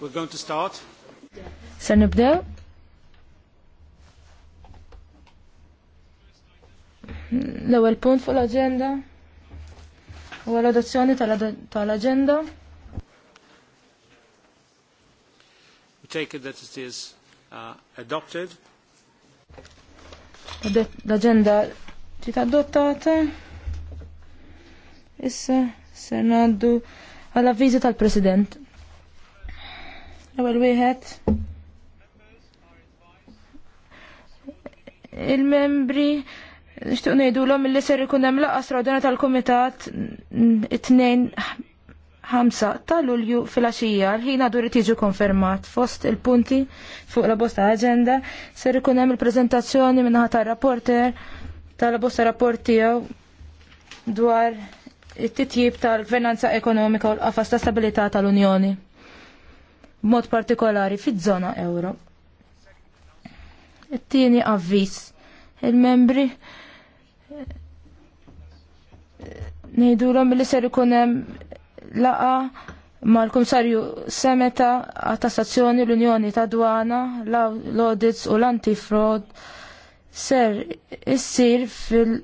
We're going to start. Ser nibdew? L-ewwel punt fuq l-aġenda huwa l-adozzjoni tal agenda We take it that it is uh, adopted. L-aġenda ġiet adottata. Issa ser ngħaddu għall-avviżi tal-President. L-ewwel wieħed. Il-membri nixtieq ngħidulhom illi ser ikun hemm laqas straordinarja tal-kumitat it-tnejn ħamsa ta' Lulju fil-għaxija l-ħin għadu tiġi konfermat fost il-punti fuq la bosta agenda ser ikun hemm il-preżentazzjoni min-naħa tar rapporter tal bosta rapport tiegħu dwar it-titjib tal-gvernanza ekonomika u l-qafas ta' stabilità tal-Unjoni mod partikolari fiż-żona euro. It-tieni avviż il-membri eh, nejdulom li ser ikunem laqa mal-Komissarju Semeta għat-tassazzjoni l-Unjoni ta' Dwana, l-Audits u l-Antifrod ser issir fil-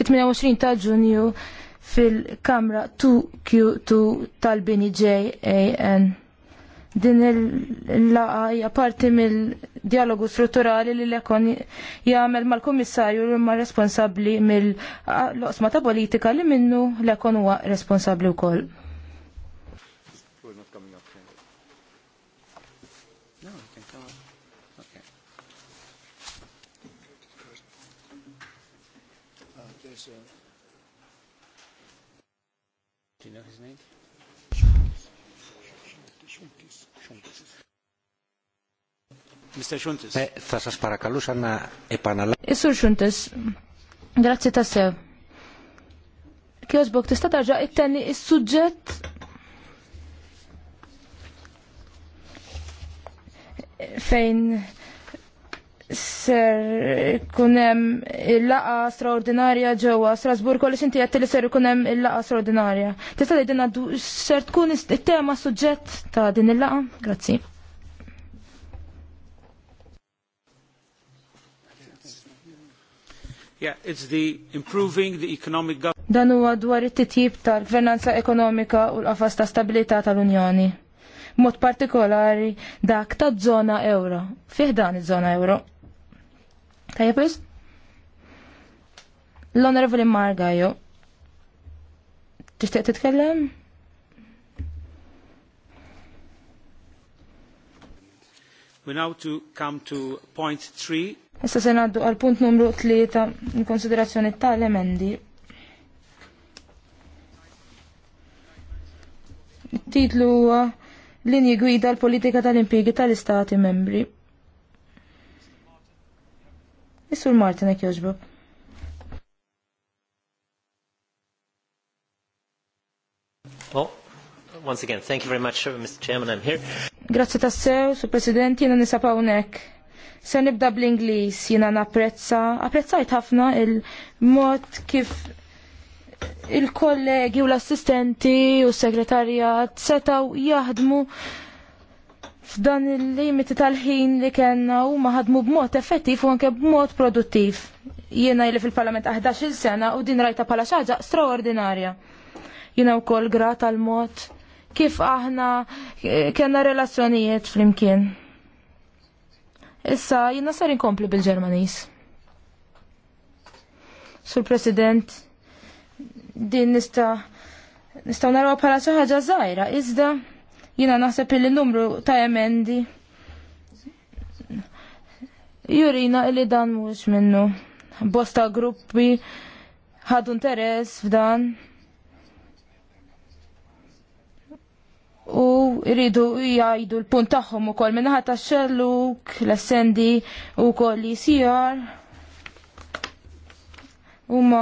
fit-28 ta' ġunju fil-kamra 2Q2 tal-bini JAN. Din il-laqa hija parti mill-dialogu strutturali li l-ekon jagħmel mal-kummissarju li huma responsabbli mill-loqsma ta' politika li minnu l-ekon huwa responsabbli wkoll. Mr. Shuntis. Eh, Θα σας παρακαλούσα Shuntis, grazie ta' sew. Kjożbok, tista' tarġa' it tenni is-suġġett fejn ser kunem il-laqa straordinarja ġewwa Strasburg kollox inti qed li ser ikun hemm il-laqa straordinarja. Tista' tgħidilna ser tkun it-tema suġġett ta' din il-laqa? Grazzi. Dan huwa dwar it-titjib tal-gvernanza ekonomika u l-qafas ta' stabilità tal-Unjoni. Mod partikolari dak ta' zona euro. Fih dan iż-żona euro. Tajjeb L-Onorevoli Margajo. Tixtieq titkellem? We now to come to point three Issa se naddu għal punt numru 3 konsiderazzjoni tal-emendi. Titlu huwa linji gwida l-politika tal-impjegi tal-istati membri. Isur Martin ek joġbob. once again, thank you very much, uh, Mr. Chairman, I'm here. Grazie tassew, su President, jena nisapaw nek Se nibda bl-Inglis jina napprezza, apprezzajt ħafna il-mod kif il-kollegi u l-assistenti u s-segretarjat setaw jaħdmu f'dan il-limiti tal-ħin li kena u maħadmu b'mod effettiv u anke b'mod produttiv. Jiena li fil-parlament 11 sena u din rajta pala xaġa straordinarja. Jiena u kol grat għal-mod kif aħna eh, kena relazzjonijiet fl-imkien. Issa jiena sar inkompli bil-Ġermanis. Sur President, din nista nista naraw bħala xi ħaġa żgħira, iżda jiena naħseb il numru ta' emendi jurina illi dan mhux minnu. Bosta gruppi ħadu teres f'dan u rridu jgħidu l-punt tagħhom ukoll minnaħa tax-xelluk, l-essendi u koll li sijar. Huma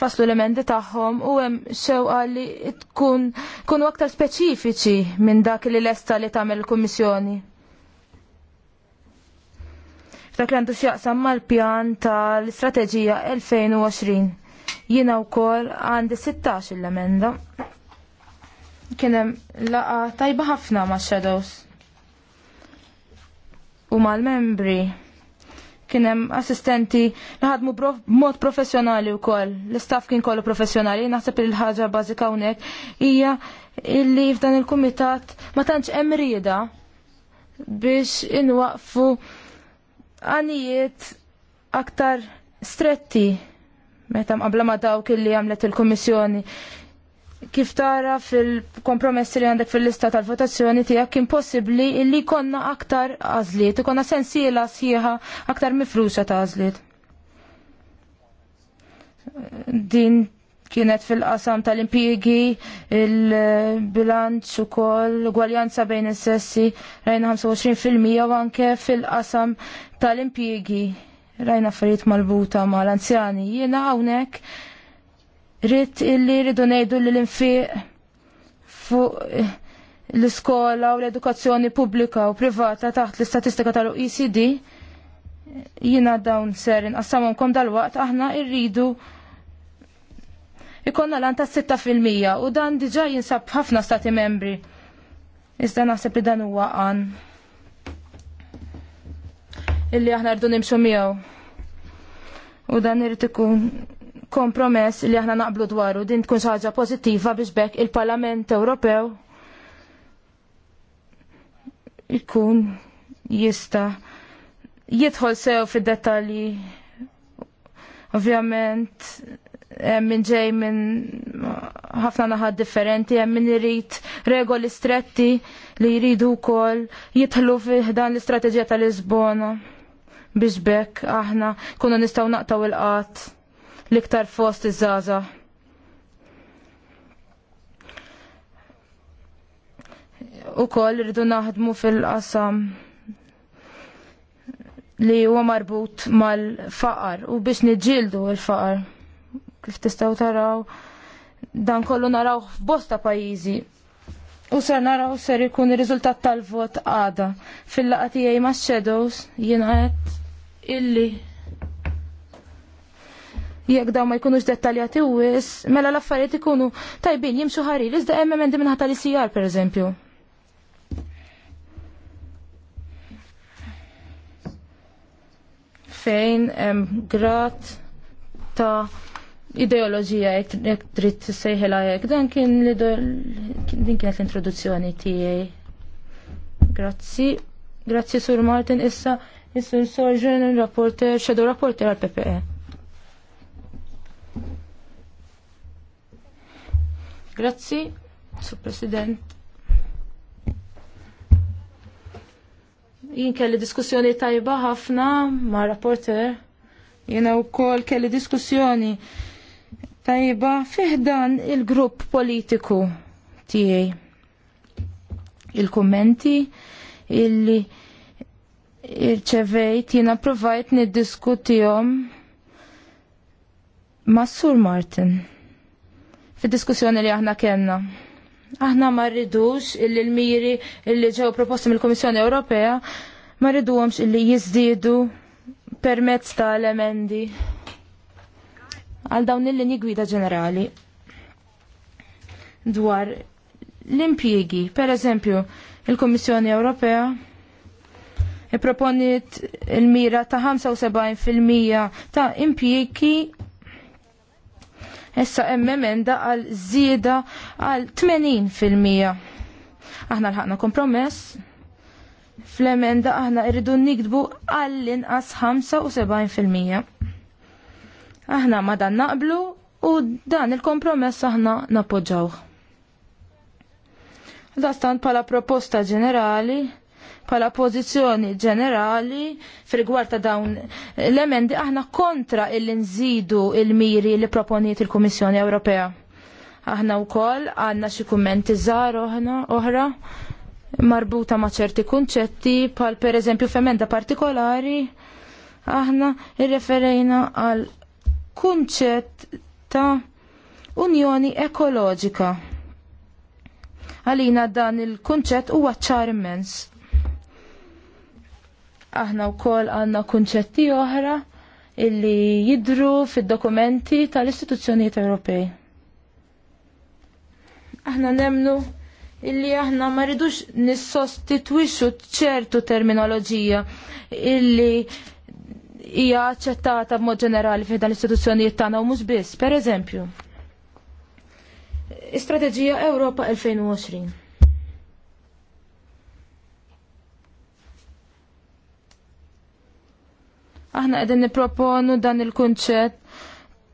faslu l-emendi tagħhom u hemm xewqa li tkun kunu aktar speċifiċi minn dak li lesta li tagħmel il-Kummissjoni. F'dak li għandu x'jaqsam mal-pjan tal-Istrateġija 2020. Jiena wkoll għandi 16 l-emenda kienem laqa tajba ħafna ma' Shadows. U mal-membri kienem assistenti li ħadmu mod professjonali u koll. L-istaff kien kollu professjonali, naħseb il-ħagġa bażika hawnhekk hija illi f'dan il-kumitat ma tantx hemm rieda biex inwaqfu għanijiet aktar stretti meta qabla ma dawk illi għamlet il-Kummissjoni kif tara fil-kompromessi li għandek fil-lista tal-votazzjoni tijak impossibli illi konna aktar għazliet, konna sensiela sħiħa aktar mifruxa ta' għazliet. Din kienet fil-qasam tal-impiegi, il-bilanċ u koll, gwaljanza bejn il sessi rajna 25% u anke fil-qasam tal-impiegi, rajna affarijiet malbuta mal-anzjani. Jiena hawnhekk Rrit illi rridu ngħidu li l-infiq fuq eh, l-iskola u l-edukazzjoni pubblika u privata taħt l-istatistika tal-OECD jina dawn ser kom dal-waqt aħna rridu ikonna lan ta' 6% u dan diġa jinsab ħafna stati membri. Iżda naħseb li dan huwa għan. Illi aħna rridu nimxu miegħu. U dan irid ikun kompromess li aħna naqblu dwaru din tkun xi ħaġa pożittiva biex bekk il-Parlament Ewropew ikun jista jidħol sew fid-dettalji ovvjament hemm minn ġej minn ħafna naħad differenti, hemm min irid regoli stretti li jridu wkoll jidħlu dan l-istrateġija tal-Lisbona biex bekk aħna kunu nistgħu naqtaw il-qatt l-iktar fost iż-żaza. U koll rridu naħdmu fil-qasam li huwa marbut mal-faqar u biex niġġieldu l-faqar. Kif tistgħu taraw dan kollu naraw f'bosta pajjiżi U ser naraw ser ikun ir-riżultat tal-vot għada. Fil-laqatijaj ma' shadows jina illi jekk daw ma jkunux dettaljati u wis, mela l-affarijiet ikunu tajbin jimxu ħarir, iżda hemm emendi minn ħata l-ICR pereżempju. Fejn hemm grat ta' ideoloġija jekk trid sejħela jek, dan kien din kienet l-introduzzjoni tiegħi. Grazzi. Grazzi Sur Martin issa is-Sur rapporter, shadow rapporter għal PPE. Grazzi, Sur President. Jien kelli diskussjoni tajba ħafna ma' rapporter. Jiena wkoll kelli diskussjoni tajba fiħdan il-grupp politiku tiegħi. Il-kummenti illi irċevejt jiena provajt niddiskutihom ma' Sur Martin fid-diskussjoni li aħna kellna. Aħna ma rridux illi l-miri illi ġew proposti mill-Kummissjoni Ewropea ma rridux illi jiżdiedu permezz ta' emendi għal dawn il-linji gwida ġenerali dwar l-impjiegi, per eżempju, il komissjoni Ewropea proponit il-mira ta' 75% ta' impjiegi Issa hemm emenda għal żieda għal 80%. Aħna l-ħakna kompromess. Fl-emenda aħna irridu nikdbu għall-inqas 75%. Aħna ma dan naqblu u dan il-kompromess aħna Da Dastan pala proposta ġenerali pala pożizzjoni ġenerali fil-gwar ta' dawn l-emendi aħna kontra il-nżidu il-miri li proponiet il-Kummissjoni Ewropea. Aħna u koll għanna xie kummenti zaħar oħra marbuta ma' ċerti kunċetti pal per eżempju femenda partikolari aħna irreferejna għal kunċett ta' unjoni ekoloġika. Għalina dan il-kunċett huwa ċar immens aħna wkoll għandna kunċetti oħra illi jidru fid-dokumenti tal-istituzzjonijiet Ewropej. Aħna nemnu illi aħna ma rridux nissostitwixxu ċertu terminoloġija illi hija aċċettata b'mod ġenerali fejn l-istituzzjonijiet tagħna u mhux biss. Pereżempju, Istrateġija Ewropa 2020. Aħna qegħdin nipproponu dan il-kunċett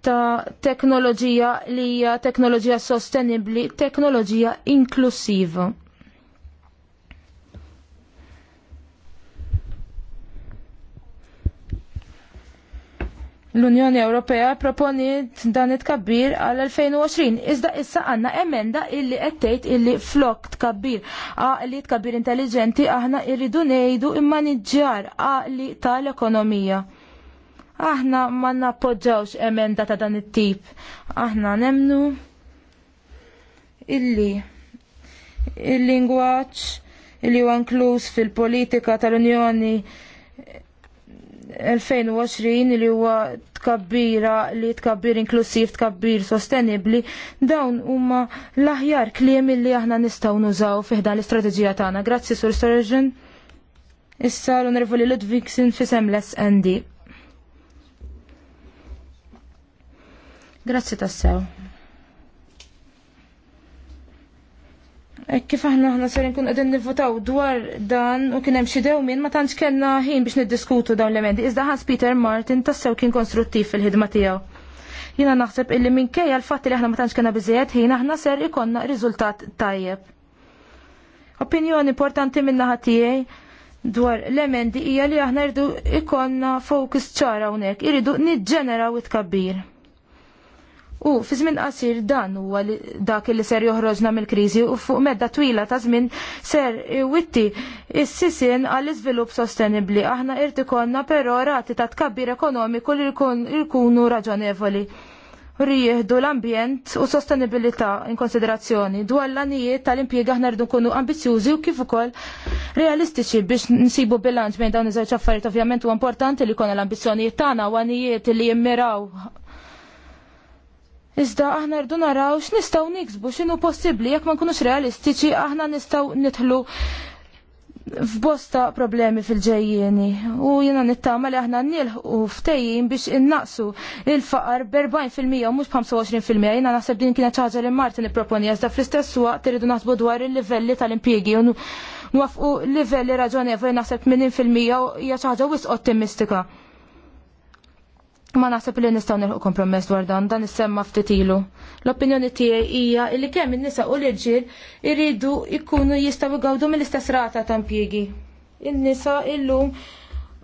ta' teknoloġija li hija teknoloġija sostenibbli, teknoloġija inklusiva. l-Unjoni Ewropea proponi dan it-kabbir għal 2020. Iżda issa għanna emenda illi għettejt illi flok tkabbir. Għaqli tkabbir intelligenti aħna irridu nejdu imma nġar għaqli tal-ekonomija. Aħna ma nappoġġawx emenda ta' dan it-tip. Aħna nemnu illi il-lingwaċ illi huwa inkluż fil-politika tal-Unjoni 2020 li huwa tkabbira li tkabbir inklusiv, tkabbir sostenibli, dawn huma l-aħjar kliem li aħna nistgħu nużaw fiħdan l-istrateġija tagħna. Grazzi Sur Sturgeon. Issa l-Onorevoli Ludwigsin fisem l-SND. Grazzi tassew. E, kif aħna aħna ser nkun qegħdin nivvotaw dwar dan u kien hemm xi dewmien ma tantx kellna ħin biex niddiskutu dawn l-emendi. Iżda ħans Peter Martin tassew kien konstruttiv fil-ħidma tiegħu. Jiena naħseb illi minkejja l-fatt li aħna ma tantx kellna biżejjed ħin aħna ser ikonna riżultat tajjeb. Opinjoni importanti minn naħa tiegħi dwar l-emendi hija li aħna rridu ikonna focus ċara hawnhekk, irridu niġġeneraw it-kabbir. U fi żmien qasir dan huwa dak li ser joħroġna mill-kriżi u fuq medda twila ta' żmien ser witti s-sisin għall iżvilupp sostenibbli. Aħna irti konna però rati ta' tkabbir ekonomiku li jkunu raġonevoli. Rieħdu l-ambjent u sostenibilità in konsiderazzjoni dwar l-anijiet tal-impjieg aħna rridu nkunu ambizjużi u kif ukoll realistiċi biex nsibu bilanċ bejn dawn iż-żewġ affarijiet ovvjament u importanti li jkollna l-ambizzjonijiet tagħna u għanijiet li jimmiraw Iżda aħna rdu naraw x'nistgħu niksbu x'inhu possibbli jekk ma nkunux realistiċi aħna nistgħu nidħlu f'bosta problemi fil-ġejjieni u jiena nittama li aħna nilħu ftejjin biex innaqsu il-faqar b'40% u mhux b'25% jiena naħseb din kienet ħaġa li Martin ipproponi iżda fl-istess waqt irridu naħsbu dwar il-livelli tal-impjiegi u nwafqu livelli raġonevoli naħseb 80% hija xi ħaġa wisq ottimistika. Ma naħseb li nistgħu nilħu kompromess dwar dan, dan issemma ftit ilu. L-opinjoni tiegħi hija li kemm in-nisa u l-irġiel iridu jkunu jistgħu jgawdu mill-istess rata ta' impjiegi. In-nisa illum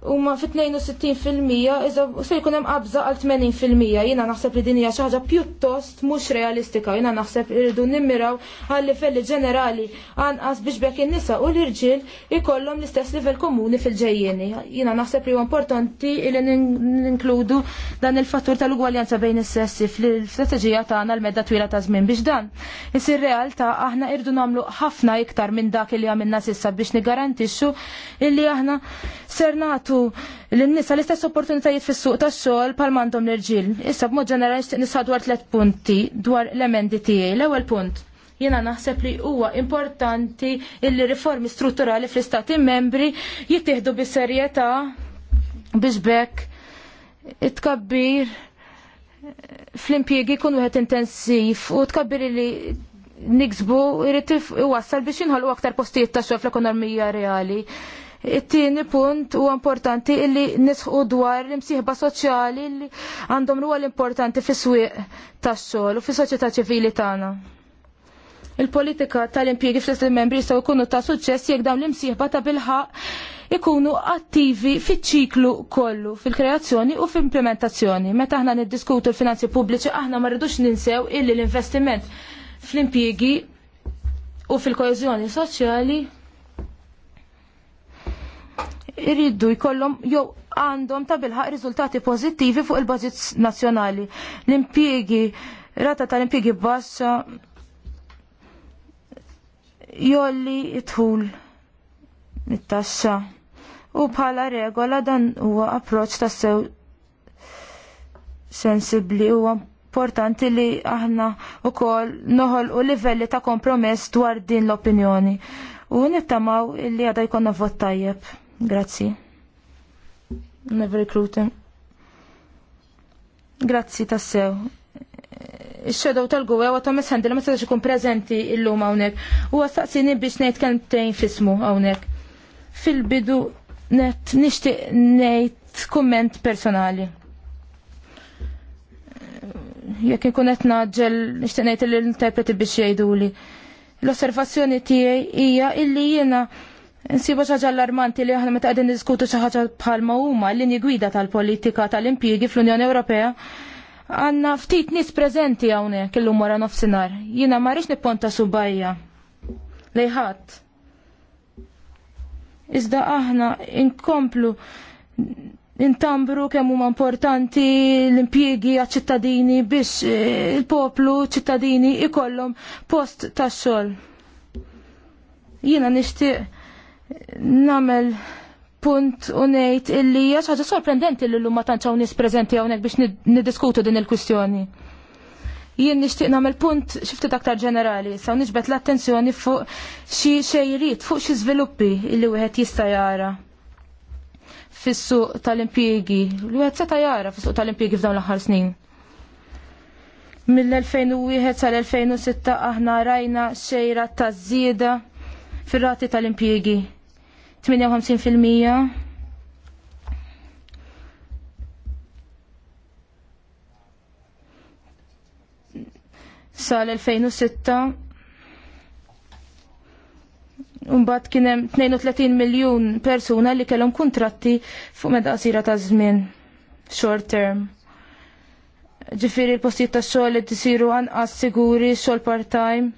huma fit-62% iżda se jkun hemm qabża għal 80% jiena naħseb li din hija xi ħaġa pjuttost mhux realistika jiena naħseb irridu nimmiraw għal livelli ġenerali anqas biex bekk in-nisa u l-irġiel ikollhom l-istess livell komuni fil-ġejjieni. Jiena naħseb li huwa importanti li ninkludu dan il-fattur tal-ugwaljanza bejn is-sessi fl-istrateġija tagħna l-medda twila ta' żmien biex dan isir realtà aħna irdu nagħmlu ħafna iktar minn dak li għamilna sissa biex nigarantixxu illi aħna ser natu l nisa l-istess opportunitajiet fis-suq tax-xogħol bħal m'għandhom l-irġiel. Issa b'mod ġenerali nixtieq nisa dwar tliet punti dwar l-emendi tiegħi. L-ewwel punt jiena naħseb li huwa importanti li riformi strutturali fl-istati membri jittieħdu bis-serjetà biex bekk it-tkabbir fl-impjiegi kun wieħed intensiv u tkabbir li niksbu irid iwassal biex inħolqu aktar postijiet ta' xogħol fl-ekonomija reali. It-tieni punt huwa importanti illi nisħu dwar l-imsieħba soċjali li għandhom rwol importanti fis-swieq tax-xogħol u fis-soċjetà ċivili tagħna. Il-politika tal impjegi fl-istati membri jistgħu jkunu ta' suċċess jekk dawn l-imsieħba ta' bilħaq ikunu attivi fiċ-ċiklu kollu fil-kreazzjoni u fl-implementazzjoni. Meta aħna niddiskutu l-finanzi pubbliċi aħna ma rridux ninsew illi l-investiment fl-impjiegi u fil-koeżjoni soċjali irridu jkollhom jew għandhom ta' bilħaq riżultati pożittivi fuq il-bażit nazzjonali. L-impjiegi, rata tal-impjiegi bassa, jolli itħul mit taxxa U bħala regola dan huwa approċċ ta' sew sensibli huwa importanti li aħna wkoll noħolqu livelli ta' kompromess dwar din l-opinjoni. U nittamaw li għada jkonna vot tajjeb. Grazzi. Never recruiting. Grazzi tassew. Ix-xedow tal-gwew għata Thomas Handel, ma setax ikun prezenti illum hawnhekk. U għastaqsini biex ngħid kentejn fismu hawnhekk. Fil-bidu net nixtieq ngħid kumment personali. Jekk ikun qed naġġel nixtieq ngħid l-interpreti biex jgħiduli. L-osservazzjoni tiegħi hija illi jiena Nsibu ħaġa allarmanti li aħna meta qegħdin niskutu xi ħaġa bħalma huma l-linji gwida tal-politika tal-impjiegi fl-Unjoni Ewropea għandna ftit nies preżenti hawnhekk illum wara nofsinhar. Jiena ma rridx nipponta subajja ħadd. Iżda aħna inkomplu intambru kemm huma importanti l-impjiegi għaċ-ċittadini biex eh, il-poplu ċittadini ikollhom post tax-xogħol. Jiena nixtieq namel punt unajt illi jaxħaġa sorprendenti li l-lumma tanċaw nis prezenti għonek biex nidiskutu din il-kustjoni. Jien nishtiq namel punt xifti aktar ġenerali, saw nġbet l-attenzjoni fuq xi xejrit, fuq xi sviluppi illi wieħed jista' jara fis-suq tal-impjiegi. L-wieħed seta' jara fis-suq tal-impjiegi f'dawn l-aħħar snin. Mill-2001 sal-2006 aħna rajna xejra ta' żieda fir-rati tal-impjiegi 58% sal-2006 Umbat kienem 32 miljon persuna li kellhom kontratti fuq meda qasira ta' żmien short term. Ġifieri l-postijiet tax-xogħol li tisiru anqas siguri, xogħol part-time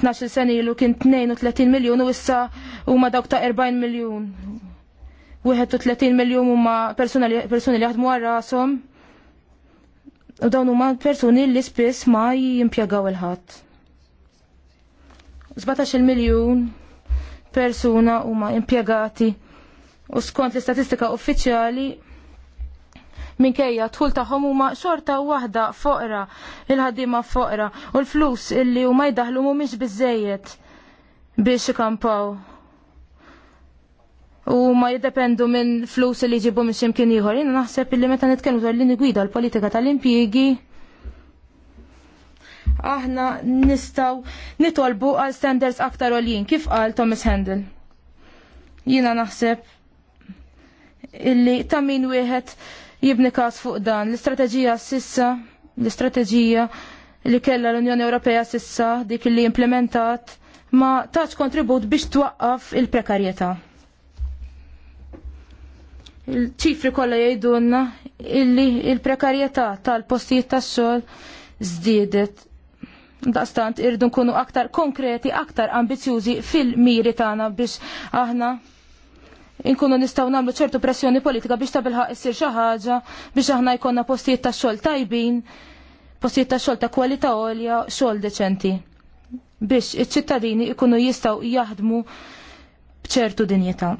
12 sen ilu kien 32 miljon u issa huma dawk ta' 40 miljon. 31 miljon huma persuni li jaħdmu għal rashom. U dawn huma persuni li spiss ma jimpjegaw il-ħadd. 17 miljun persuna huma impjegati u skont l-istatistika uffiċjali minkejja tħul tagħhom huma xorta waħda foqra il-ħaddiema foqra u l-flus illi huma jdaħlu mhumiex biżejjed biex ikampaw. U ma jiddependu minn flus li jġibu minn ximkien ieħor. Jiena naħseb illi meta nitkellmu dwar li nigwida l-politika tal-impjiegi aħna nistaw nitolbu għal standards aktar għoljien, kif għal Thomas Handel. Jina naħseb illi ta' min wieħed jibni kas fuq dan. L-istrateġija sissa, l-istrateġija li kella l-Unjoni Ewropea sissa dik li implementat ma taċ kontribut biex twaqqaf il-prekarjetà. Il-ċifri kollha jgħidulna illi il-prekarjetà tal-postijiet tax-xogħol żdiedet daqstant irdu nkunu aktar konkreti, aktar ambizjużi fil-miri tagħna biex aħna inkunu nistgħu nagħmlu ċertu pressjoni politika biex tabilħaq issir xi ħaġa biex aħna jkollna postijiet ta' xogħol tajbin, postijiet ta' xogħol ta' kwalità għolja, xogħol deċenti. Biex iċ-ċittadini jkunu jistgħu jaħdmu bċertu dinjità.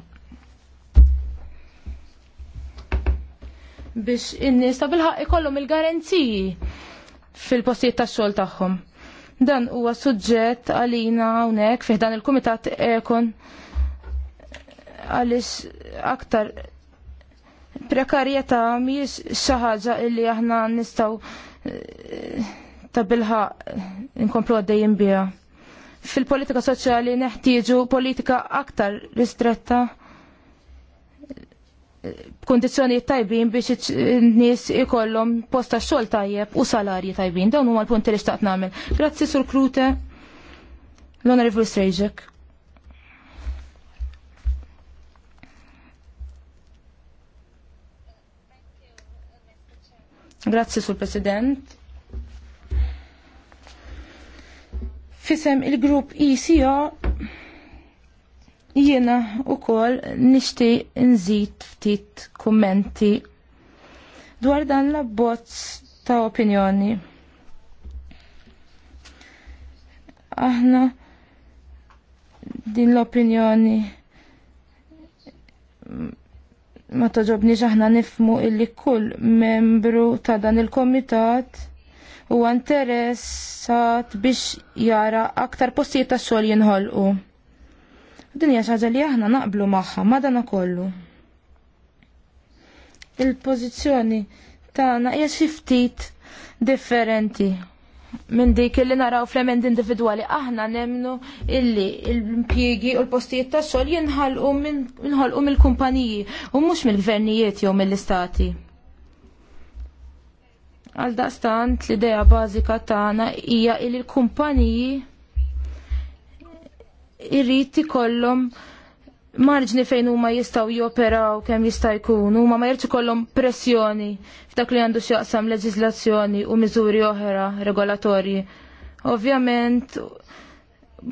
Biex in-nies ikollum ikollhom il-garanziji fil-postijiet tax-xogħol tagħhom. Dan huwa suġġett għalina hawnhekk fih dan il-Kumitat Ekon għaliex aktar prekarjetà mhijiex saħħaġa ħaġa illi aħna nistgħu eh, ta' bilħa nkomplu għaddejjin biha. Fil-politika soċjali neħtieġu politika aktar ristretta eh, kondizjoni tajbin biex eh, n-nies ikollhom posta xogħol tajjeb u salarji tajbin. Dawn huma l-punti li xtaqt nagħmel. Grazzi Sur Krute, l-Honorable Strejġek. Grazzi, Sur President. Fisem il-grupp ICO e jiena u kol nishti nżid ftit kummenti dwar dan l-abbozz ta' opinjoni. Aħna din l-opinjoni ma toġobni aħna nifmu illi kull membru ta' dan il-komitat u interessat biex jara aktar postijiet ta' xogħol jinħolqu. Dinja hija xaġa li aħna naqblu magħha dana kollu. Il-pożizzjoni tagħna hija xi ftit differenti minn dik illi naraw fl-emend individwali aħna nemnu illi l-impjiegi u l-postijiet ta' xogħol jinħalqu minħolqu mill-kumpaniji u mhux mill-gvernijiet jew mill-istati. Għal daqstant l-idea bażika tagħna hija li l-kumpaniji irrid ikollhom marġni fejn huma jistgħu joperaw kemm jista' jkun, huma ma jerġu kollhom pressjoni f'dak li għandu x'jaqsam leġiżlazzjoni u miżuri oħra regolatorji. Ovvjament,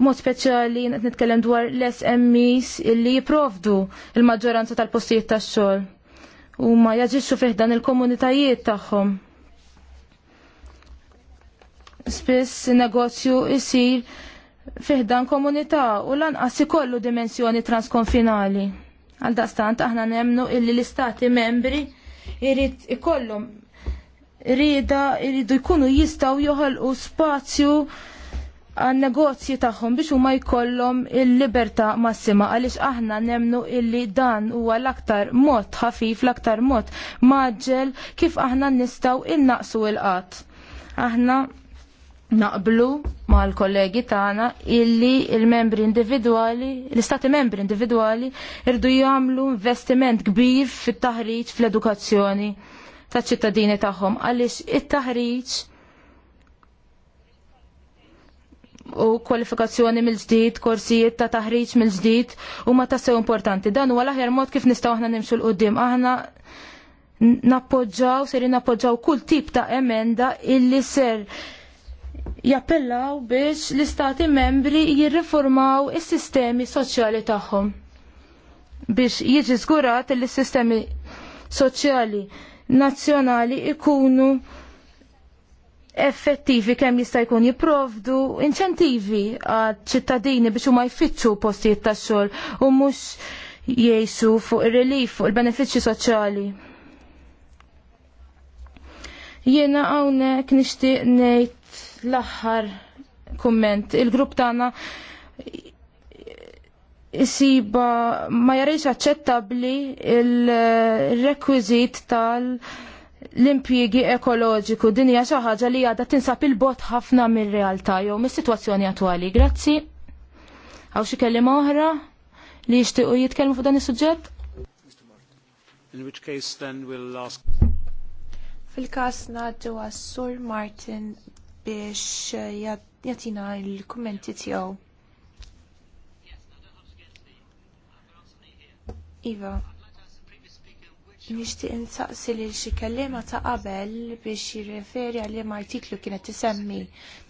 mod speċjali qed nitkellem dwar l-SMEs illi jipprovdu il-maġġoranza tal-postijiet tax-xogħol. Huma jaġixxu fih dan il-komunitajiet tagħhom. Spiss in negozju isir fiħdan komunità u lanqas ikollu dimensjoni transkonfinali. Għal aħna nemnu illi l-istati membri irrid ikollhom rida irridu jkunu jistgħu joħolqu spazju għan negozji tagħhom biex huma jkollhom il-libertà massima għaliex aħna nemnu illi dan huwa l-aktar mod ħafif l-aktar mod maġġel kif aħna nistgħu innaqsu il-qatt. Aħna naqblu mal-kollegi tagħna illi il-membri individwali, l-istati membri individwali irdu jagħmlu investiment kbir fit-taħriġ fl-edukazzjoni taċ ċittadini tagħhom għaliex it-taħriġ u kwalifikazzjoni mill-ġdid, korsijiet ta' taħriġ mill-ġdid huma tassew importanti. Dan huwa l-aħjar mod kif nistgħu aħna nimxu l-qudiem. Aħna nappoġġaw, seri nappoġġaw kull tip ta' emenda illi ser jappellaw biex l-istati membri jirriformaw is-sistemi soċjali tagħhom. Biex jiġi żgurat li s-sistemi soċjali nazzjonali ikunu effettivi kemm jista' jkun jipprovdu inċentivi għad ċittadini biex huma jfittxu postijiet tax-xogħol u mhux jgħixu fuq ir-relief fuq il-benefiċċji soċjali. Jiena hawnhekk nixtieq ngħid l-aħħar kumment. Il-grupp tagħna isiba ma jarex aċċettabbli il-rekwiżit tal- l-impjiegi ekoloġiku din hija xi ħaġa li għadha tinsab il-bot ħafna mir-realtà jew mis-sitwazzjoni attwali. Grazzi. Għaw xi kelliem oħra li jixtiequ jitkellmu fuq dan is-suġġett? In which case then we'll ask Fil-każ ngħaddu għas-Sur Martin biex eh, jatina l-kummenti tiegħu. Iva, nixtieq insaqsi li xi kelliema ta' qabel biex jirreferi għal liema artiklu kienet tisemmi.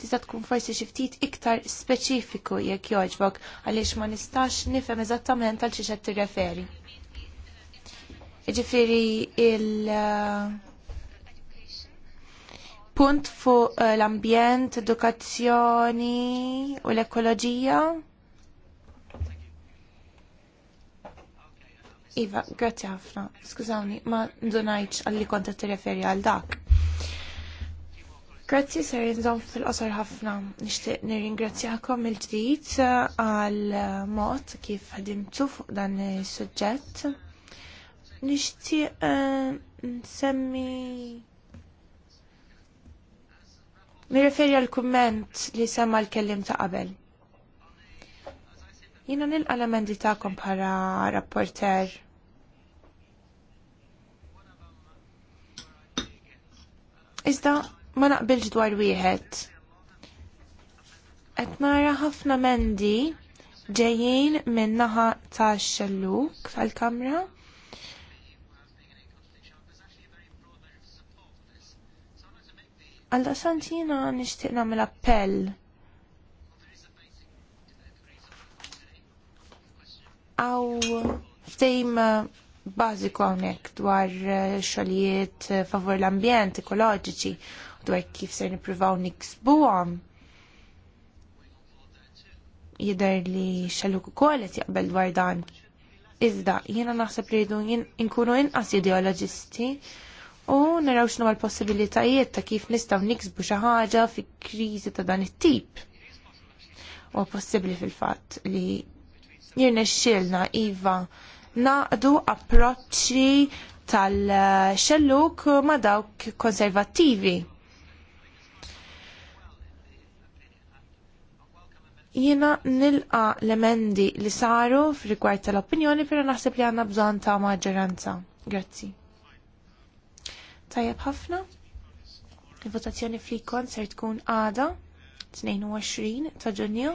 Tista' tkun forsi xi ftit iktar speċifiku jekk jogħġbok għaliex ma nistax nifhem eżattament għal xi qed tirreferi. Jiġifieri il- eh, punt fuq eh, l-ambjent, edukazzjoni u l-ekoloġija. Iva, grazzi ħafna. Skużawni, ma ndunajċ għalli konta t-referi għal dak. Grazzi ser jinżom fil-qosor ħafna. Nishtiq nirringrazzjakom il-ġdid eh, għal eh, mod kif ħadimtu fuq dan is-suġġett. Nishtiq nsemmi referi għal kumment li semma l-kellim ta' qabel. Jina nil l-emendi ta'kom bħala rapporter. Iżda ma naqbilx dwar wieħed. Qed nara ħafna mendi ġejjin minn naħa tax xelluk tal-kamra Għalda santina nishtiq namel appell. Għaw ftejm bażiku hawnhekk dwar eh, xogħlijiet eh, favur l-ambjent ekoloġiċi dwar kif se nippruvaw niksbuhom. Jidher li xalluk ukoll qed jaqbel dwar dan. Iżda jiena naħseb li jdu nkunu inqas ideoloġisti u naraw x'nu għal possibilitajiet ta' kif nistgħu niksbu xi ħaġa fi kriżi ta' dan it-tip. U possibbli fil-fatt li jirna xilna iva naqdu approċċi tal-xelluk ma' dawk konservattivi. jina nilqa l-emendi li saru f'rigward tal-opinjoni pero naħseb li għanna bżon ta' maġġoranza. Grazzi tajab ħafna. Il-votazzjoni fl-ikon ser tkun għada 22 ta' ġunju.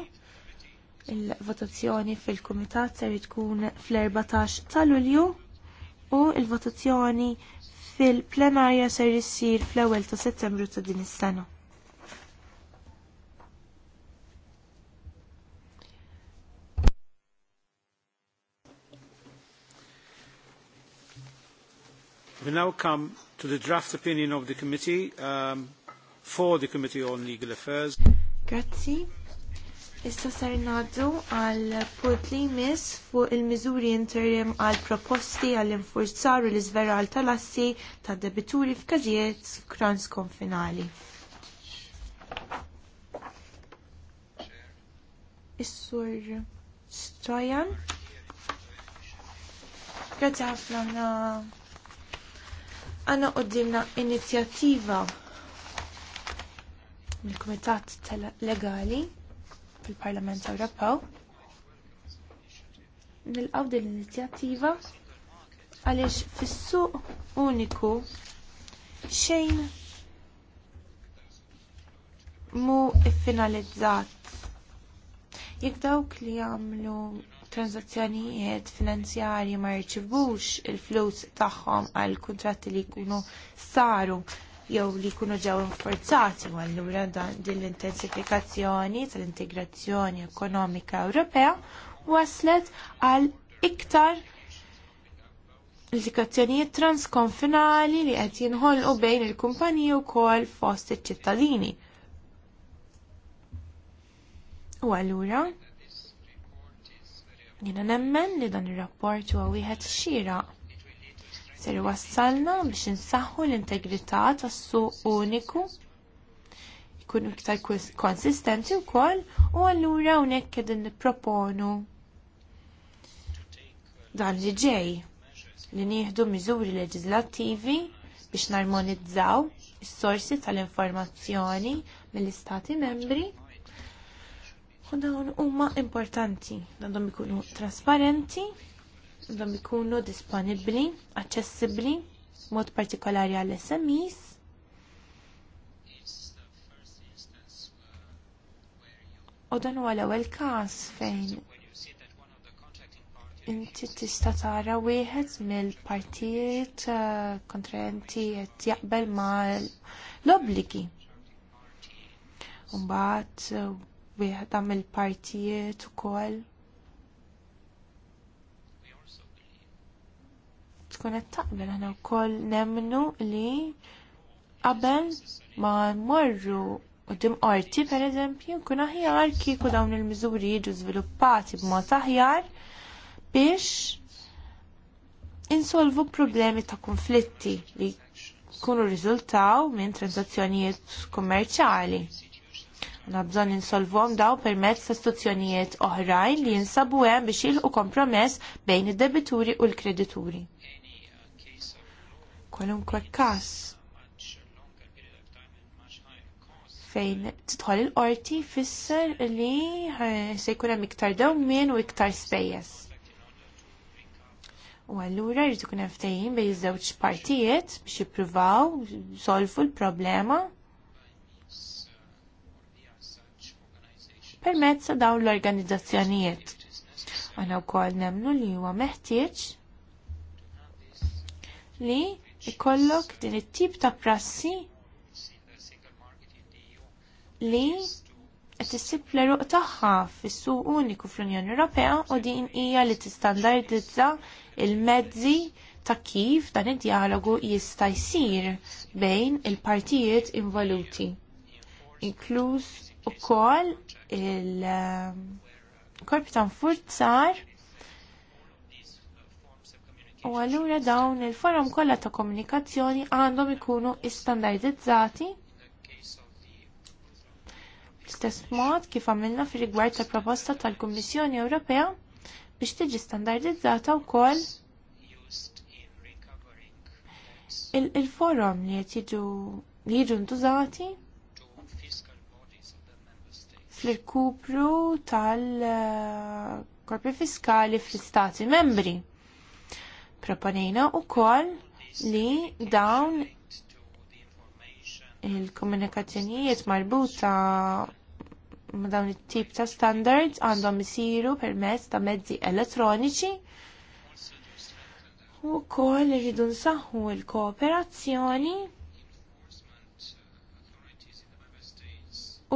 Il-votazzjoni fil-kumitat ser tkun fl-14 ta' lulju u il-votazzjoni fil-plenarja ser issir fl-ewwel ta' settembru ta' din is-sena. We now come to the draft opinion of the committee um, for the Committee on Legal Affairs. Grazie. Issa sar naddu għal punt li jmiss fuq il mizuri interim għal proposti għal infurzar l izvera għal talassi ta' debituri f'każijiet transkonfinali. Is-sur Stojan. Grazie ħafna għanna qoddimna inizjattiva mill-Kumitat Legali fil-Parlament Ewropew. Nilqaw din l-inizjattiva għaliex fis-suq uniku xejn mu iffinalizzat. Jek dawk li jagħmlu transazzjonijiet finanzjarji ma jirċivux il-flus tagħhom għal kuntratti li jkunu saru jew li jkunu ġew forzati u allura din l-intensifikazzjoni tal-integrazzjoni ekonomika Ewropea waslet għal iktar l-indikazzjonijiet transkonfinali li qed jinħolqu bejn il-kumpaniji wkoll fost iċ-ċittadini. U allura Jiena nemmen li dan ir-rapport huwa wieħed xieraq ser wassalna biex insaħħu l-integrità tas-suq uniku jkun iktar konsistenti wkoll u allura hawnhekk qegħdin nipproponu dan li ġej li nieħdu miżuri leġislattivi biex narmonizzaw is-sorsi tal-informazzjoni mill-istati membri U dawn huma importanti, għandhom ikunu trasparenti, għandhom ikunu disponibbli, aċċessibbli, mod partikolari għall SMEs. U dan huwa l-ewwel każ fejn inti tista' tara wieħed mill-partijiet eh, kontrahenti qed jaqbel mal l-obbligi. Mbagħad eh, wieħda mill-partijiet ukoll. Tkun qed taqbel aħna wkoll nemmnu li qabel ma nmorru Uddim qorti, pereżempju, eżempju, kun aħjar kieku dawn il miżuri jiġu żviluppati b'mod aħjar biex insolvu problemi ta' konflitti li kunu riżultaw minn transazzjonijiet kummerċjali. Għanna bżon insolvom daw permezz ta' istituzzjonijiet oħrajn li jinsabu hemm biex jilħu kompromess bejn id-debituri u l-kredituri. Kwalunkwe każ fejn tidħol il-qorti fisser li eh, se jkun hemm iktar dewmien u iktar spejjeż. U allura jrid ikun hemm ftehim bejn iż-żewġ partijiet biex jippruvaw solfu l-problema permezz ta' dawn l-organizzazzjonijiet. u wkoll nemnu li huwa meħtieġ li ikollok din it-tip ta' prassi li qed issib l-eruq tagħha fis-suq uniku fl-Unjoni Ewropea u din hija li tistandardizza il-mezzi ta' kif dan id-dialogu jista' jsir bejn il-partijiet involuti, inkluż ukoll il-korp um, ta' nfurzar u allura dawn il-forum kollha ta' komunikazzjoni għandhom ikunu istandardizzati stess istess mod kif għamilna fi rigward tal proposta tal-Kummissjoni Ewropea biex tiġi standardizzata wkoll il-forum li li jiġu ntużati fil kupru tal-korpi fiskali fl-istati membri. Proponejna u li dawn il-komunikazzjonijiet marbuta ma dawn it-tip ta' standards għandhom isiru permezz ta' mezzi elettroniċi u koll jridu nsaħħu l-kooperazzjoni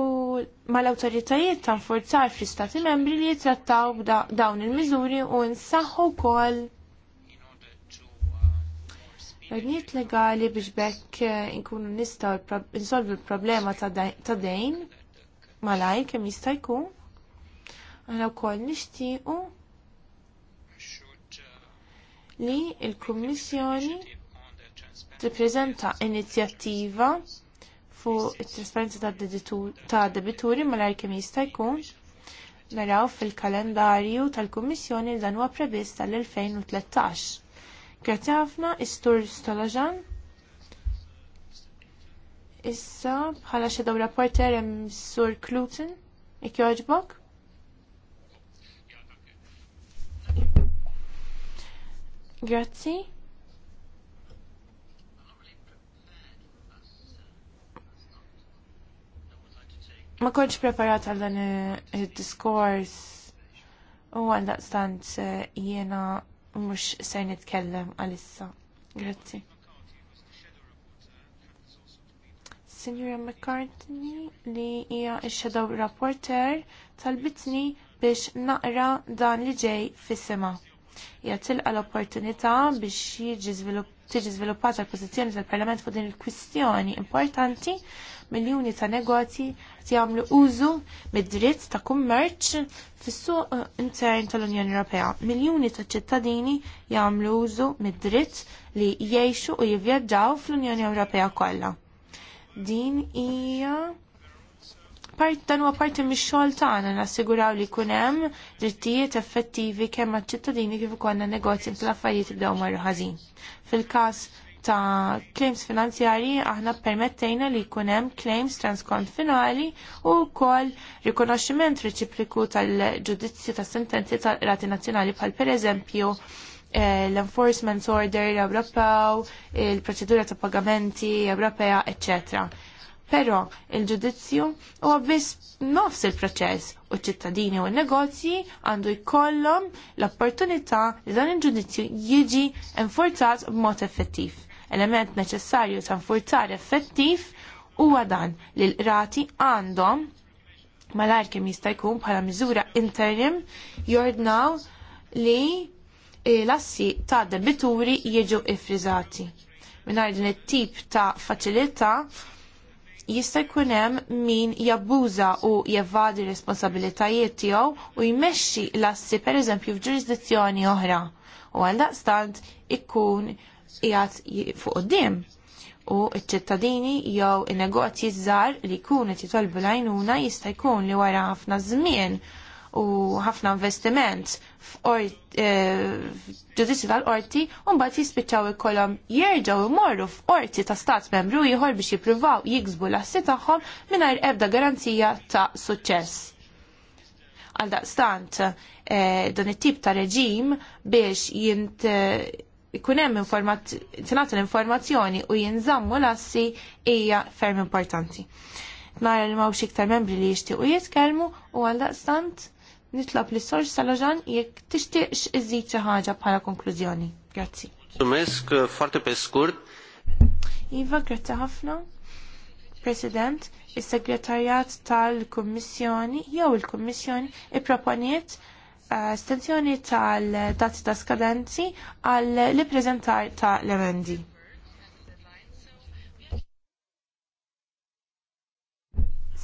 u mal-autoritajiet ta' forzar fl istati membri li jitrattaw dawn il-miżuri u nsaħħu kol Rniet legali biex bekk eh, inkunu nistaw insolvu l-problema ta' dejn malaj kem jista' jkun. Aħna wkoll nixtiequ li l-Kummissjoni tippreżenta inizjattiva fuq it-trasparenza ta' debituri malajr kemm jista' jkun naraw fil-kalendarju tal-Kummissjoni dan huwa previst tal-2013. Grazzi ħafna is sur Stolajan. Issa bħala xedaw rapporter hemm Sur Cluton jekk jogħġbok. Grazzi. ma konċ preparat għal dan il-diskors u għal daqstant eh, jena mux ser nitkellem għalissa. Grazzi. Signora McCartney li hija x-shadow rapporter talbitni biex naqra dan li ġej fis-sema. Hija tilqa l-opportunità biex jiġi tiġi sviluppata l-pożizzjoni tal-Parlament fuq din il-kwistjoni importanti miljuni ta' negozji ti jagħmlu użu mid-dritt ta' kummerċ fis-suq eh, intern tal-Unjoni Ewropea. Miljuni ta' ċittadini jagħmlu użu mid-dritt li jgħixu u jivvjaġġaw fl-Unjoni Ewropea kollha. Din hija part dan huwa parti mix-xogħol tagħna nassiguraw li jkun hemm drittijiet effettivi kemm għaċ-ċittadini kif ukoll negozji bl affarijiet bdew marru ħażin. Fil-każ ta' claims finanzjarji aħna permettejna li jkun hemm claims transkont finali u wkoll rikonoxximent reċipliku tal-ġudizzju ta' sentenzi tal-Rati Nazzjonali bħal pereżempju eh, l-enforcement order Ewropew, il-proċedura ta' pagamenti Ewropea, eccetera Però il-ġudizzju huwa biss nofs il-proċess u ċittadini u n-negozji għandu jkollhom l-opportunità li dan il-ġudizzju jiġi enforzat b'mod effettiv. Element neċessarju ta' enforzar effettiv huwa dan li l rati għandhom malajr kemm jista' jkun bħala miżura interim jordnaw li eh, l-assi ta' debituri jiġu ifrizati. Mingħajr din it-tip ta' faċilità jista' jkun hemm min jabbuża u jevadi responsabilitajiet tiegħu u jmexxi l-assi pereżempju f'ġurisdizzjoni oħra u għal daqstant ikun qiegħed fuq quddiem u ċ-ċittadini jew in-negozji żgħar li jkunu qed jitolbu l-għajnuna jista' jkun li wara ħafna żmien u ħafna investiment eh, f'ġudizzju tal-qorti u mbagħad jispiċċaw ikollhom jerġgħu jmorru f'qorti ta' stat membru ieħor biex jippruvaw jiksbu l-assi tagħhom mingħajr ebda garanzija ta' suċċess. Għaldaqstant daqstant eh, dan it-tip ta' reġim biex jint eh, ikun hemm l-informazzjoni u jinżammu l-assi hija ferm importanti. Nara li mawx iktar membri li jixtiequ jitkellmu u għaldaqstant nitlob li sorġ salaġan jek tixtieqx iżid xi ħaġa bħala konklużjoni. Grazzi. Sumesk uh, forte pe skurt. Iva, grazzi ħafna. President, is-segretarjat tal-Kummissjoni jew il-Kummissjoni ipproponiet uh, estensjoni tal-dati ta' skadenzi għall-li prezentar ta' l-emendi.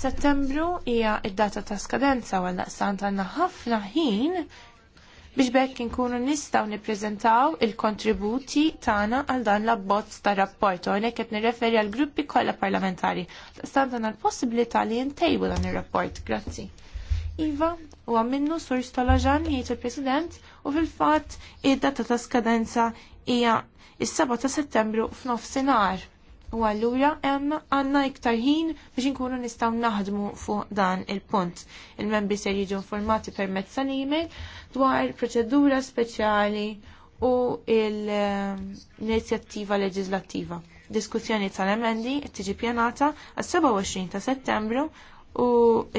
Settembru hija id-data ta' skadenza għal daqstant għandna ħafna ħin biex bekk inkunu nistgħu nippreżentaw il-kontributi tagħna għal dan l-abbozz ta' rapport u għalhekk qed nirreferi għal gruppi kollha parlamentari. Stant għandna l-possibilità li ntejbu dan ir-rapport. Grazzi. Iva, u għamminnu sur stolaġan jiet il-President u fil-fat id-data ta' skadenza hija is-7 ta' Settembru f'nofsinhar. U allura hemm għandna iktar ħin biex inkunu nistgħu naħdmu fuq dan il-punt. Il-membri se jiġu informati permezz tal-email dwar proċedura speċjali u l-inizjattiva leġislattiva. Diskussjoni tal-emendi tiġi pjanata għas-27 ta' Settembru u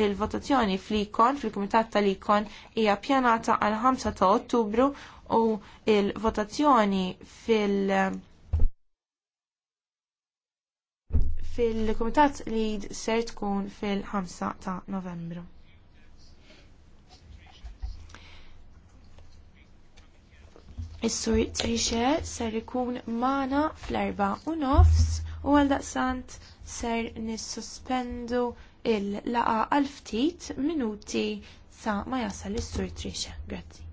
il-votazzjoni fl-ikon, fil-Kumitat tal-ikon, hija pjanata għal 5 ta' Ottubru u il-votazzjoni fil- fil-Kumitat li ser tkun fil-5 ta' Novembru. Is-sur Trixe ser ikun mana fl-erba u nofs u daqsant ser nissospendu il laqgħa għal ftit minuti sa ma jasal is-sur Trixe. Grazzi.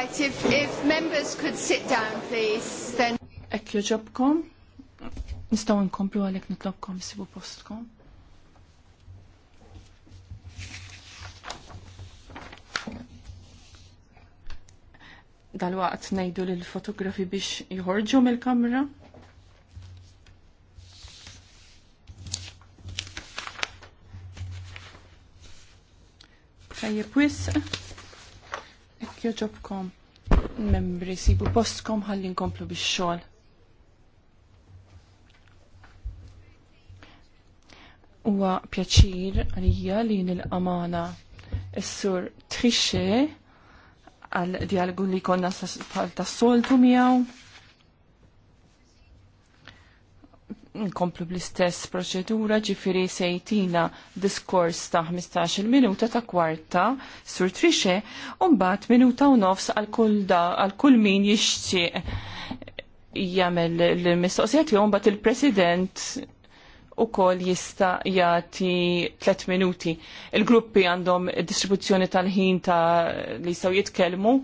Right, if, if members could sit down, please, then... Ek joġobkom, nistaw nkomplu għalek nitlobkom sibu postkom. Dal-waqt nejdu l-fotografi biex jħorġu mill-kamra. Tajjeb wisq jekk joġobkom membri sibu postkom ħalli nkomplu bix-xogħol. Huwa pjaċir għalija li nil-amana s-sur Trixxe għal dialogu li konna tas-soltu miegħu nkomplu bl-istess proċedura ġifiri sejtina diskors ta' 15 minuta ta' kwarta sur trixe un-bat minuta u nofs għal-kull min jixtieq jagħmel l-mistoqsijiet jew mbagħad il-President ukoll jista' jagħti tliet minuti. Il-gruppi għandhom distribuzzjoni tal-ħin ta' li jistaw jitkellmu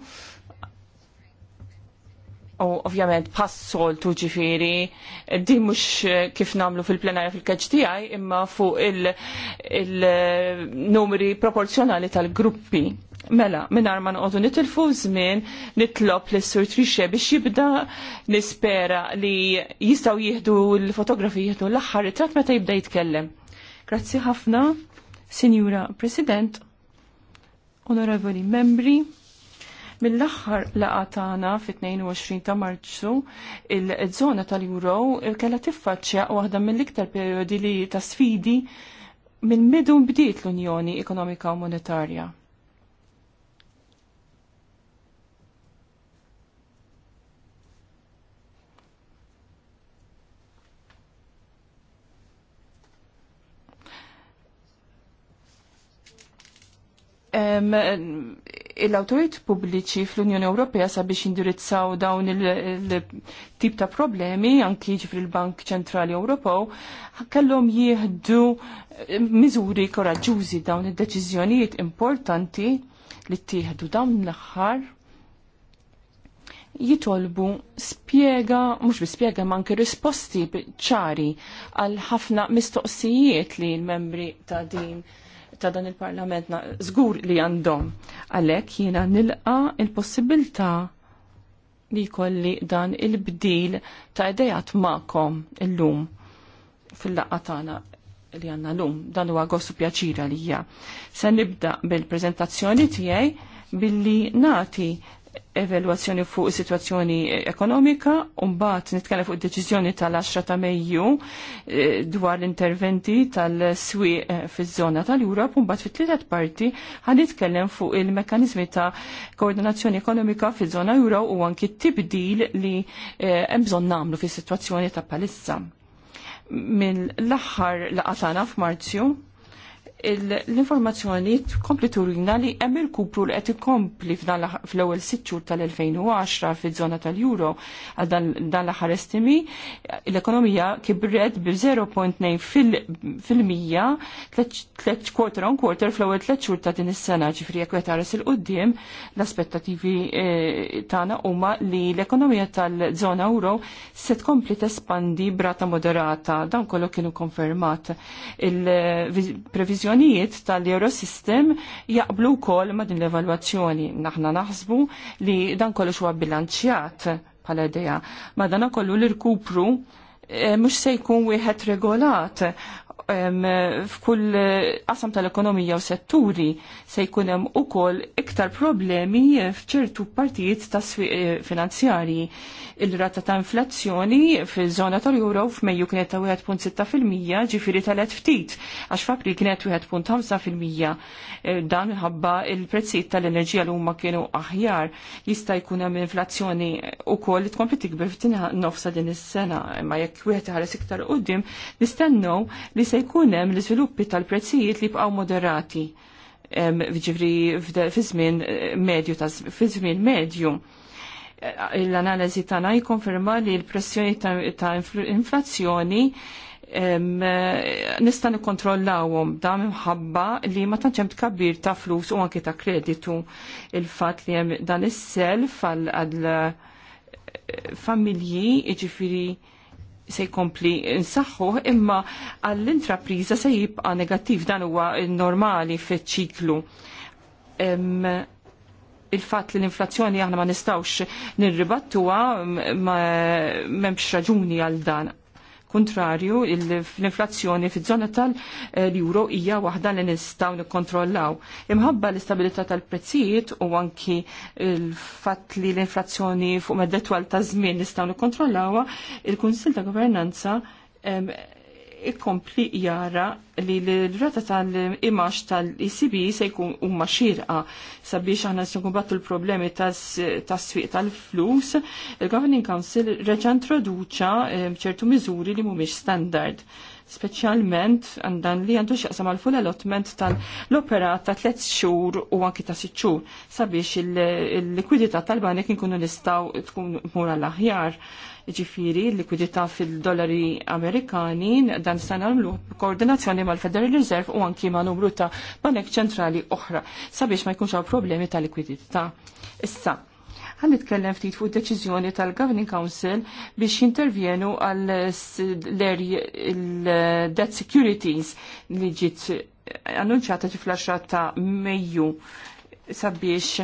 U ovvjament pass soltu ġifiri di mux kif namlu fil-plenarja fil-keċ tijaj imma fuq il-numri il proporzjonali tal-gruppi. Mela, minn ma nqodu nitilfu żmien nitlob l sur Trixe biex jibda nispera li jistaw jihdu l-fotografi jihdu l-aħħar ritratt meta jibda jitkellem. Grazzi ħafna, Sinjura President, Onorevoli Membri. Mill-aħħar laqatana fit-22 ta' Marzu, il-żona tal-Euro kellha tiffaċċja waħda mill-iktar periodi li ta' sfidi minn midu bdiet l-Unjoni Ekonomika u Monetarja l-autorit pubbliċi fl-Unjoni Ewropea sabiex indirizzaw dawn il-tip ta' problemi, anki ġifri l-Bank Ċentrali Ewropew, kellhom jieħdu eh, miżuri koraġġużi dawn id-deċiżjonijiet importanti li ttieħdu dawn l-aħħar jitolbu spiega, mhux bi spiega ma anke risposti ċari għal ħafna mistoqsijiet li l-membri ta' din ta' dan il-parlament żgur li għandhom. Għalhekk jiena nilqa il-possibilità li jkolli dan il-bdil ta' idejat ma'kom illum fil-laqqa tagħna li għanna l-lum, dan huwa gossu pjaċira li hija. Se nibda bil-prezentazzjoni tiegħi billi nati evalwazzjoni fuq situazzjoni ekonomika, umbat nitkellem fuq deċiżjoni tal-10 ta' Mejju eh, dwar l interventi tal-swi eh, fiż-żona tal-Europ, umbat fit-tliet parti ħan nitkellem fuq il-mekkanizmi ta' koordinazzjoni ekonomika fiż-żona Euro u anki tibdil li eh, hemm bżonn nagħmlu fis-sitwazzjoni ta' palissa. Mill-aħħar laqatana f'Marzju l-informazzjoni tkompli turina li hemm il-kupru li qed ikompli fl-ewwel sitt xhur tal-2010 fiż-żona tal-Euro għal dan l-aħħar estimi l-ekonomija kibret bi 0.9 fil-mija quarter on quarter fl-ewwel tliet xhur ta' din is-sena ġifri jekk qed tares il-qudiem l-aspettattivi eh, tagħna huma li l-ekonomija tal-żona Euro se tkompli tespandi brata moderata dan kollu kienu konfermat il-previżjoni eh, konklużjonijiet tal-Eurosystem jaqblu wkoll ma' din l-evalwazzjoni. Naħna naħsbu li dan kollox huwa bilanċjat bħala idea. Ma dan kollu l-irkupru eh, mux se jkun wieħed regolat f'kull qasam tal-ekonomija u setturi se jkun hemm ukoll iktar problemi f'ċertu partijiet ta' swieq eh, finanzjarji. Il-rata ta' inflazzjoni fiż-żona tal-Euro f'Mejju kienet ta' 1.6% ġifieri telet ftit għax f'April kienet 1.5% eh, dan minħabba il-prezzijiet tal-enerġija li huma kienu aħjar jista' jkun hemm inflazzjoni ukoll li tkompli tikber f'tinha nofsa din is-sena imma jekk wieħed iħares iktar qudiem nistennew li se se jkun hemm l-iżviluppi tal-prezzijiet li jibqgħu moderati ġifri eh, fi żmien medju fi żmien medju. L-analiżi tagħna jikkonferma li l-pressjoni ta' inflazzjoni eh, nista' nikkontrollawhom da minħabba li ma tantx hemm tkabbir ta' flus u anke ta' kreditu il-fatt li hemm dan is-self għal eh, familji ġifiri se jkompli nsaħħu imma għall-intrapriża se jibqa' negattiv dan huwa normali fiċ-ċiklu. Il-fatt li l-inflazzjoni aħna ma nistawx nirribattuha m'hemmx raġuni għal dan kontrarju, l-inflazzjoni fiż-żona tal-euro eh, hija waħda li nistgħu nikkontrollaw. Imħabba l-istabilità tal-prezzijiet u anki l-fatt li l-inflazzjoni fuq medda twal ta' żmien nistgħu nikkontrollawha, il-Kunsill ta' Governanza ikkompli jara li l-rata tal-imax tal icb se jkun umma xirqa sabiex aħna se jkun battu l-problemi tas-sfiq tal-flus, il-Governing Council reġa introduċa eh, ċertu miżuri li mhumiex standard speċjalment għandan li għandu xaqsam għal full allotment tal-opera ta' tliet xhur u anki ta' sitt xhur sabiex il-likwidità tal-banek inkunu nistgħu tkun mura l-aħjar. Ġifiri, l-likwidità fil-dollari Amerikani dan se nagħmlu koordinazzjoni mal-Federal Reserve u anki ma' numru ta' banek ċentrali oħra sabiex ma jkunx hawn problemi ta' likwidità. Issa, Għan nitkellem ftit fuq deċiżjoni tal-Governing Council biex jintervjenu għal l-debt securities li ġiet annunċata fl-10 ta' Mejju sabiex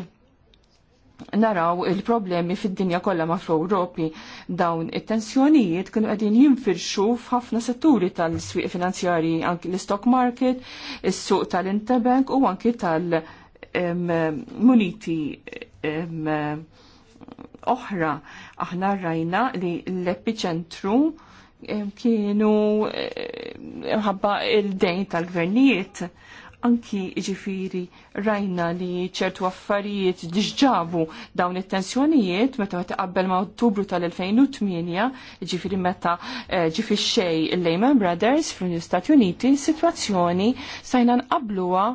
naraw il-problemi fid-dinja kollha ma fl-Ewropi dawn it-tensjonijiet kienu qegħdin jinfirxu f'ħafna setturi tal-swieq finanzjari anki l-stock market, is-suq tal-interbank u anki tal-muniti oħra. Aħna rajna li l-epiċentru eh, kienu eh, ħabba il-dejn tal-gvernijiet anki ġifiri rajna li ċertu affarijiet diġġabu dawn it-tensjonijiet meta għet qabbel ma' ottubru tal-2008 ġifiri meta eh, ġifi xej Lehman Brothers fl-Stati Uniti situazzjoni sajna nqabluwa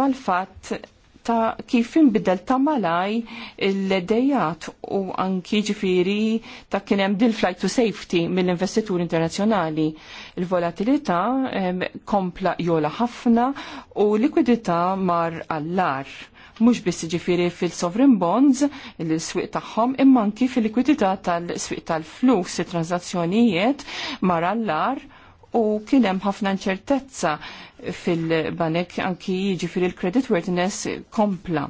mal-fatt ta' kif inbidel ta' malaj il-dejat u anki ġifiri ta' kienem dil flight to safety mill-investituri internazjonali. Il-volatilità kompla jola ħafna u likwidità mar allar. Mux biss ġifiri fil-sovereign bonds, il-swiq tagħhom, imma anki fil-likwidità tal-swiq tal-flus, il-transazzjonijiet mar allar u kienem ħafna nċertezza fil-banek anki jiġifieri credit creditworthiness kompla.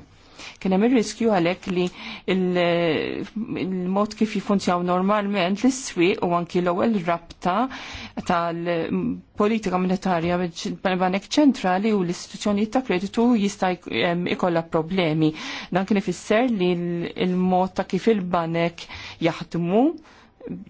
Kienem ir-riskju għalhekk li il-mod kif jifunzjaw normalment l-iswieq u anki l-ewwel rabta tal-politika monetarja banek ċentrali u l-istituzzjonijiet ta' kreditu jista' ikollha problemi. Dan kien ifisser li l-mod ta' kif il-banek jaħdmu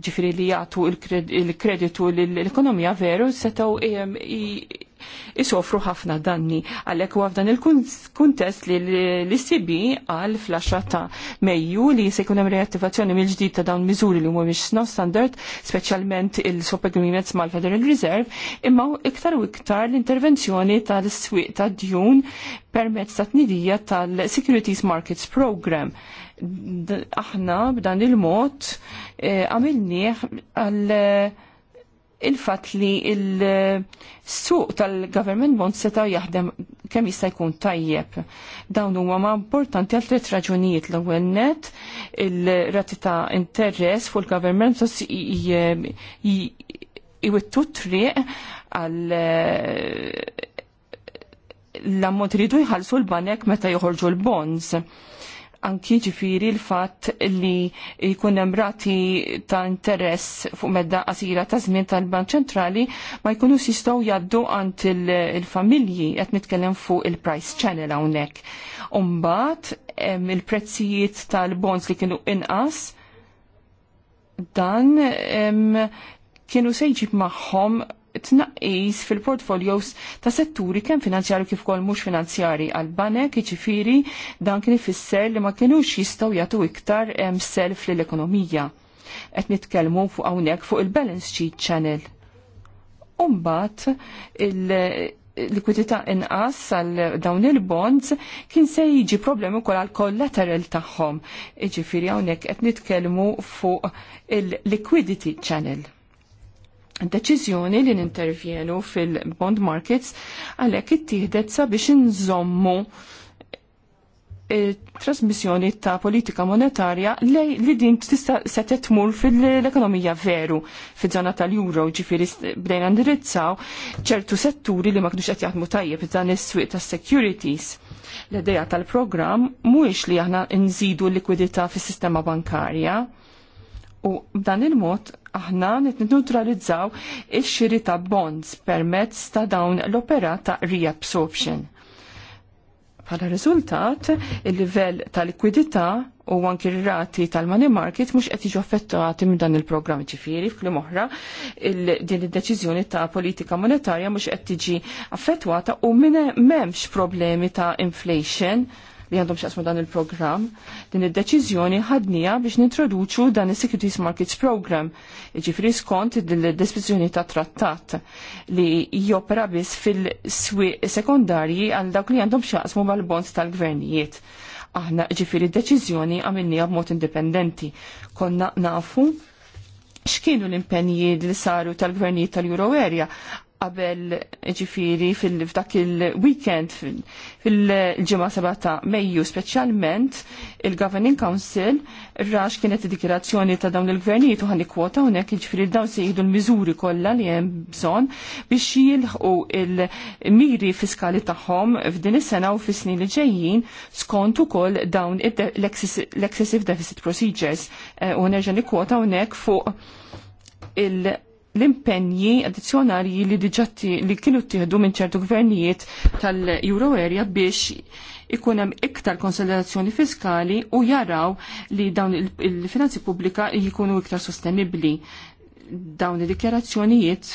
Ġifri li jgħatu il-kreditu l-ekonomija veru setaw jisofru ħafna danni. Għalek u għafdan il-kuntest li l-ICB għal flasġa ta' Mejju li se jkun hemm reattivazzjoni mill-ġdid ta' dawn miżuri li mhumiex non standard, speċjalment il sop agreements mal-Federal Reserve, imma iktar u iktar l-intervenzjoni tal-swieq ta' djun permezz ta' tnidija tal-Securities Markets Program aħna b'dan il-mod eh, għamilnieh għal eh, il-fat li il-suq tal-government bond seta jaħdem kemm jista' jkun tajjeb. Dawn huma ma importanti għal tliet raġunijiet l-ewwel net il-rati ta' interess fuq il-government iwittu triq għal eh, l-ammont ridu jħallsu l-banek meta joħorġu l-bonds anki ġifiri l-fat li jkun hemm rati ta' interess fuq medda qasira ta' żmien tal-Bank Ċentrali ma jkunux jistgħu jaddu għand il-familji il qed nitkellem fuq il-price channel hawnhekk. Umbagħad il-prezzijiet tal-bonds li kienu inqas dan kienu se jġib magħhom tnaqqis fil-portfolios ta' setturi kemm finanzjari kif ukoll mhux finanzjari għal banek jiġifieri dan kien ifisser li ma kinux jistgħu jagħtu iktar hemm self lill ekonomija Qed nitkellmu fuq hawnhekk fuq il-balance sheet channel. Umbat il-likwidità inqas għal dawn il-bonds kien se jiġi problemi wkoll għal collateral tagħhom. Jiġifieri hawnhekk qed nitkellmu fuq il-liquidity channel deċiżjoni li nintervjenu fil-bond markets għalhekk ittieħdet sabiex inżommu trasmissjoni ta' politika monetarja li din tista' se tmur fil-ekonomija veru fiż-żona tal-euro ġifieri bdejna ndirizzaw ċertu setturi li ma kinux qed jaħdmu tajjeb dan is-swieq tas-securities. L-idea tal-programm mhuwiex li aħna nżidu l-likwidità fis-sistema bankarja, u b'dan il-mod aħna nitneutralizzaw ix-xiri ta' bonds permezz ta' dawn l-opera ta' reabsorption. Bħala riżultat, il-livell ta' likwidità u anki r-rati tal-money market mhux qed jiġu affettati minn dan il-programm ġifieri f'kliem oħra din id-deċiżjoni ta' politika monetarja mhux qed tiġi affettwata u minn m'hemmx problemi ta' inflation li għandhom xaqsmu dan il-program. Din id-deċizjoni ħadnija biex nintroduċu dan il-Securities Markets Program, ġifri skont il-dispozizjoni ta' trattat li jopera biss fil-swi sekundarji għal dawk li għandhom xaqsmu mal-bonds tal-gvernijiet. Aħna ġifiri d-deċizjoni għamilnija b'mod indipendenti. Konna nafu x'kienu l-impenji li saru tal-gvernijiet tal-Euro area qabel ġifiri fil-fdak il-weekend fil-ġimgħa 7 ta' Mejju speċjalment il-Governing Council rax kienet dikirazzjoni ta' dawn il-gvernijiet u ħanikwota hawnhekk jiġifieri dawn se jieħdu l-miżuri kollha li hemm bżonn biex jilħqu il-miri fiskali tagħhom f'din is-sena u fis-snin li ġejjin skont ukoll dawn l-excessive deficit procedures eh, u nerġa' nikkwota hawnhekk fuq il- l-impenji addizjonarji li diġatti li kienu tieħdu minn ċertu gvernijiet tal-Euro area biex ikun hemm iktar konsolidazzjoni fiskali u jaraw li dawn il-finanzi pubblika jikunu iktar sostenibbli. Dawn id-dikjarazzjonijiet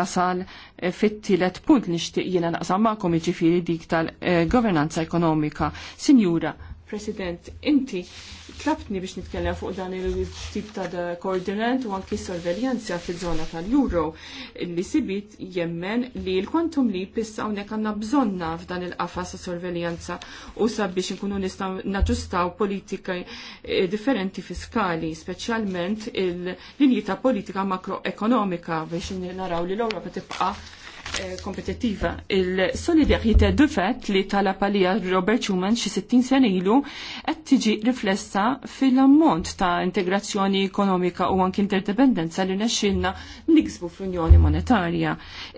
nasal eh, fit-tielet punt nixtieq jiena naqsam magħkom jiġifieri dik tal-governanza eh, ekonomika. Sinjura, President, inti tlabtni biex nitkellem fuq dan il-tip ta' koordinant u anki sorveljanza fi zona tal-Euro li sibit jemmen li l-kwantum li pissa unek għanna bżonna f'dan il-qafas ta' sorveljanza u sabiex nkunu nistaw naġustaw politika eh, differenti fiskali, specialment il-linji ta' politika makroekonomika biex naraw li l-Europa tibqa' Eh, kompetittiva. Il-solidarjetà de fatt li tala palija Robert Schumann xi 60 sena ilu qed tiġi riflessa fil-ammont ta' integrazzjoni ekonomika u anke interdependenza li nexxilna niksbu fl-Unjoni Monetarja.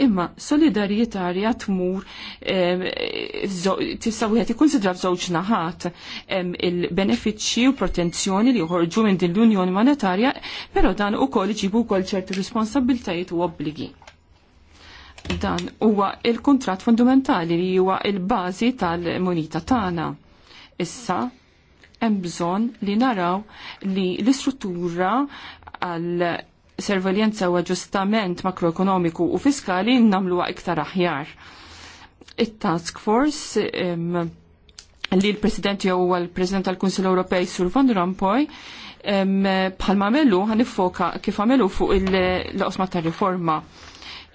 Imma solidarjetarja tmur tista' wieħed ikkunsidra f'żewġ naħat il-benefiċċji u protenzjoni li joħorġu minn din l-Unjoni Monetarja, però dan ukoll iġibu wkoll ċerti responsabiltajiet u obbligi. Dan huwa il-kuntratt fundamentali li huwa il-bażi tal-munita tagħna. Issa hemm bżonn li naraw li l-istruttura għal servaljenza u aġġustament makroekonomiku u fiskali namluwa iktar aħjar. It-task force um, li l-President jew l-President tal-Kunsill Ewropej Sur Van Rompuy bħalma għamelu għan kif għamelu fuq il-osma tal riforma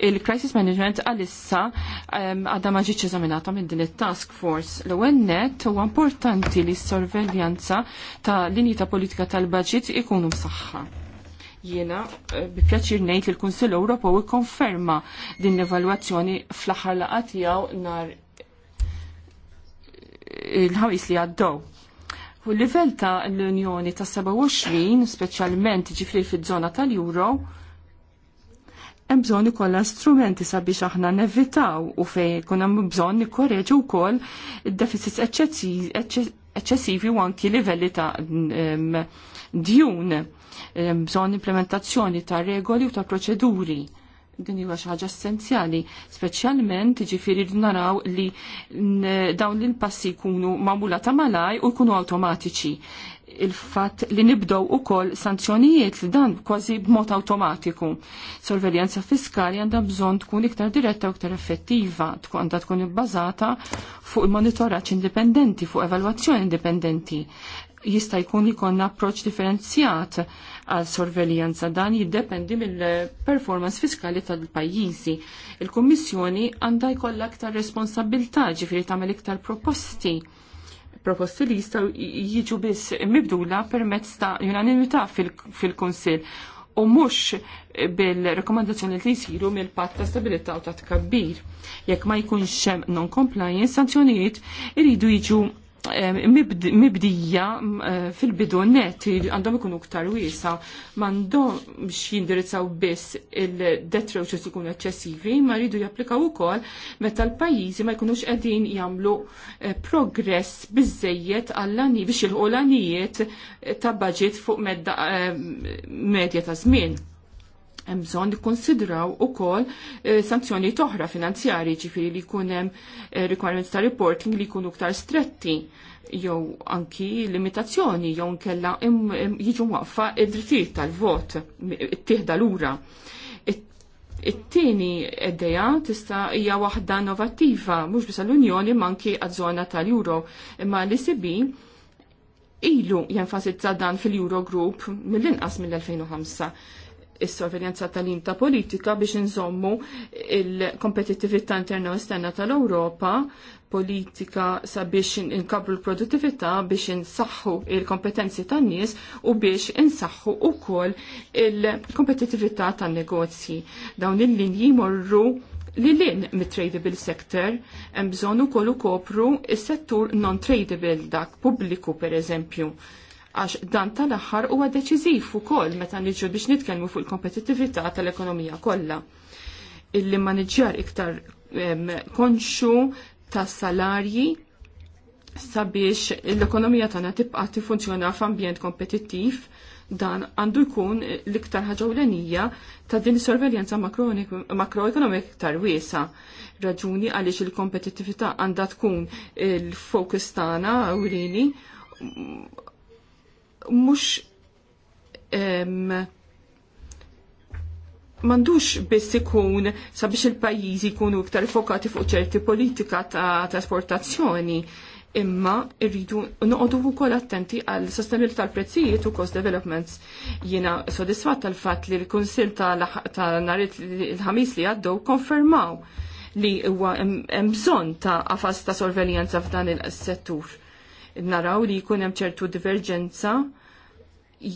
il-crisis management għalissa ehm, għadha ma ġietx eżaminata minn din it-task force. L-ewwel net huwa importanti li s-sorveljanza ta' linji ta' politika tal-budget ikunu msaħħa. Jiena eh, bi pjaċir ngħid li l-Kunsill u konferma din l-evalwazzjoni fl-aħħar laqgħa tiegħu nhar il-ħawis li għaddew. U l-livell ta' l-Unjoni ta' 27, speċjalment ġifri fiż-żona tal-Euro, hemm bżonn ikollha strumenti sabiex aħna nevitaw u fejn kuna bżonn nikkoreġu wkoll id-deficits eċċessivi u anki livelli ta' djun. Bżonn implementazzjoni ta' regoli u ta' proċeduri din huwa xi ħaġa essenzjali, speċjalment jiġifieri naraw li dawn l-passi jkunu magħmula ta' malaj u jkunu awtomatiċi il-fatt li nibdow u kol sanzjonijiet li dan kważi b'mod automatiku. Sorveljanza fiskali għandha bżon tkun iktar diretta u iktar effettiva, tkun għandha tkun ibbażata fuq monitoraġġ indipendenti, fuq evalwazzjoni indipendenti. Jista' jkun li approċ differenzjat għal sorveljanza dan jiddependi mill-performance fiskali tal-pajjiżi. Il-Kummissjoni għandha jkollha aktar responsabilità ġifieri tagħmel iktar proposti proposti li jistaw jiġu biss mibdula permezz ta' unanimità fil-Kunsill u mhux bil-rekomandazzjoni li jisiru mill-patt ta' stabilità u ta' tkabbir. Jekk ma jkunx hemm non-compliance, sanzjonijiet iridu jiġu mibdija eh, fil-bidu net għandhom ikunu ktar wiesa m'għandhom jindirizzaw biss il-detroċes ikunu eċċessivi ma rridu japplikaw ukoll meta l-pajjiżi ma jkunux qegħdin jagħmlu eh, progress bizzejiet għall-għani biex il l ta' budget fuq eh, medja ta' żmien bżon nikkonsidraw ukoll eh, sanzjoni toħra finanzjari ġifiri li kunem eh, requirements ta' reporting li jkunu ktar stretti jew anki limitazzjoni jew nkella jiġu waqfa id-drittijiet tal-vot it-tieħda lura. It-tieni idea tista' hija waħda innovattiva mhux biss l-Unjoni manki għaż-żona tal-Euro imma l-ECB ilu jenfasizza dan fil-Eurogroup mill-inqas mill-2005 is-sorveljanza tal-im ta' politika biex nżommu il-kompetittività interna u esterna tal-Ewropa, politika sabiex inkabru l-produttività biex insaħħu il-kompetenzi tan-nies u biex insaħħu kol il-kompetittività tan-negozji. Dawn il-linji morru li lin mit-tradable sector hemm bżonn ukoll kopru s-settur non-tradable dak pubbliku per eżempju għax dan tal-aħħar huwa deċiżiv ukoll meta niġu biex nitkellmu fuq il-kompetittività tal-ekonomija kollha. Illi maniġġar iktar konxu ta' salarji sabiex l-ekonomija tagħna tibqa' tiffunzjona f'ambjent kompetittiv dan għandu jkun l-iktar ħaġa ewlenija ta' din sorveljanza makroekonomik iktar wiesa. Raġuni għaliex il-kompetittività għandha tkun il-fokus tagħna ewlieni mux um, mandux biss ikun sabiex il-pajjiżi jkunu iktar fokati fuq ċerti politika ta' trasportazzjoni imma irridu noqogħdu wkoll attenti għal sostenibilità tal-prezzijiet u cost developments. Jiena sodisfatt tal-fatt li l-Kunsill ta' nhar il-ħamis li għaddew konfermaw li huwa hemm bżonn ta' qafas ta' sorveljanza f'dan il-settur naraw li jkun hemm ċertu diverġenza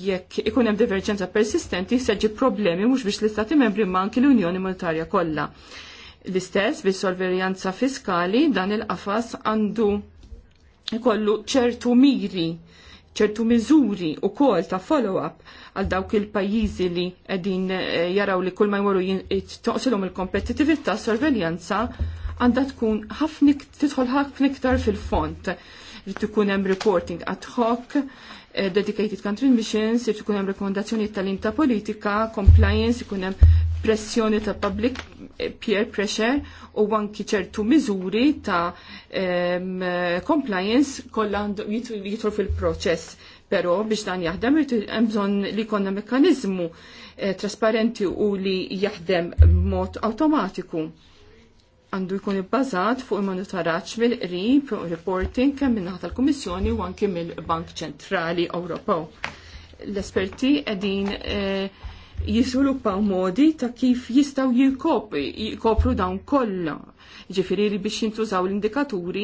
jekk ikun hemm diverġenza persistenti seġġi problemi mhux biex l-Istati membri ma anki l-Unjoni Monetarja kollha. L-istess bis sorveljanza fiskali dan il-qafas għandu ikollu ċertu miri, ċertu miżuri u kol ta' follow-up għal dawk il-pajjiżi li qegħdin eh, jaraw li kull ma jmorru toqsilhom il-kompetittività sorveljanza għandha tkun ħafna tidħol ħafna iktar fil-font rrid ikun hemm reporting ad hoc, eh, dedicated country missions, irrid ikun hemm rekomendazzjoni tal inta politika, compliance, ikun hemm pressjoni ta' public eh, peer pressure u anki ċertu miżuri ta' compliance kollha jitru fil-proċess. Pero biex dan jaħdem hemm bżonn li jkollna mekkaniżmu eh, trasparenti u li jaħdem b'mod awtomatiku għandu jkun ibbażat fuq il-monitoraġġ mill-qrib u reporting kemm min-naħa tal-Kummissjoni u anke mill-Bank Ċentrali Ewropew. L-esperti qegħdin eh, jiżviluppaw modi ta' kif jistgħu jikopru dawn kollha ġifiri li biex jintużaw l-indikaturi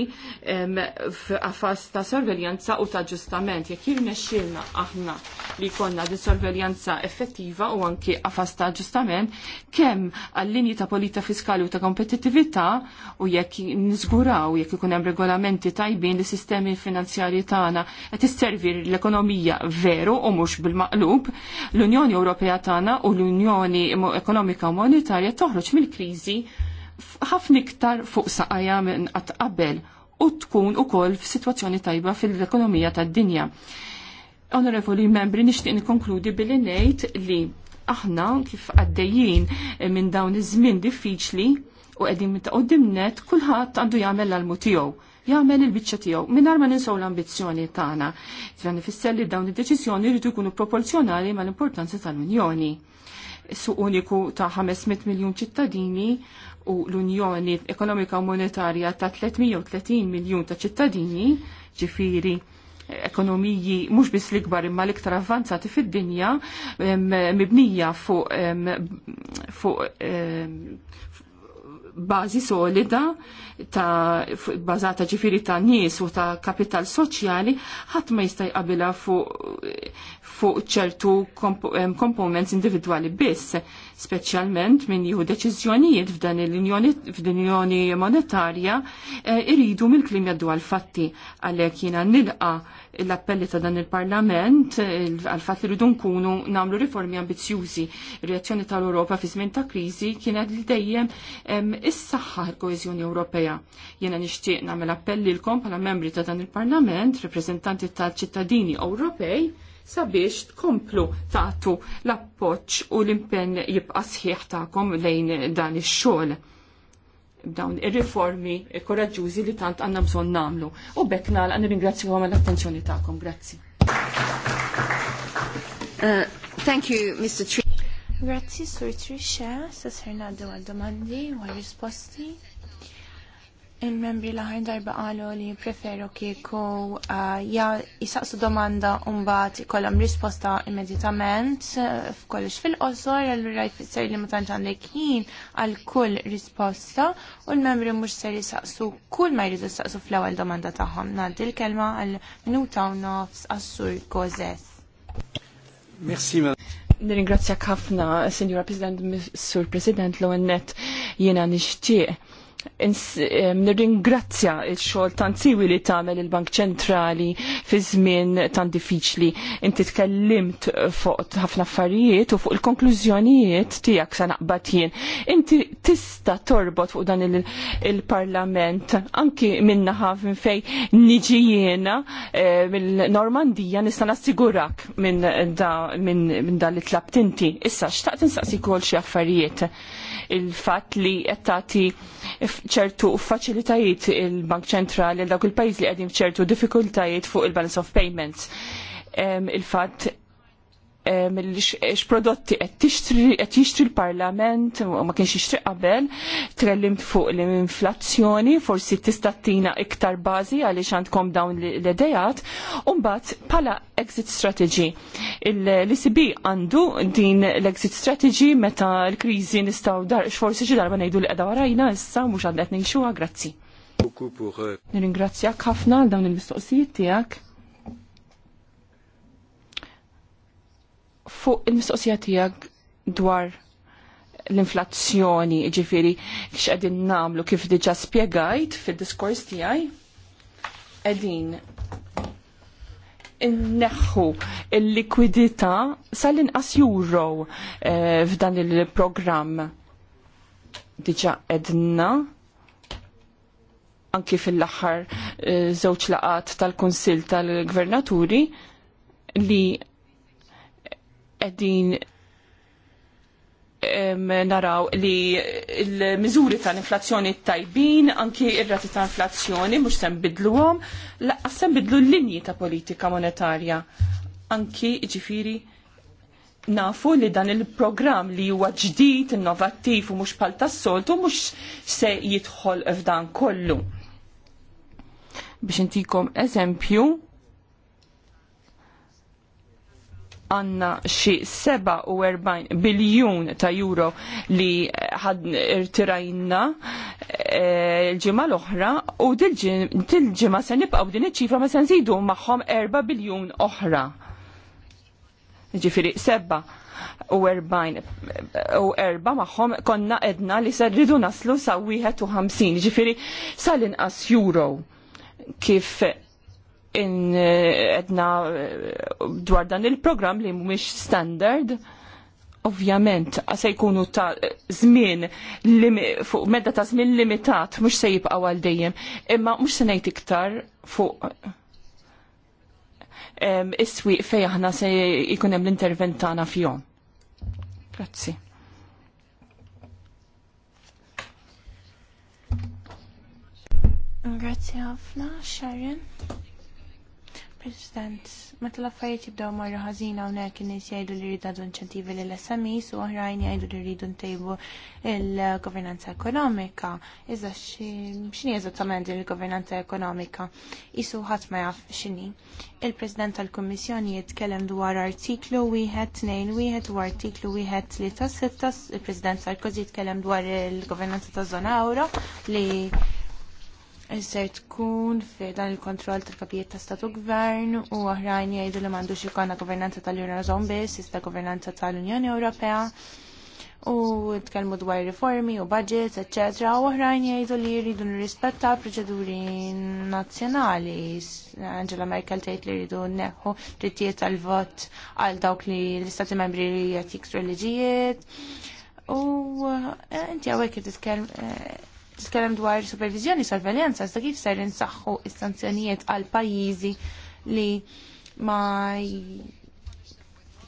f'affas ta' sorveljanza u ta' ġustament. Jekk jirnexxilna aħna li konna di sorveljanza effettiva u anki affas ta' ġustament, kemm għall-linji ta' polita fiskali u ta' kompetittività u jekk nizguraw, jekk ikun hemm regolamenti tajbin li sistemi finanzjarji tagħna qed isservi l-ekonomija veru u mhux bil-maqlub, l-Unjoni Ewropea tagħna u l-Unjoni Ekonomika u Monetarja toħroġ mill-kriżi ħafna iktar fuq saqajja minn qatt qabel u tkun ukoll f'sitwazzjoni tajba fil-ekonomija tad-dinja. Onorevoli membri, nixtieq nikkonkludi billi ngħid li aħna kif għaddejjin minn dawn iż-żmien diffiċli u qegħdin ta' net kulħadd għandu jagħmel l-almu tiegħu jagħmel il-biċċa tiegħu mingħajr ma ninsew l-ambizzjoni tagħna. Tran ifisser li dawn id-deċiżjoni jridu jkunu proporzjonali mal-importanza tal-Unjoni. Suq uniku ta' 500 miljun ċittadini u l-Unjoni Ekonomika u Monetarja ta' 330 miljun ta' ċittadini, ġifiri ekonomiji mhux biss l-ikbar imma l-iktar avvanzati fid-dinja mibnija fuq fuq bażi solida ta' bażata ġifiri ta' nies u ta' kapital soċjali ħadd ma jista' jqabilha fuq fuq ċertu komponents individwali biss speċjalment min jieħu deċiżjonijiet f'dan il unjoni Monetarja eh, iridu mill-klim jaddu għal-fatti għalhekk jiena nilqa l-appelli ta' dan il-Parlament eh, għal-fatt li rridu nkunu nagħmlu riformi ambizzjużi. Reazzjoni tal-Ewropa fi żmien ta' kriżi kienet li dejjem is-saħħa l-koeżjoni Ewropea. Jiena nixtieq nagħmel appelli lkom bħala membri ta' dan il-Parlament, rappreżentanti tal-ċittadini Ewropej, sabiex tkomplu tagħtu l-appoġġ u l-impenn jibqa' sħiħ tagħkom lejn dan ix-xogħol dawn ir-riformi korraġuzi li tant għandna bżonn nagħmlu. U bekk ringrazzju nirringrazzjuhom għall-attenzjoni tagħkom. Grazzi. Uh, thank you, Mr. Grazzi, Sur Trisha, sa għaddu għal domandi u għal risposti. Il-membri laħin darba għalu li preferu kieku uh, ja jisaqsu domanda umbat kollam risposta immedjatament uh, f'kollox fil-qosor għallura jfisser li ma tantx għandek ħin għal kull risposta u l-membri mhux ser jisaqsu kull ma jridu jisaqsu fl-ewwel domanda tagħhom. Ngħaddi l-kelma għal minuta u nofs għas-sur Gozes. Merci, Nirringrazzjak ħafna, Sinjura President, Sur President, l-għennet jena nixtieq nirringrazzja il-xogħol tan siwi li tagħmel il-Bank Ċentrali fi żmien tant diffiċli. Inti tkellimt fuq ħafna affarijiet u fuq il-konklużjonijiet tiegħek sa naqbad jien. Inti tista' torbot fuq dan il-Parlament anki minna ħafin fej niġi jiena e, mill-Normandija nista' nassigurak minn da li tlabt inti. Issa xtaqt insaqsi kol xi affarijiet il-fatt li qed tagħti ċertu faċilitajiet il-Bank Ċentrali għal dawk il pajjiżi li qegħdin f'ċertu diffikultajiet fuq il-balance of payments. Um, il-fatt x-prodotti qed jixtri l-Parlament u ma kienx jixtri qabel, trellimt fuq l-inflazzjoni, forsi tista' tina iktar bażi għaliex għandkom dawn l-idejat, u mbagħad bħala exit strategy. l icb għandu din l-exit strategy meta l-kriżi nistgħu dar x'forsi xi darba ngħidu l-qeda warajna issa mhux għandek qed ngħixuha, grazzi. Euh, Nirringrazzjak ħafna għal dawn il-mistoqsijiet tiegħek. fuq il-mistoqsija tiegħek dwar l-inflazzjoni, ġifiri, kix għedin namlu kif diġa spiegajt fil-diskors tijaj, għedin neħħu il-likwidita sal in euro eh, f'dan il-programm. Diġa edna anki fil laħar eh, zewċ laqat tal-Konsil tal-Gvernaturi li qegħdin naraw li l-miżuri tal-inflazzjoni tajbin, anki ir-rati ta' inflazzjoni mhux se nbidluhom, laqqas se bidlu l-linji ta' politika monetarja. Anki ġifiri nafu li dan il-programm li huwa ġdid, innovattiv u mhux bħal tas-soltu mhux se jidħol f'dan kollu. Biex intikom eżempju, għanna xi 47 biljun ta' euro li ħad irtirajna eh, l-ġimgħa l-oħra u dil-ġimgħa se nibqgħu din iċ-ċifra ma se nżidu magħhom 4 biljun oħra. Ġifieri seba' u 40 u erba magħhom konna edna li se rridu naslu sa' 51, ġifieri sal-inqas euro kif in eh, edna eh, dwar dan il-programm li mhumiex standard ovvjament se jkunu ta' żmien fuq medda ta' żmien limitat mhux se jibqgħu għal dejjem, imma mhux se ngħid iktar fuq is-swieq fejn aħna se jkun hemm l-intervent tagħna fihom. Grazzi. Grazzi ħafna, Sharon. President, meta l-affarijiet jibdew marru ħażina hawnhekk in-nies jgħidu li jridu inċentivi lill SMEs u oħrajn jgħidu li jridu ntejbu il-governanza ekonomika. Iżda x'inhi eżattament il-governanza ekonomika? Isu ħadd ma jaf x'inhi. Il-President tal-Kummissjoni jitkellem dwar artiklu wieħed tnejn wieħed u artiklu wieħed li tas il-President Sarkozy jitkellem dwar il-governanza taż-żona li jisser tkun fi dan il-kontroll tal-kapijiet ta' statu gvern u oħrajn jgħidu li m'għandux ikollna governanza tal-Eurozone biss, iżda governanza tal-Unjoni Ewropea u tkellmu dwar riformi u budgets, etc. U oħrajn jgħidu li jridu nirrispetta proċeduri nazzjonali. Angela Merkel tgħid li jridu neħħu drittijiet tal-vot għal dawk li l-istati membri li jgħid jiksru liġijiet. U eh, inti għawek titkellem eh, Tkellem dwar supervizjoni sorveljanza, sta kif ser insaħħu is-sanzjonijiet għal pajjiżi li ma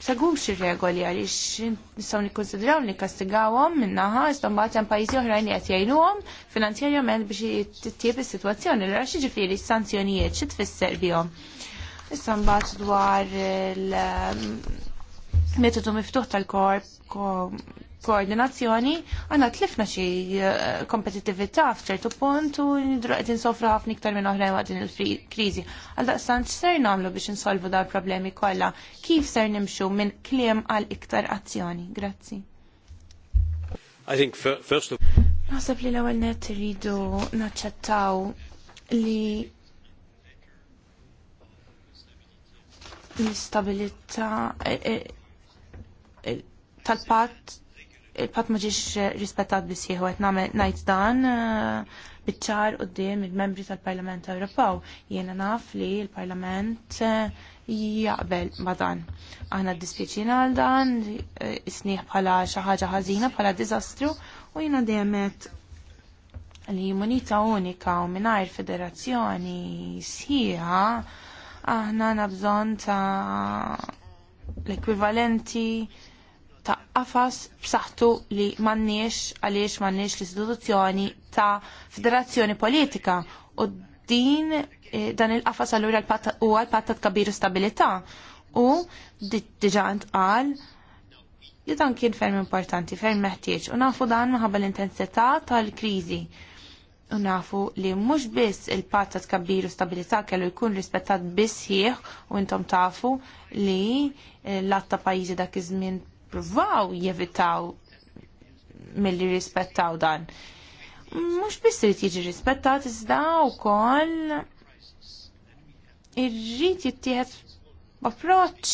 segux ir-regoli għaliex nistgħu nikkonsidraw li kastigawhom minnaħa iżda mbagħad hemm pajjiżi oħrajn li qed jgħinuhom finanzjarjament biex tittieb is-sitwazzjoni li xi ġifieri s-sanzjonijiet xi tfisser bihom. Issa mbagħad dwar il ehm, metodu miftuħ tal-korp koordinazzjoni, għanna tlifna xi eh, kompetitività f'ċertu punt u nidru qed sofra ħafna iktar minn oħra waqt din il-kriżi. Għal s x'ser nagħmlu biex insolvu dal problemi kollha? Kif ser nimxu minn kliem għal iktar azzjoni? Grazzi. I think first of Naħseb li l-ewwel net irridu naċċettaw li l-istabilità eh, eh, tal-patt il-pat ma ġiex eh, rispettat bisieħu għet najt dan eh, bitċar u d-dim il-membri tal-Parlament Ewropew. Jena naf li il-Parlament eh, jaqbel ma dan. Aħna dispieċina għal dan, isniħ bħala xaħġa ħazina, bħala dizastru u jena d-dimet li munita unika u minnajr federazzjoni sħiħa aħna nabżon ta' l-ekvivalenti ta' qafas b'saħħtu li m'għandniex għaliex m'għandniex l-istituzzjoni ta' federazzjoni politika u din eh, dan il-qafas allura huwa l-patta tkabbir u stabilità u diġà ntqal li dan kien ferm importanti, ferm meħtieġ u nafu dan minħabba l-intensità tal-kriżi. U nafu li mhux biss il-patta tkabbir u stabilità kellu jkun rispettat biss ħieħ u intom tafu li l-atta pajjiżi dak iż-żmien jippruvaw jevitaw milli rispettaw dan. Mhux biss irid jiġi rispettat iżda wkoll irrid jittieħed approċ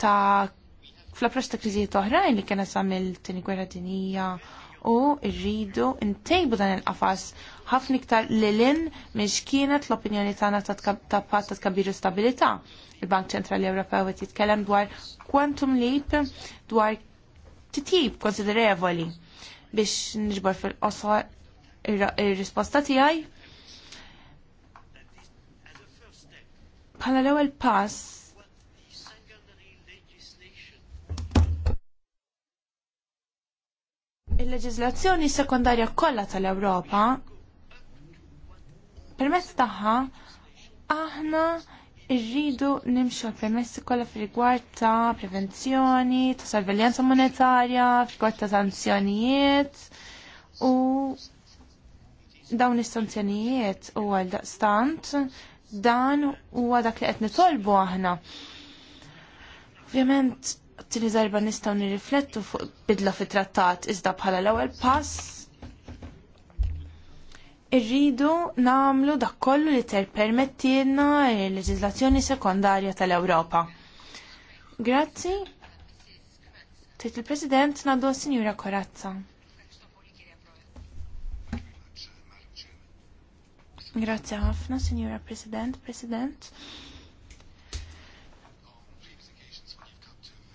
ta' fl-approċċ ta' kriżijiet oħrajn li kena sa mill-tieni gwerra dinija u rridu ntejbu dan il-qafas ħafna iktar lilin miex kienet l-opinjoni tagħna ta' patt ta' kabiru u stabilità. Il-Bank Ċentrali Ewropew qed jitkellem dwar quantum leap dwar titjib konsiderevoli biex nġbor fil-qosra ir-risposta tiegħi. Bħala l-ewwel pass Il-leġizlazzjoni sekundarja kollha tal-Ewropa permezz tagħha aħna irridu nimxu l-permessi kollha f'rigward ta' prevenzjoni, ta' sorveljanza monetarja, f'rigward ta' sanzjonijiet u dawn is-sanzjonijiet u għal daqstant dan huwa dak li qed nitolbu aħna. Ovvjament tini darba nistaw nirriflettu fuq bidla fit trattat iżda bħala l-ewwel pass irridu namlu dak kollu li terpermettilna l-leġiżlazzjoni sekondarja tal-Ewropa. Grazzi. Tit il-President nadu Sinjura Korazza. Grazzi ħafna, Signora President, President.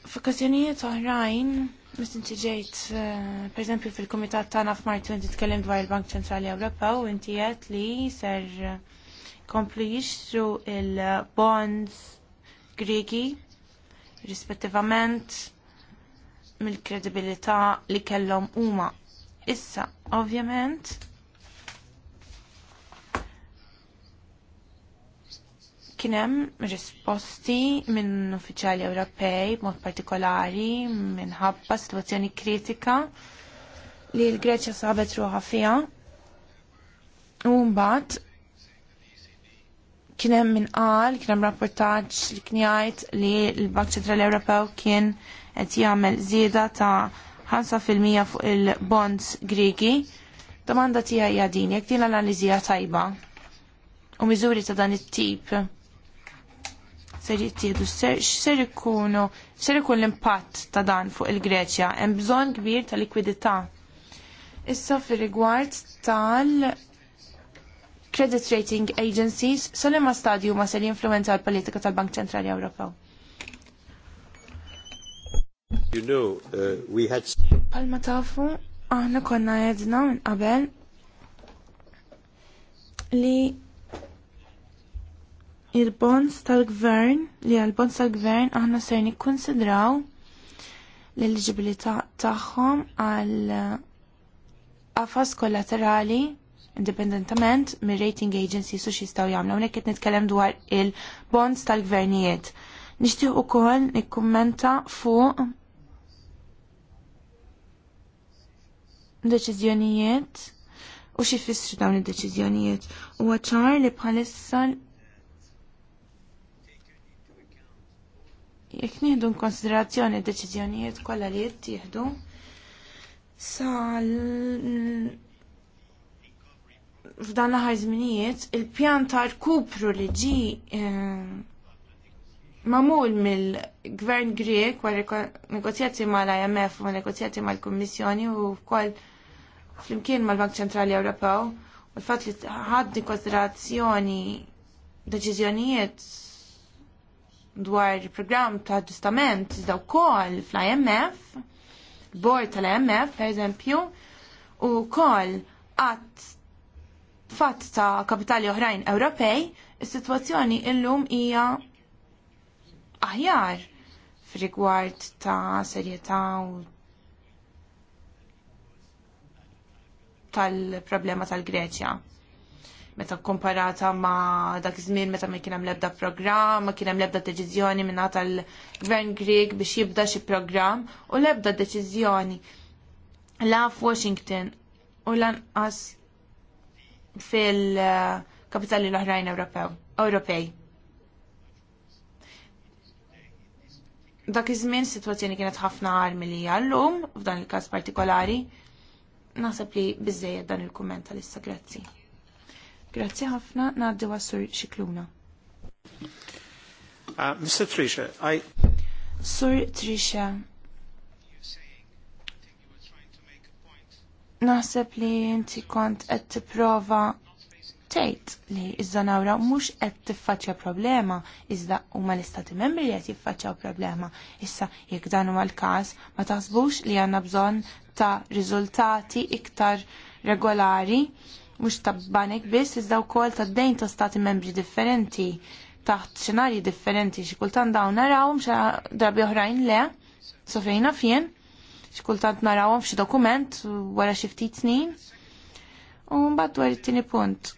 F'okkazjonijiet oħrajn, mis inti ġejt, eh, per eżempju, fil-Kumitat tagħna f'Martu inti tkellem dwar il-Bank Ċentrali Ewropew inti qed li ser eh, komplu jixtru il-bonds Griegi rispettivament mill-kredibilità li kellhom huma. Issa, ovvjament, kienem risposti minn uffiċjali Ewropej b'mod partikolari minħabba situazzjoni kritika li l-Greċja sabet ruħa fija. U mbagħad kienem minn qal, kienem rapportaġġ li kien jgħid li l-Bank Ċentrali Ewropew kien qed jagħmel żieda ta' 5% fuq il-bonds Griegi. Domanda tiegħi hija din, jekk din l-analiżija tajba u miżuri ta' dan it-tip ser jittieħdu ser ikunu ser ikun l-impatt ta' dan fuq il-Greċja hemm bżonn kbir ta' likwidità. Issa fir-rigward tal credit rating agencies sal ma stadju ma ser jinfluenza l-politika tal-Bank Ċentrali Ewropew. You know, uh, we had... Palma tafu, aħna konna jedna minn qabel li il-bonds tal-gvern li għal-bonds tal-gvern aħna ser nikkonsidraw l-eligibilità tagħhom għal qafas kollaterali indipendentament mir rating agencies u xistaw jagħmlu unek qed nitkellem dwar il-bonds tal-gvernijiet. u ukoll nikkommenta fuq deċiżjonijiet u xi fissru dawn id-deċiżjonijiet. u ċar li bħalissa Jekk nieħdu konsiderazzjoni deċiżjonijiet kollha li jittieħdu sal f'dan l-aħħar żminijiet il-pjan ta' rkupru li ġi eh, mamul mill-Gvern Grek wara negozjati mal-IMF u negozjati mal-Kummissjoni u wkoll flimkien mal-Bank Ċentrali Ewropew u l-fatt li ħadd konsiderazzjoni deċiżjonijiet dwar il-programm ta' ġustament iżda wkoll fl-IMF, bord tal-IMF pereżempju, u wkoll qatt fatt ta' kapitali oħrajn Ewropej, is-sitwazzjoni illum hija aħjar f'rigward ta' serjetà u tal-problema tal-Greċja meta komparata ma dak iż-żmien meta ma kien hemm l-ebda programm, ma kien hemm l-ebda deċiżjoni minn tal-Gvern Grieg biex jibda xi programm u l-ebda deċiżjoni la f'Washington u lanqas fil-kapitali l-oħrajn Ewropew Ewropej. Dak iż-żmien sitwazzjoni kienet ħafna armi li għallum f'dan il-każ partikolari. Naħseb li biżejjed dan il-kumment tal-issa grazzi. Grazzi ħafna naddi wasur xikluna. Uh, Mr. Trisha, I... Sur Trisha, naħseb li inti kont qed tipprova tgħid li iż-żanawra mhux qed tiffaċċja problema, iżda huma l-istati membri li qed jiffaċċjaw problema. Issa jekk dan huwa l-każ, ma taħsbux li għandna bżonn ta' riżultati iktar regolari mhux ta' banek biss iżda wkoll ta' dejn ta' stati membri differenti taħt xenarji differenti xi kultant dawn narawhom xa drabi oħrajn le, sofrejna fien, xi kultant narawhom f'xi dokument wara xi ftit snin. U mbagħad dwar it-tieni punt.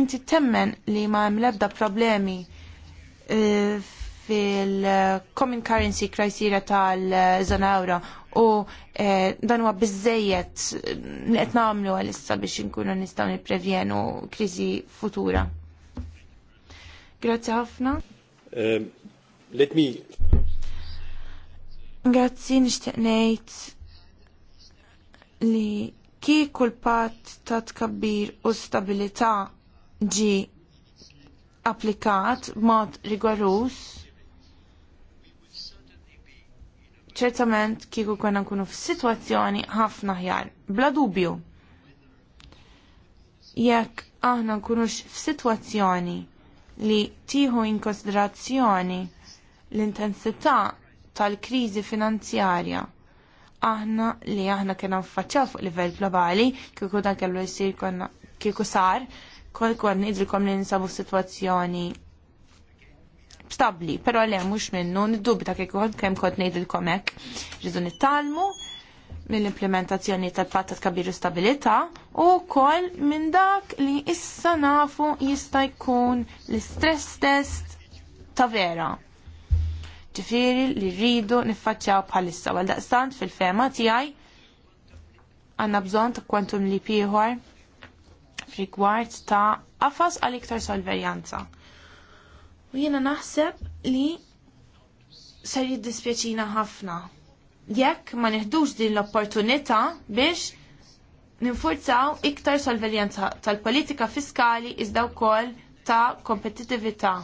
Inti temmen li ma hemm l-ebda problemi eh, fil-Common Currency krajsira tal-Zona Euro u eh, dan huwa biżejjed li eh, qed nagħmlu għalissa biex inkunu nistgħu nipprevjenu kriżi futura. Grazzi ħafna. Ehm, let me Grazzi nixtieq ngħid li kieku l-patt ta' tkabbir u stabilità ġi applikat b'mod rigorus ċertament kieku konna nkunu f'sitwazzjoni ħafna ħjar, bla dubju. Jekk aħna nkunux f'sitwazzjoni li tieħu in konsiderazzjoni l-intensità tal-kriżi finanzjarja aħna li aħna kena nfaċċaw fuq livell globali, kieku dan kellu jsir kieku sar, kol kon idrikom li nsabu situazzjoni stabli, pero għalem mux minnu niddubita kek kont kem kont nejdilkom hekk. Rridu nittalmu mill-implementazzjoni tal-patta kabir stabilita u kol minn dak li issa nafu jista' jkun l-stress test ta' vera. Ġifiri li rridu niffaċċjaw bħalissa għal daqstant fil-fema tiegħi għandna bżonn ta' kwantum li piħor frigward ta' għafas għal iktar solverjanza. U jiena naħseb li ser jiddispjaċina ħafna. Jekk ma neħdux din l-opportunità biex ninfurzaw iktar sorveljanza tal-politika fiskali iżda wkoll ta' kompetitività,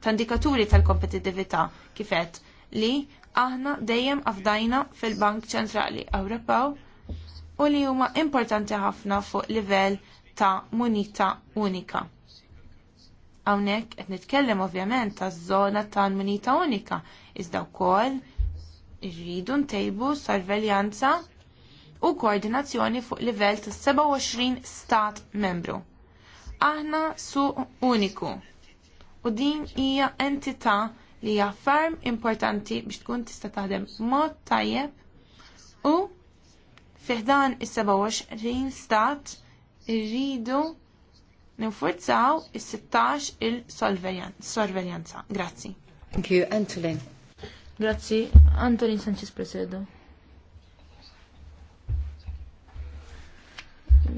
ta' indikaturi tal-kompetitività kifet li aħna dejjem afdajna fil-Bank Ċentrali Ewropew u li huma importanti ħafna fuq livell ta' munita unika. Hawnhekk qed nitkellem ovvjament taż-żona tal-munita unika, iżda wkoll irridu ntejbu sorveljanza u koordinazzjoni fuq livell ta' 27 stat membru. Aħna su uniku u din hija entità li hija ferm importanti biex tkun tista' taħdem mod tajjeb u fiħdan is-27 stat irridu ninfurzaw is-16 il-sorveljanza. Grazzi. Thank you, Antolin. Grazzi, Antolin Sanchez Presedo.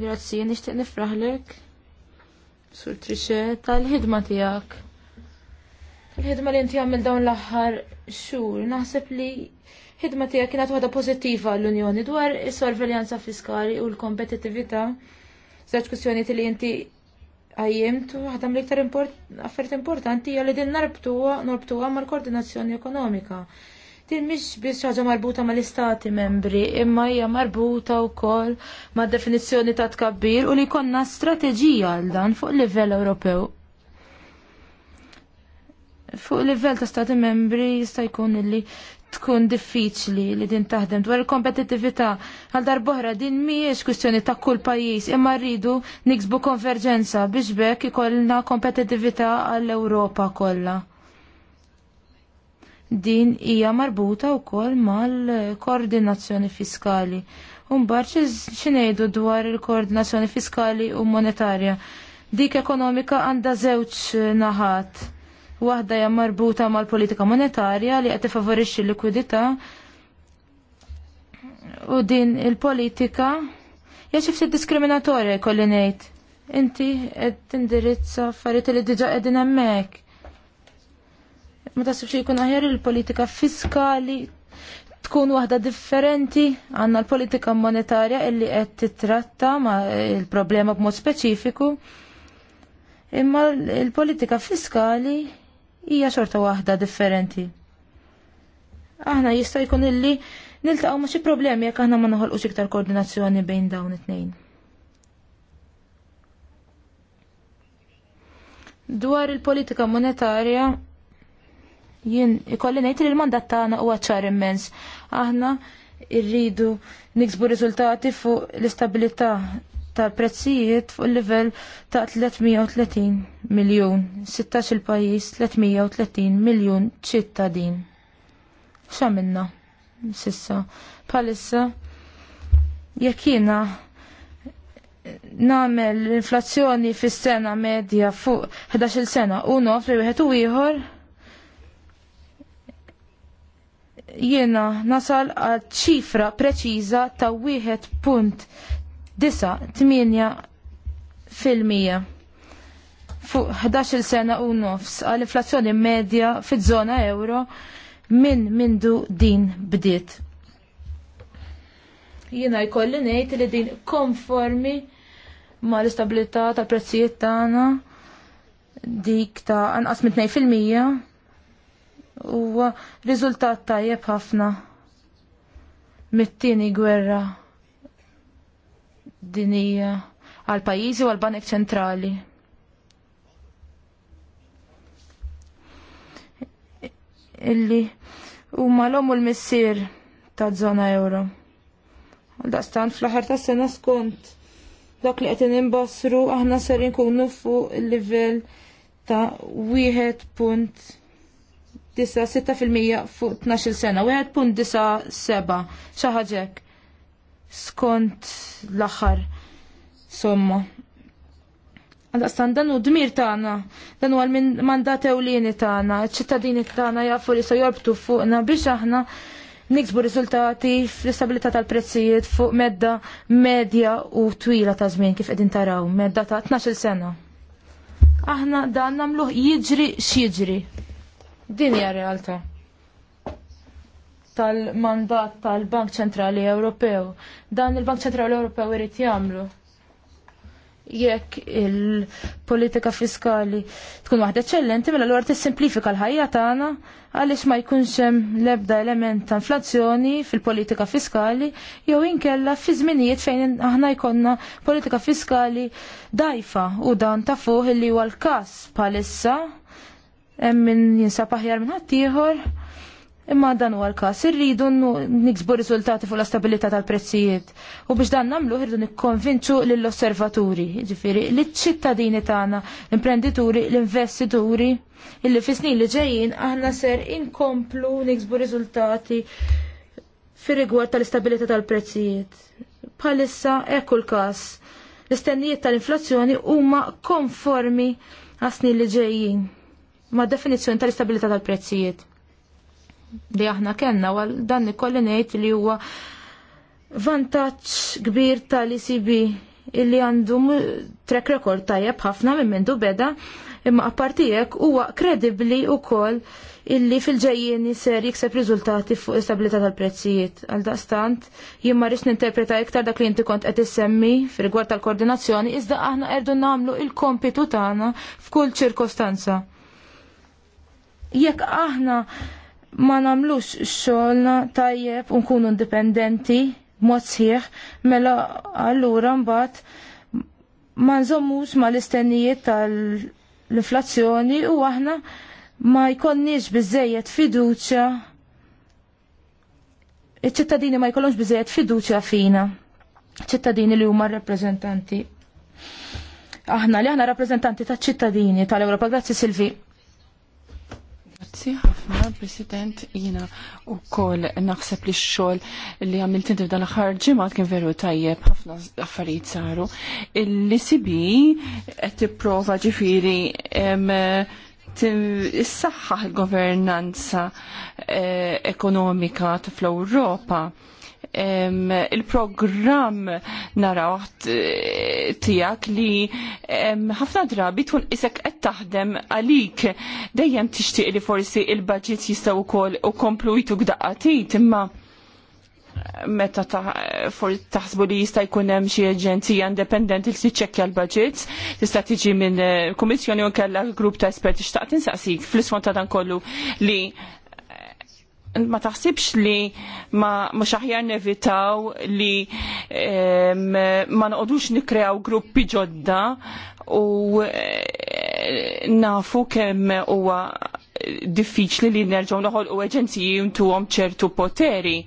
Grazzi, nishtiq nifraħlek sur trixe tal-ħidma tijak. Il-ħidma li inti għamil dawn l-aħħar xhur, naħseb li ħidma tiegħek kienet waħda pożittiva l-Unjoni dwar is-sorveljanza fiskali u l kompetitivita Żewġ kwistjonijiet li inti għajjimtu għadam mill-iktar affert importanti hija li din norbtuha mal-koordinazzjoni ekonomika. Din mhix biss ħaġa marbuta mal-istati membri, imma hija marbuta wkoll ma' definizzjoni ta' tkabbir u li jkollna strateġija għal dan fuq livell Ewropew. Fuq livell ta' stati membri jista' jkun li tkun diffiċli li din taħdem dwar il-kompetittività għal darbohra din mhijiex kwistjoni ta' kull pajjiż imma rridu niksbu konverġenza biex bekk ikollna kompetittività għall ewropa kollha. Din hija marbuta wkoll mal-koordinazzjoni fiskali. Umbar xinejdu dwar il-koordinazzjoni fiskali u monetarja. Dik ekonomika għandha żewġ naħat waħda hija marbuta mal-politika monetarja li qed tifavorixxi l-likwidità u din il-politika hija xi ftit diskriminatorja jkolli ngħid. Inti qed tindirizza affarijiet li diġà qegħdin hemmhekk. Ma xi jkun aħjar il-politika fiskali tkun waħda differenti għanna l-politika monetarja illi qed titratta ma il-problema b'mod speċifiku. Imma l-politika fiskali hija xorta waħda differenti. Aħna jista' jkun illi niltaqgħu ma' xi problemi jekk aħna ma noħolqux iktar koordinazzjoni bejn dawn it-tnejn. Dwar il-politika monetarja jien ikolli ngħid li l-mandat tagħna huwa ċar immens. Aħna rridu niksbu riżultati fuq l-istabilità tal-prezzijiet fuq il-livell ta' 330 miljon, 16 il-pajis 330 miljon ċittadin. X'għamilna sissa? Palissa jekk jiena nagħmel l-inflazzjoni fis-sena medja fuq 11-il sena u nof li wieħed u ieħor jiena nasal għal ċifra preċiża ta' wieħed punt disa 8 fil-mija fuq 11 sena u nofs għal-inflazzjoni medja fiż-żona euro minn mindu din bdiet. Jiena jkolli ngħid li din konformi ma l-istabilità tal-prezzijiet tagħna dik ta' anqas minn 2% huwa riżultat tajjeb ħafna mit-tieni gwerra dinija għal pajjiżi u għal banek ċentrali. Illi u l u l-missier ta' zona euro. stan fl-aħħar ta' sena skont dak li qed inbassru aħna ser kunu fuq il-livell ta' 1.96 fuq 12 sena, 1.97 xi ħaġa skont l-aħħar somma. Għal-dastan dan u dmir tagħna, dan huwa l-mandat ewlieni tagħna, ċittadini tagħna jafu li se jorbtu fuqna biex aħna niksbu riżultati fl-istabilità tal-prezzijiet fuq medda medja u twila ta' żmien kif qegħdin taraw, medda ta' 12 sena. Aħna dan namluħ jiġri x'jiġri. Din hija realtà tal-mandat tal-Bank Ċentrali Ewropew. Dan il-Bank Ċentrali Ewropew irid jagħmlu. Jekk il-politika fiskali tkun waħda eċċellenti mela l tissimplifika l-ħajja tagħna għaliex ma jkunx hemm l-ebda element ta' inflazzjoni fil-politika fiskali jew inkella fi żminijiet fejn aħna jkollna politika fiskali dajfa u dan ta' fuq li huwa l-każ bħalissa hemm min jinsab aħjar minn ħaddieħor Imma dan huwa l-każ, irridu niksbu riżultati fuq l-stabilità tal-prezzijiet. U biex dan nagħmlu irridu nikkonvinċu lill-osservaturi, jiġifieri liċ-ċittadini tagħna, l-imprenditori, l-investituri, illi fis-snin li ġejjin aħna ser inkomplu niksbu riżultati fir-rigward tal-istabilità tal-prezzijiet. Bħalissa ekku l-każ l-istennijiet tal-inflazzjoni huma konformi għas snin li ġejjin ma' definizzjoni tal-istabilità tal-prezzijiet li aħna kellna għal dan ikolli ngħid li huwa vantaġġ kbir tal ICB, illi għandu track record tajjeb ħafna minn mindu beda imma appartijek huwa kredibli wkoll illi fil-ġejjieni ser jikseb riżultati fuq istabilità tal-prezzijiet. Għal daqstant, jien ma rix ninterpreta iktar dak li inti kont qed issemmi fir tal-koordinazzjoni, iżda aħna qerdu nagħmlu il-kompitu tagħna f'kull ċirkostanza. Jekk aħna ma namlux xolna tajjeb u nkunu indipendenti b'mod sħiħ, mela allura mbagħad ma nżommux ma l-istennijiet tal-inflazzjoni u aħna ma jkonniex biżejjed fiduċja iċ-ċittadini ma jkollhomx biżejjed fiduċja fina. ċittadini li huma rappreżentanti. Aħna li aħna rappreżentanti taċ-ċittadini tal-Ewropa. Grazzi Silvi. Grazzi ħafna, President, jina u kol naħseb li xol li għamil inti f'dan l-axar ġimgħat kien veru tajjeb ħafna affarijiet saru. Il-LCB qed tipprova ġifieri s-saħħa il-governanza eh, ekonomika fl-Ewropa il-programm naraw tijak li ħafna drabi tkun isek qed taħdem għalik dejjem tixtieq li forsi il-budget jistgħu wkoll u komplu jitu gdaqatit imma meta taħsbu li jista' jkun hemm xi aġenzija indipendenti li tiċċekkja l-budgets, tista' tiġi minn eh, kummissjoni u kellha grupp ta' esperti xtaqt insaqsik fl-isfond ta' dan kollu li ma taħsibx li ma ma xaħjar nevitaw li ma noqogħdux nikkreaw gruppi ġodda u eh, nafu kemm huwa diffiċli li nerġgħu noħolqu eġenziji ntuhom ċertu poteri.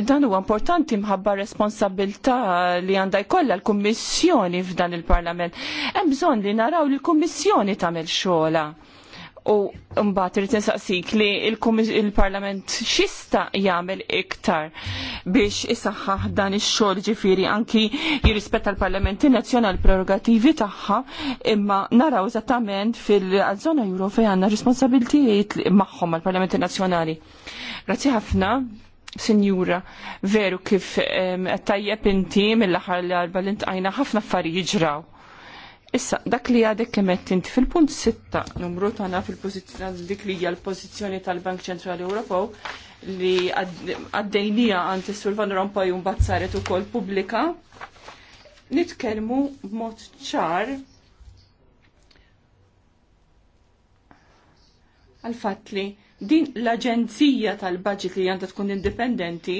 dan huwa importanti mħabba responsabilità li għandha jkollha l-Kummissjoni f'dan il-Parlament. Hemm bżonn li naraw li l-Kummissjoni tagħmel xogħla U mbagħad irid nisaqsik li il-Parlament xista jagħmel iktar biex isaħħaħ dan ix-xogħol ġifieri anki jirrispetta l-Parlamenti Nazzjonali prerogativi tagħha imma naraw eżattament fil-żona Ewropea għandna responsabiltijiet magħhom mal-Parlamenti Nazzjonali. Grazzi ħafna. Sinjura, veru kif tajjeb inti mill-aħħar l-arba l-intqajna ħafna affarijiet ġraw Issa, dak li għadek kemet int fil-punt 6 numru tagħna fil-pożizzjoni dik li hija l-pożizzjoni tal-Bank Ċentrali Ewropew li għaddejnija għand is-Sur Van un bazzaret u ukoll pubblika. Nitkellmu b'mod ċar għal fatt li din l-aġenzija tal baġit li għandha tkun indipendenti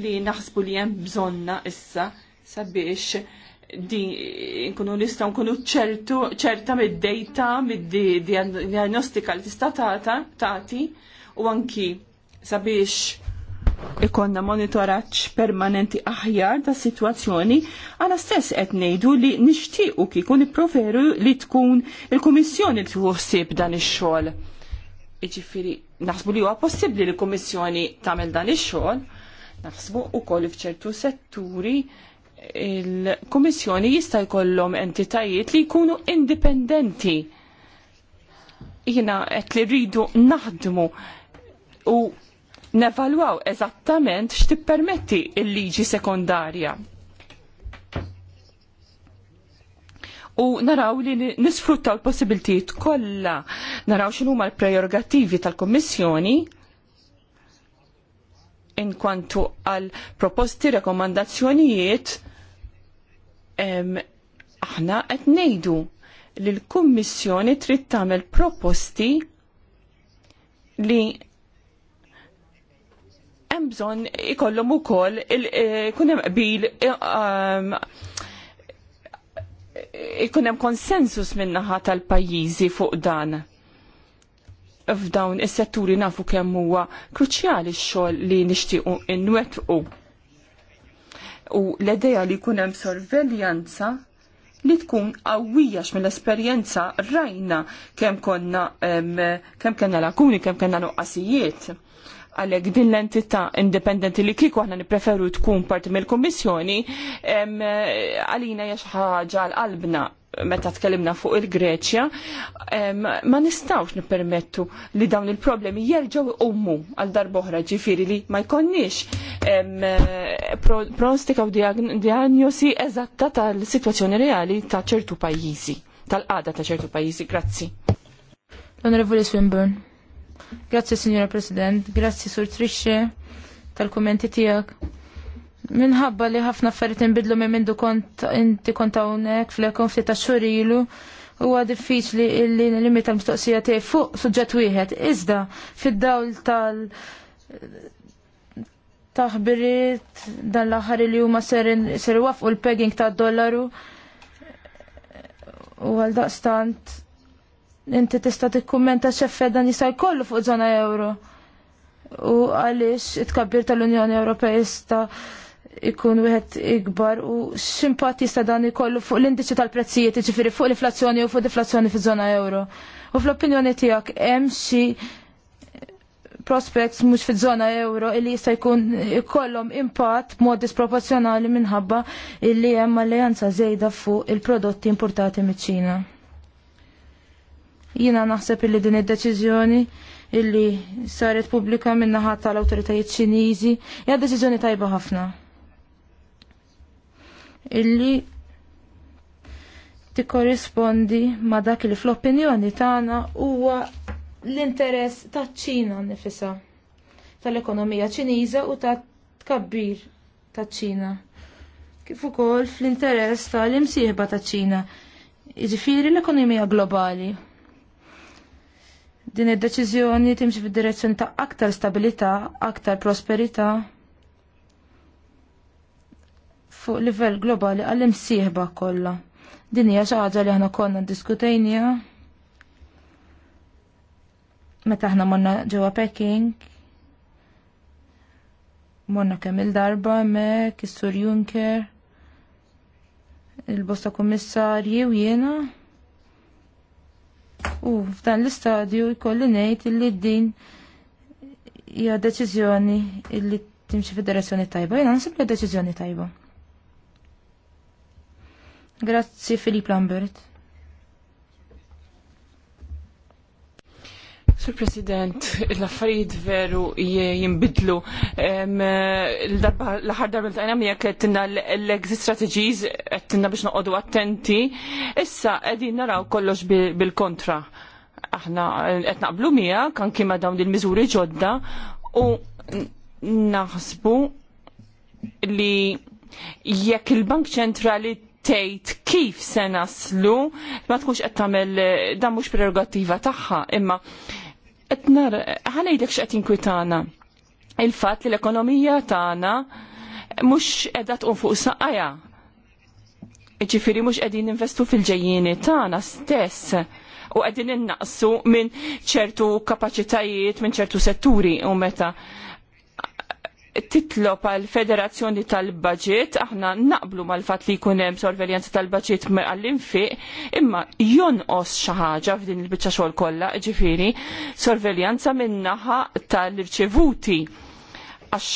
li naħsbu li hemm bżonna issa sabiex di nkunu nistaw nkunu ċertu ċerta mid-dejta mid-diagnostika li tista' tagħti u anki sabiex ikonna monitoraġġ permanenti aħjar ta' situazzjoni għana stess qed ngħidu li nixtiequ kikun nipproveru li tkun il-Kummissjoni li tħossib dan ix-xogħol. Iġifieri naħsbu li huwa possibbli li l-Kummissjoni tagħmel dan ix-xogħol, naħsbu ukoll f'ċertu setturi il-Kummissjoni jista' jkollhom entitajiet li jkunu indipendenti. Jiena qed li rridu naħdmu u nevalwaw eżattament x'tippermetti il-liġi sekondarja. U naraw li nisfruttaw l possibilitajiet kollha, naraw x'inhuma l-prerogattivi tal-Kummissjoni inkwantu għal proposti rekomandazzjonijiet aħna qed ngħidu li l-Kummissjoni trid tagħmel proposti li hemm bżonn ikollhom ukoll ikun e, hemm qbil ikun e, e, hemm konsensus min-naħa tal-pajjiżi fuq dan f'dawn is-setturi nafu kemm huwa kruċjali x-xogħol li nixtiequ nwettqu. U l-idea li jkun hemm sorveljanza li tkun qawwija mill-esperjenza rajna kemm konna kemm kellna lakuni, kemm kellna nuqqasijiet. Għalhekk din l-entità indipendenti li kieku aħna nippreferu tkun parti mill-Kummissjoni għalina hija xi ħaġa l-qalbna meta tkellimna fuq il-Greċja, ma nistawx nippermettu li dawn il-problemi jerġaw ummu għal darboħra ġifiri li ma jkonniex prostika u diagnosi eżatta tal-sitwazzjoni reali ta' ċertu pajjiżi, tal-qada ta' ċertu pajjiżi. Grazzi. onorevoli Swinburne. Grazzi, Signora President. Grazzi, Sur Trisce, tal-kommenti tijak Minħabba li ħafna affarijiet inbidlu minn mindu kont inti kont hawnhekk fl-ekon ta' xurilu huwa diffiċli li limita tal mistoqsija tiegħi fuq suġġett wieħed. Iżda fid-dawl tal taħbiriet dan l-aħħar li huma ser wafqu l-pegging tad-dollaru u għal daqstant inti tista' tikkummenta x'effett dan jista' jkollu fuq żona euro. U għaliex it-tkabbir tal-Unjoni Ewropea jista' ikun wieħed ikbar u x'impatt jista' dan ikollu fuq l-indiċi tal-prezzijiet, ġifieri fuq l-inflazzjoni u fuq deflazzjoni fiż-żona euro. U fl-opinjoni tiegħek hemm xi prospects mhux fiż-żona euro illi jista' jkun ikollhom impatt b'mod disproporzjonali minħabba illi hemm alleanza żejda fuq il-prodotti importati miċ-Ċina. Jiena naħseb illi din id-deċiżjoni illi saret pubblika min-naħa tal-awtoritajiet Ċiniżi hija deċiżjoni tajba ħafna illi tikkorrispondi ma dak li fl-opinjoni tagħna huwa l-interess taċ-Ċina nifisha tal-ekonomija Ċiniża u ta' tkabbir taċ-Ċina. Kif ukoll fl-interess tal-imsieħba taċ-Ċina, jiġifieri l-ekonomija globali. Din id-deċiżjoni timxi fid-direzzjoni ta' aktar stabilità, aktar prosperità, fuq livell globali għall-imsieħba kollha. Din hija xi ħaġa li aħna konna diskutejnija meta aħna morna ġewwa Peking morna kemm il-darba hemmhekk is-Sur Juncker il-bosta kummissarji u jiena. U f'dan l-istadju jkolli ngħid illi din hija deċiżjoni illi timxi fid-direzzjoni tajba. Jiena nsibli deċiżjoni tajba. Grazzi Filip Lambert. Sur President, l-affarijiet veru jimbidlu. L-ħar darba l-tajna mi għettinna l-exit strategies, għettinna biex noqodu attenti. Issa, għedin naraw kollox bil-kontra. Aħna għet naqblu mija, kan kima dawn il-mizuri ġodda, u naħsbu li jekk il-Bank ċentrali tgħid kif se naslu, ma tkunx qed tagħmel eh, dan mhux prerogattiva tagħha, imma qed nar ħanejdlek x'qed jinkwitana. Il-fatt li l-ekonomija tagħna mhux qiegħda tqum fuq saqajja. Ġifieri mhux qegħdin investu fil-ġejjieni tagħna stess u qegħdin innaqsu minn ċertu kapaċitajiet, minn ċertu setturi u meta titlob għal federazzjoni tal-budget, aħna naqblu mal-fat li jkun hemm sorveljanza tal-budget għall-infiq, imma jonqos xi ħaġa f'din il-biċċa xogħol kollha, ġifieri sorveljanza min-naħa tal-irċevuti. Għax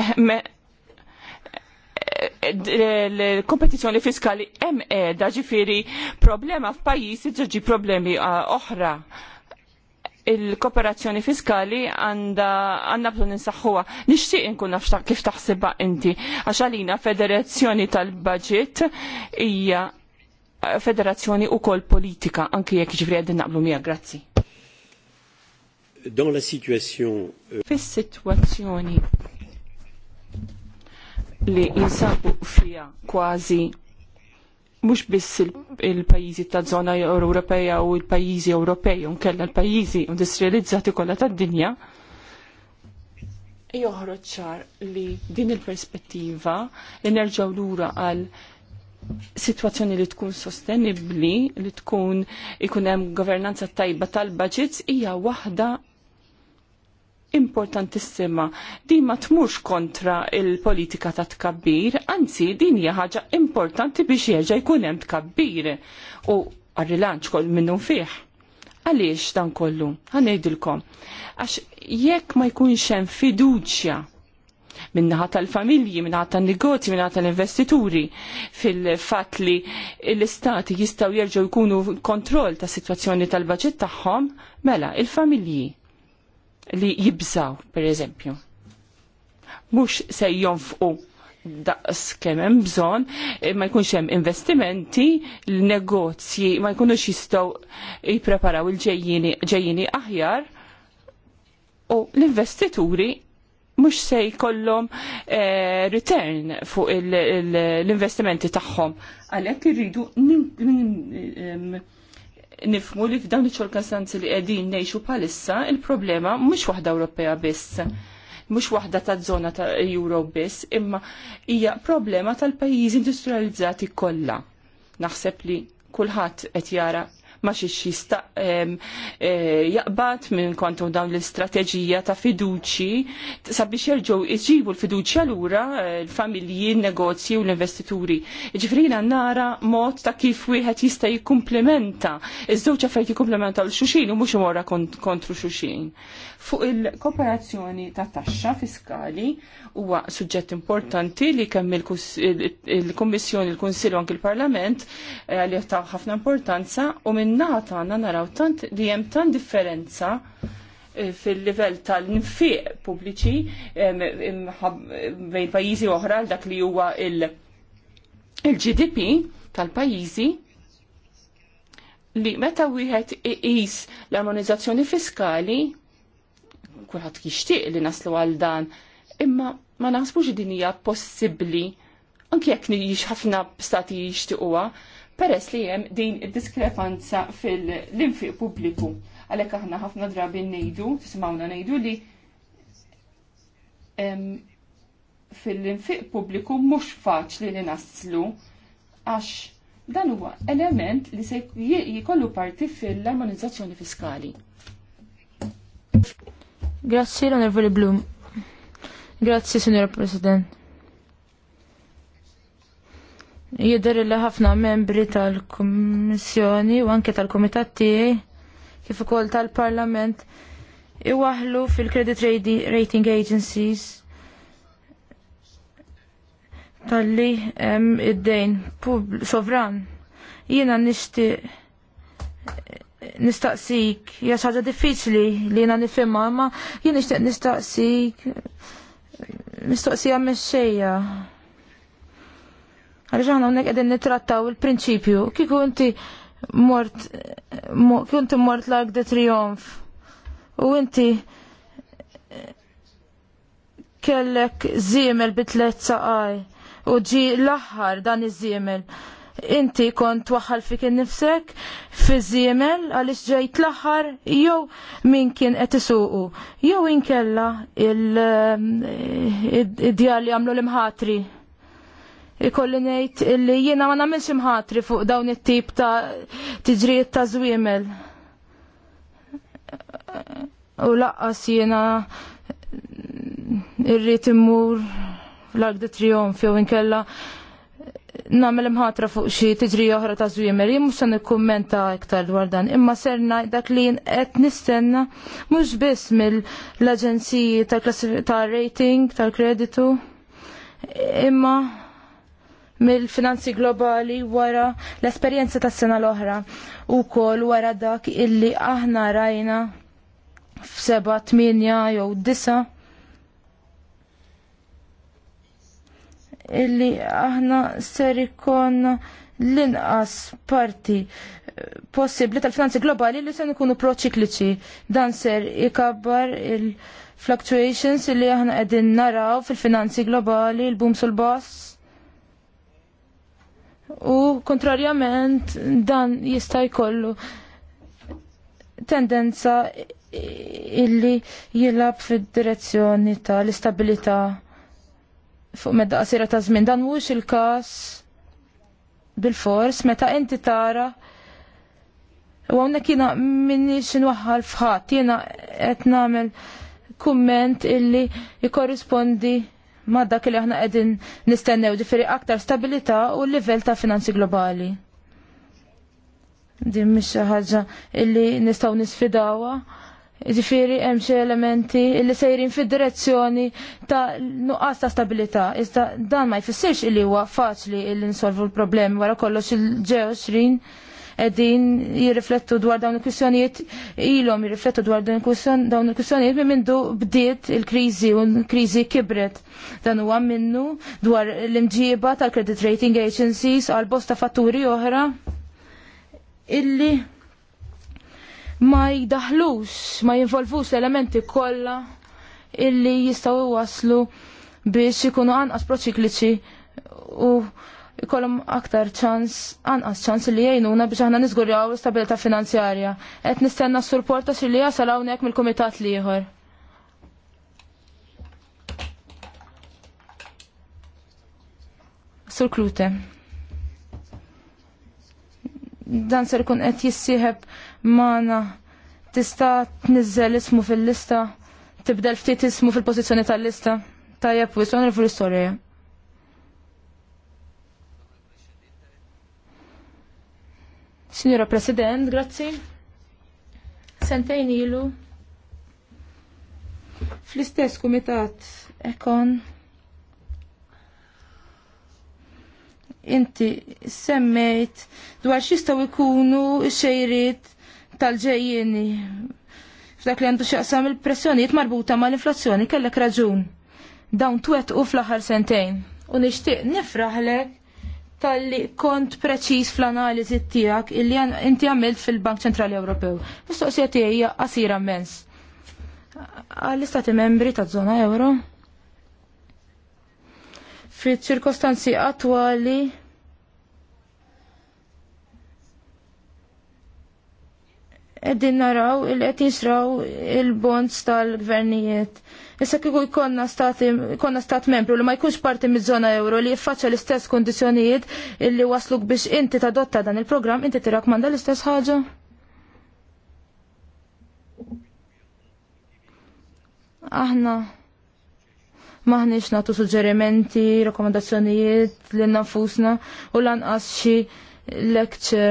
eh, eh, eh, l-kompetizjoni fiskali hemm qiegħda ġifieri problema f'pajjiż iġġi problemi oħra. Uh, il-kooperazzjoni fiskali għandna bżonn insaħħuha. Nixtieq inkun nafx kif taħsibha inti. Għax għalina federazzjoni tal-budget hija eh, federazzjoni wkoll politika, anki jekk ġivri jiġifieri għedin naqblu mija. grazzi. Dans la situazzjon. Euh, Fis-situazzjoni li jinsabu fija kważi mhux biss il-pajjiżi ta' żona Ewropeja u l-pajjiżi Ewropej u nkella l-pajjiżi industrializzati kollha tad-dinja, joħroġ ċar li din il-perspettiva li nerġa'w lura għal situazzjoni li tkun sostenibbli, li tkun ikun hemm governanza tajba tal-budgets hija waħda importantissima. Din ma tmux kontra il-politika ta' tkabbir, anzi din hija ħaġa importanti biex jerġa' jkun hemm tkabbir u għar-rilanċ kol minnu fih. Għaliex dan kollu? Ħanejdilkom. Għax jekk ma jkunx hemm fiduċja minnaħa tal-familji, minnaħa tal-negozji, minnaħa tal-investituri fil-fat li l-istati jistaw jerġgħu jkunu kontroll ta' situazzjoni tal-baġit tagħhom, mela il-familji li jibżaw, per eżempju. Mux se jonfqu daqs kemm hemm bżonn, e, ma jkunx hemm investimenti, l-negozji ma jkunux jistgħu jippreparaw il-ġejjini aħjar u l-investituri mhux se jkollhom eh, return fuq l-investimenti tagħhom. Għalhekk irridu nifmu li f'dawn iċ-ċirkostanzi li qegħdin ngħixu bħalissa il-problema mhux waħda Ewropea biss mhux waħda ta' żona ta' Euro biss, imma hija problema tal-pajjiżi industrializzati kollha. Naħseb li kulħadd qed jara ma xiex jista' e, jaqbad minn kontu dawn l-istrateġija ta' fiduċi sabiex jerġgħu iġibu l-fiduċja lura e, l-familji, n-negozji u l-investituri. Ġifrina nara mod ta' kif wieħed jista' jikkumplementa iż-żewġ affarijiet jikkumplementaw l-xuxin u mhux imorra kontru xuxin fuq il-kooperazzjoni ta' taxxa fiskali huwa suġġett importanti li kemm il-Kummissjoni, il-Kunsill u anke il-Parlament eh, li ta' ħafna importanza u minnaħa tagħna naraw tant li hemm tant differenza eh, fil-livell tal-nfiq pubbliċi bejn pajjiżi oħra dak li huwa il-GDP tal-pajjiżi li meta wieħed iqis l-armonizzazzjoni fiskali kulħadd jixtieq li naslu għal dan, imma ma naħsbux din hija possibbli anke jekk nix ħafna stati jixtiequha, peress li hemm din id-diskrepanza fil-infiq pubbliku. Għalhekk aħna ħafna drabi ngħidu, tismawna nejdu li fil-infiq pubbliku mhux faċli li naslu għax dan huwa element li se jikollu parti fil-armonizzazzjoni fiskali. Grazzi l-Onorevoli Blum. Grazzi, Signor President. Jidher li ħafna membri tal-Kummissjoni u anke tal-Kumitat tiegħi kif ukoll tal-Parlament iwaħlu fil-Credit Rating Agencies tal-li id-dejn sovran. Jiena nixtieq nistaqsik, hija xi ħaġa diffiċli li jiena nifhimha, imma jien nixtieq nistaqsik mistoqsija mexxejja. Għaliex aħna hawnhekk qegħdin nittrattaw il-prinċipju. Kieku inti mort kieku inti mort l de trionf. U inti kellek ziemel bitlet saqaj u ġi l-aħħar dan iż żiemel inti kont waħħal fik innifsek fi żiemel għaliex ġejt l-aħħar jew min kien qed isuqu jew inkella ehm, id-djar li għamlu l-imħatri. Ikolli ngħid illi jiena ma nagħmilx imħatri fuq dawn it-tip ta' tiġrijiet ta' żwiemel. U laqqas jiena irrid immur l-arq de trionfi u inkella namel imħatra fuq xi tiġri oħra ta' Zwiemer, jien mhux se nikkummenta iktar dwar dan, imma ser dak li jien qed nistenna mhux biss mill-aġenziji ta' rating tal-kreditu, imma mill-finanzi globali wara l-esperjenza tas-sena l-oħra u kol wara dak illi aħna rajna f'seba' tminja jew disa' illi aħna ser ikon l-inqas parti eh, possibbli tal-finanzi globali li se ikunu proċikliċi. Dan ser ikabbar il-fluctuations li aħna qegħdin naraw fil-finanzi globali, l-boom sul boss U kontrarjament dan jista' jkollu tendenza illi jilab fid-direzzjoni tal istabilita fuq medda qasira ta' żmien dan mhux il-każ bil-fors meta inti tara u hawnhekk jiena minni xinwaħħal fħat jiena qed nagħmel kumment illi jikorrispondi ma' dak li aħna qegħdin nistennew ġifieri aktar stabilità u l-livell ta' finanzi globali. Din mhix xi ħaġa illi nistgħu nisfidawha Ġifiri, hemm xi elementi li sejrin fid-direzzjoni ta' nuqqas ta' stabilità. Iżda dan ma jfissirx li huwa faċli li nsolvu l-problemi wara kollox il xrin qegħdin jirriflettu dwar dawn il-kwistjonijiet ilhom jirriflettu dwar dawn il-kwistjonijiet minn mindu bdiet il-kriżi u l-kriżi kibret. Dan huwa minnu dwar l-imġiba tal-credit rating agencies għal bosta fatturi oħra illi ma jidaħlux, ma jinvolvux elementi kollha illi jistgħu waslu biex ikunu anqas proċikliċi u kolom aktar ċans, anqas ċans li jgħinuna biex aħna nizgurjaw stabilita finanzjarja. Qed nistenna s-surporta xi li jasal hawnhekk mill-kumitat ieħor. Sur Klute. Dan ser kun qed jissiħeb mana tista' tniżel ismu fil-lista, tibdel ftit ismu fil-pożizzjoni tal-lista. Tajjeb u onorfu l-istorja. Signora President, grazzi. Sentejn ilu fl-istess kumitat ekon inti semmejt dwar xistaw ikunu xejrit tal-ġejjini f'dak li għandu xaqsam il-pressjonijiet marbuta ma l-inflazzjoni kellek raġun. Dawn twet u fl-aħħar sentejn. U nixtieq nifraħlek tal-li kont preċis fl-analiżi tiegħek illi inti għamilt fil-Bank Ċentrali Ewropew. Mistoqsija tiegħi hija qasira mens. Għall-istati membri ta' żona euro? Fi ċirkostanzi attwali Qegħdin naraw il qed jisraw il-bonds tal-gvernijiet. Issa kieku jkollna stati konna stat membru li ma jkunx parti mid-zona euro li jiffaċa l-istess kondizjonijiet illi wasluk biex inti tadotta dan il-programm inti manda l-istess ħaġa? Aħna maħniex nagħtu suġġerimenti, rakkomandazzjonijiet li nafusna u lanqas xi lecture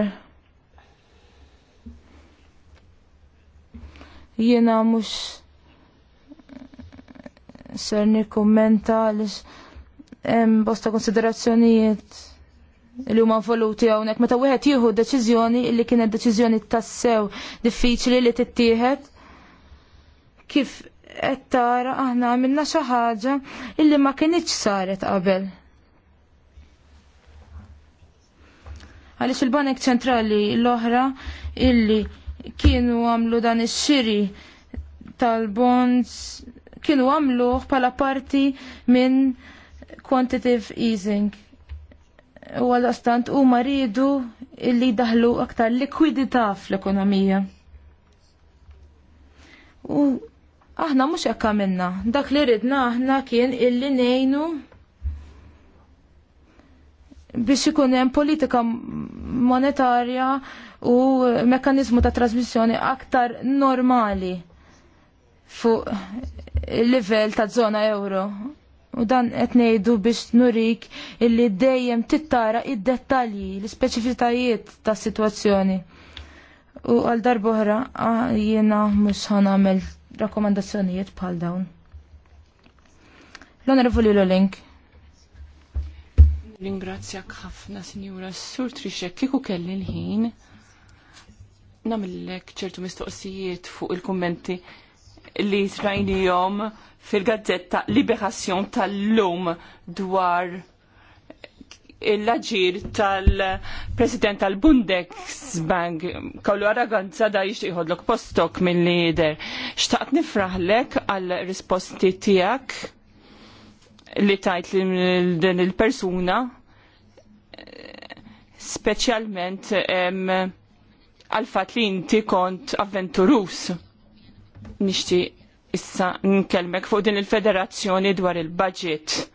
Jiena mhux ser nikkommenta għaliex hemm bosta konsiderazzjonijiet li huma voluti hawnhekk meta wieħed jieħu deċiżjoni li kienet deċiżjoni tassew diffiċli li tittieħed kif qed tara aħna għamilna xi ħaġa illi ma kinitx saret qabel. Għaliex il-Banek Ċentrali l-oħra illi kienu għamlu dan ix-xiri tal-bonds kienu għamlu pala parti minn quantitative easing. U għal astant u maridu illi daħlu aktar likwidità fl-ekonomija. U aħna mux jekka minna. Dak li ridna aħna kien illi nejnu biex ikun hemm politika monetarja u mekkaniżmu ta' trasmissjoni aktar normali fuq il-livell ta' zona euro. U dan qed ngħidu biex nurik illi dejjem tittara id-dettalji, l-ispeċifitajiet tas sitwazzjoni. U għal darbohra jiena mhux ħanamel rakkomandazzjonijiet bħal dawn. L-Onorevoli Lolink. Ringrazzjak ħafna, Sinjura Sur Trixek, kieku kelli l-ħin namillek ċertu mistoqsijiet fuq il-kommenti li jom fil-gazzetta Liberazzjon tal-lum dwar il-laġir tal-president tal-Bundesbank kawlu arroganza da l postok minn lider. Xtaqt nifraħlek għal-risposti tijak li tajt li din il-persuna eh, specialment għal fat li inti kont avventurus. Nishti issa nkelmek fuq din il-federazzjoni dwar il-budget.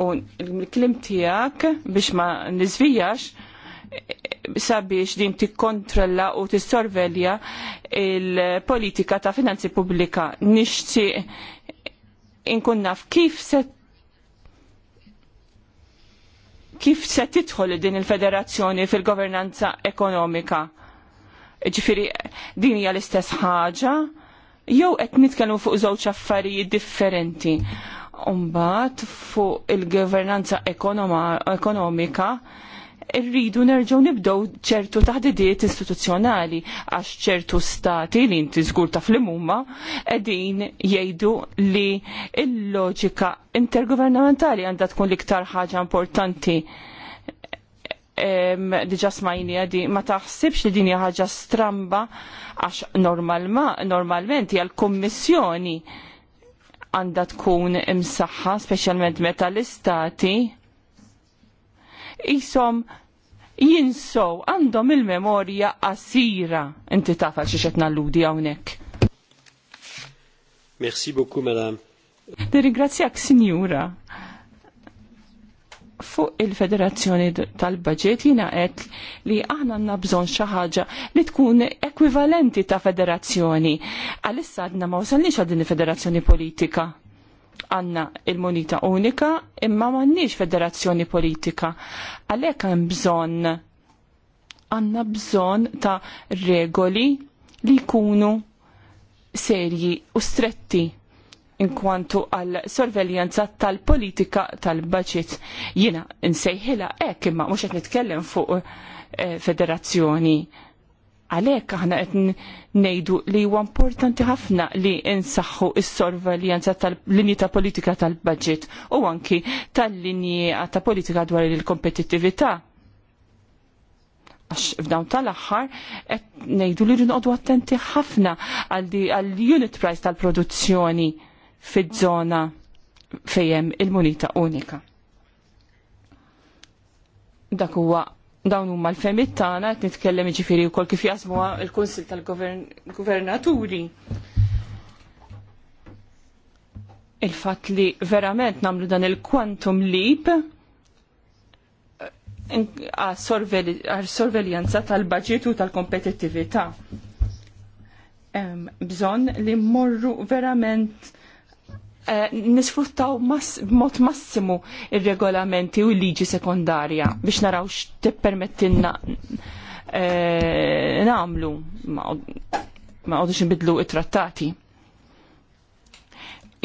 U l-klim tiegħek biex ma nizvijax, sabiex din tikkontrolla u tissorvelja il-politika ta' finanzi pubblika. Nixtieq inkun naf kif se kif se tidħol din il-federazzjoni fil-governanza ekonomika. Ġifiri, din hija l-istess ħaġa, jew qed nitkellmu fuq żewġ affarijiet differenti. Umbat fuq il-governanza ekonomika, rridu nerġgħu nibdew ċertu taħdidiet istituzzjonali għax ċertu stati li inti żgur taf li huma qegħdin jgħidu li l-loġika intergovernamentali għandha tkun l-iktar ħaġa importanti diġa smajni għadi, ma taħsibx li din ħaġa stramba għax normalment jgħal kommissjoni għandha tkun imsaħħa, speċjalment meta l-istati, isom jinsow għandhom il-memorja qasira. Inti għal xi qed nalludi hawnhekk. Merci beaucoup, madame. Nirringrazzjak, sinjura. Fuq il-Federazzjoni tal-Baġġet jina qed li aħna għandna bżonn xi ħaġa li tkun ekwivalenti ta' federazzjoni. Għalissa għadna ma wasalniex għad din il-federazzjoni politika għanna il-monita unika imma m'għandniex federazzjoni politika. Għalhekk hemm bżonn għandna bżonn ta' regoli li jkunu serji u stretti inkwantu għal sorveljanza tal-politika tal-budget. Jina nsejħila hekk imma mhux qed nitkellem fuq eh, federazzjoni Għalhekk aħna qed ngħidu li huwa importanti ħafna li insaħħu s-sorvaljanza tal-linji ta' politika tal-budget u anki tal-linji ta' politika dwar il-kompetittività. Għax f'dawn tal-aħħar qed ngħidu li rinqodu attenti ħafna għall-unit price tal-produzzjoni fiż-żona fejn il-munita unika dak huwa dawn huma l-femit tagħna qed nitkellem jiġifieri wkoll kif jasmuha l-Kunsil tal gvernaturi Il-fatt li verament nagħmlu dan il-quantum leap għas-sorveljanza eh, tal-budget u tal-kompetittività. Bżonn li mmorru verament Eh, nisfruttaw b'mod massimu ir-regolamenti u l-liġi sekondarja biex naraw x'tippermettilna eh, nagħmlu ma għodux nbidlu it-trattati.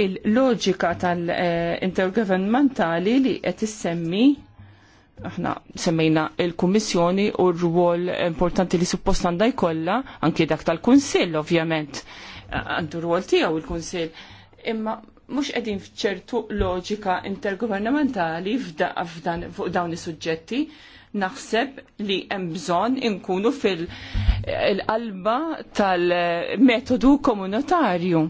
Il-loġika tal-intergovernmentali eh, li qed issemmi aħna semmejna il-Kummissjoni u r-rwol importanti li suppost għandha jkollha anke dak tal-Kunsill ovvjament għandu r rwol tiegħu il-Kunsill imma mhux qegħdin f'ċertu loġika intergovernamentali f'dan fuq dawn is-suġġetti, naħseb li hemm bżonn inkunu fil-qalba tal-metodu komunitarju.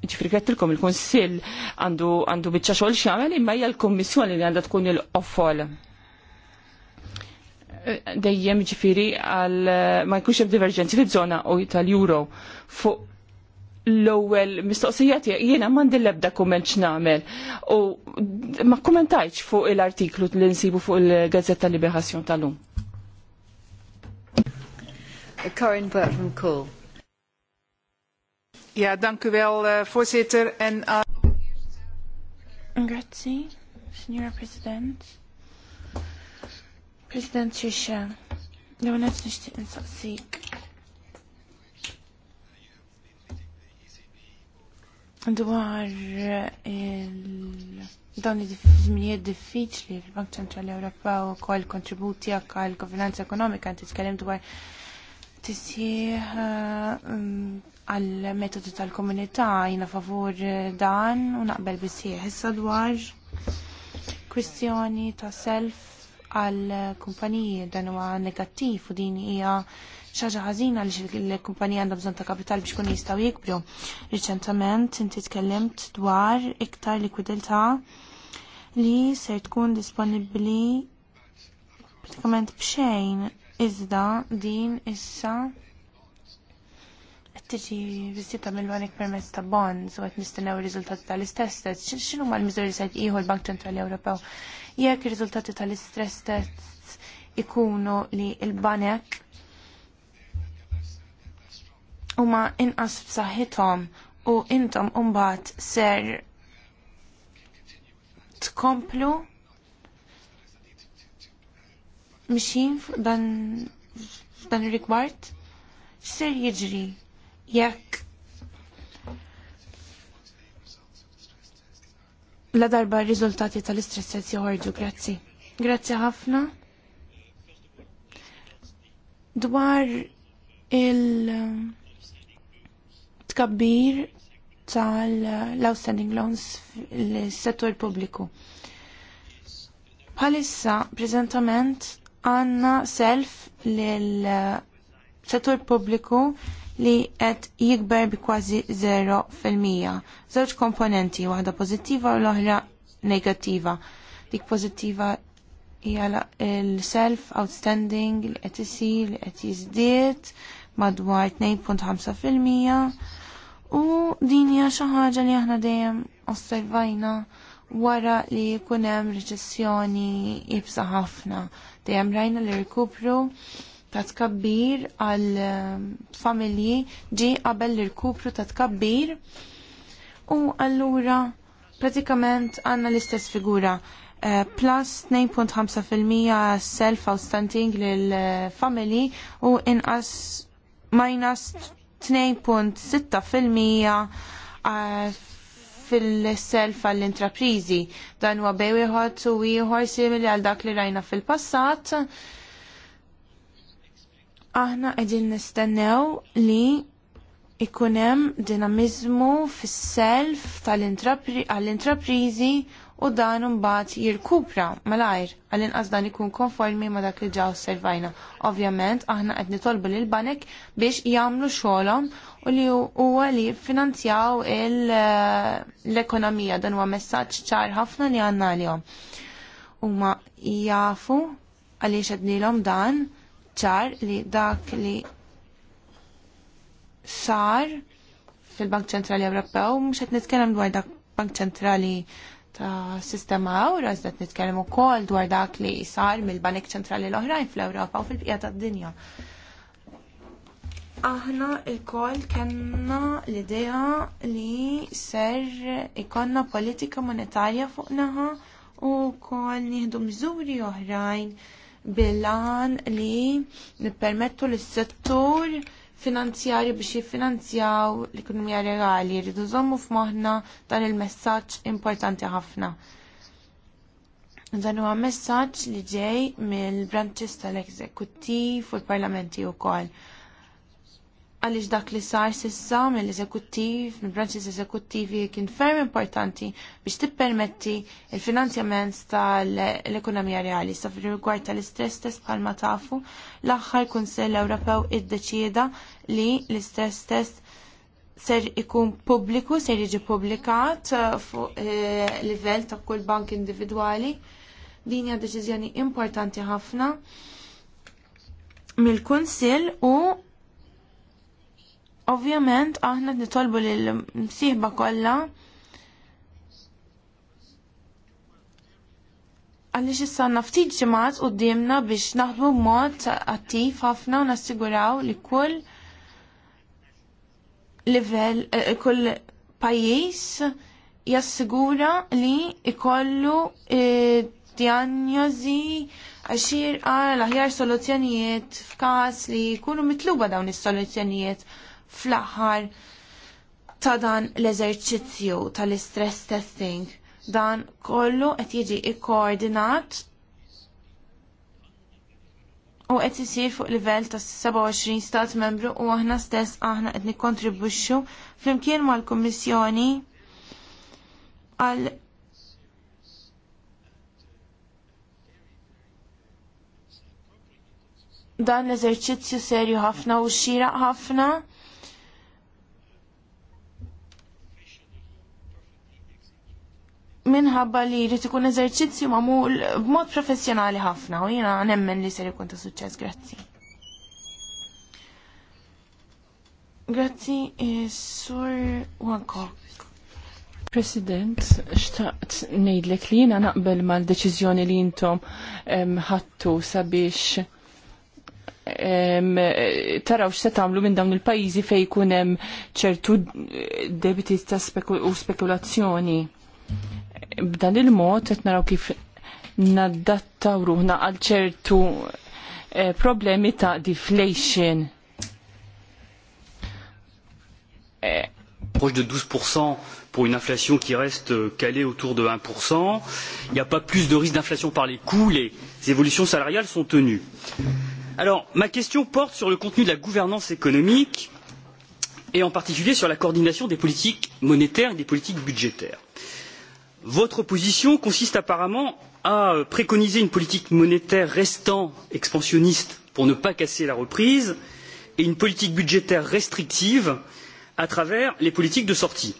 Ġifri kettilkom il konsil għandu għandu biċċa xogħol x'jagħmel imma hija l-Kummissjoni li għandha tkun il-qofol. Dejjem ġifiri għal ma jkunx hemm divergenzi fiż-żona u tal-Euro fuq l-ewwel mistoqsija tiegħek jiena m'għandi l-ebda kumment x'nagħmel u ma kummentajtx fuq l-artiklu li nsibu fuq il-Gazzetta Liberazzjon tal-lum. Karin Burt Cole. Ja, danku u wel, eh, voorzitter. En, eh, Grazie, signora President. President Tisha, Trisha, l-għonet nishtiq nsaqsik dwar eh, dawn iż-żminijiet diffiċli fil-Bank Ċentrali Ewropew ukoll kontributi għal governanza ekonomika inti tkellem dwar tisjih eh, mm, għal metodu tal-komunità jina favur eh, dan u naqbel bisjih issa dwar kwistjoni ta' self għal kumpaniji dan huwa negattiv u din hija xaġa ħażina li l-kumpanija għandha bżonn ta' kapital biex kun jistgħu jikbru. Riċentament inti tkellimt dwar iktar likwidità li ser tkun disponibbli pratikament b'xejn iżda din issa qed tiġi vizita mill-banek permezz ta' bonds u qed nistennew ir-riżultati tal-istess test. X'inhu ma l li se jieħu l-Bank Ċentrali Ewropew? Jekk ir-riżultati tal-istress test ikunu li l-banek huma inqas b'saħħithom u intom mbagħad ser tkomplu mxin f'dan f'dan ir-rigward ser jiġri jekk la darba r-riżultati tal-istress test joħorġu, grazzi. Grazzi ħafna. Dwar il- kabbir tal-outstanding loans l settur pubbliku. Bħalissa, prezentament, għanna self l-settur pubbliku li qed jikber bi kważi 0%. Żewġ komponenti, waħda pożittiva u l-oħra negattiva. Dik pożittiva hija l-self outstanding li qed isir li qed jiżdied madwar 2.5% U din hija xi ħaġa li aħna dejjem osservajna wara li jkun hemm reċessjoni ibsa ħafna. Dejjem rajna li rkupru ta' tkabbir għal ehm, familji ġi qabel l-irkupru ta' tkabbir u allura pratikament għanna l-istess figura uh, plus 2.5% self outstanding l eh, family u inqas minus 2.6% eh, fil-self għall-intraprizi. Dan huwa bej wieħed u ieħor simili għal dak li rajna fil-passat. Aħna qegħdin nistennew li ikun hemm dinamiżmu fis-self tal-intraprizi u dan imbagħad jirkupra malajr għall-inqas dan ikun konformi ma dak li ġa osservajna. Ovvjament aħna qed nitolbu lil banek biex jagħmlu xogħolhom u li huwa li finanzjaw eh, l-ekonomija dan huwa messaġġ ċar ħafna li għandna għalihom. Huma jafu għaliex qed dan ċar li dak li sar fil-Bank Ċentrali Ewropew mhux qed nitkellem dwar dak Bank Ċentrali ta' sistema euro, iżda nitkellem ukoll dwar dak li sar mill-banek ċentrali l-oħrajn fl-Ewropa u fil-bqija tad-dinja. Aħna il kol kena l-idea li ser ikonna politika monetarja fuq naħa u kol nieħdu mżuri oħrajn bilan li nipermettu l-settur finanzjari biex jiffinanzjaw l-ekonomija reali. Rridu żommu f'moħħna dan il-messaġġ importanti ħafna. Dan huwa messaġġ li ġej mill-branċis tal-eżekuttiv u l-parlamenti wkoll għaliex dak li sar sissa mill-eżekuttiv, mill-branċis eżekuttivi kien ferm importanti biex tippermetti il-finanzjament tal-ekonomija reali. Sa fil rigward tal-istress test bħalma tafu, l-aħħar Kunsell Ewropew iddeċieda li l-istress test ser ikun pubbliku, ser jiġi publikat eh, fuq eh, livell ta' kull bank individwali. Din hija deċiżjoni importanti ħafna mill-Kunsill u Ovvjament aħna nitolbu l msieħba kollha għalli issa naftit ġemat u d-dimna biex naħdmu mod attiv ħafna u nassiguraw li kull level, eh, kull pajis jassigura li ikollu eh, diagnosi għaxir għal aħjar soluzzjonijiet f'kas li jkunu mitluba dawn is-soluzzjonijiet fl-aħħar ta' dan l-eżerċizzju tal-istress testing. Dan kollu qed jiġi kkoordinat. u qed isir fuq livell ta' 27 stat membru u aħna stess aħna qed nikkontribwixxu flimkien mal-Kummissjoni għal dan l-eżerċizzju serju ħafna u xxieraq ħafna minħabba li jrid ikun eżerċizzju magħmul b'mod professjonali ħafna u jiena nemmen li ser ikun ta' suċċess, grazzi. Grazzi, eh, Sur Wankok. President, xtaqt nejdlek li jina naqbel mal deċiżjoni li jintom ħattu sabiex taraw x'se tagħmlu minn dawn il-pajjiżi fejn kunem hemm ċertu eh, debiti ta' u spekulazzjoni b'dan il-mod qed naraw kif naddattaw ruħna għal ċertu eh, problemi ta' deflation. Eh, Proche de 12% pour une inflation qui reste euh, calée autour de 1%. Il n'y a pas plus de risque d'inflation par les coûts, les évolutions salariales sont tenues. Alors, ma question porte sur le contenu de la gouvernance économique et en particulier sur la coordination des politiques monétaires et des politiques budgétaires Votre position consiste apparemment à préconiser une politique monétaire restant expansionniste pour ne pas casser la reprise et une politique budgétaire restrictive à travers les politiques de sortie.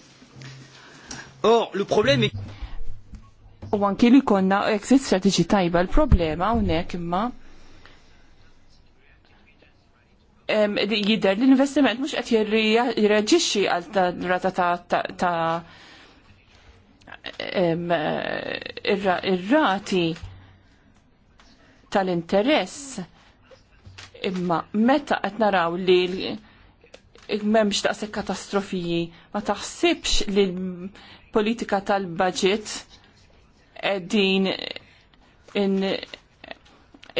Or, le problème est u anki li konna exit strategy tajba l-problema hawnhekk imma jidher l-investiment mhux qed jirreġixxi għal rata ta' Eh, ir-rati tal-interess imma meta qed naraw li m'hemmx daqshekk katastrofiji ma taħsibx li l-politika tal-budget din in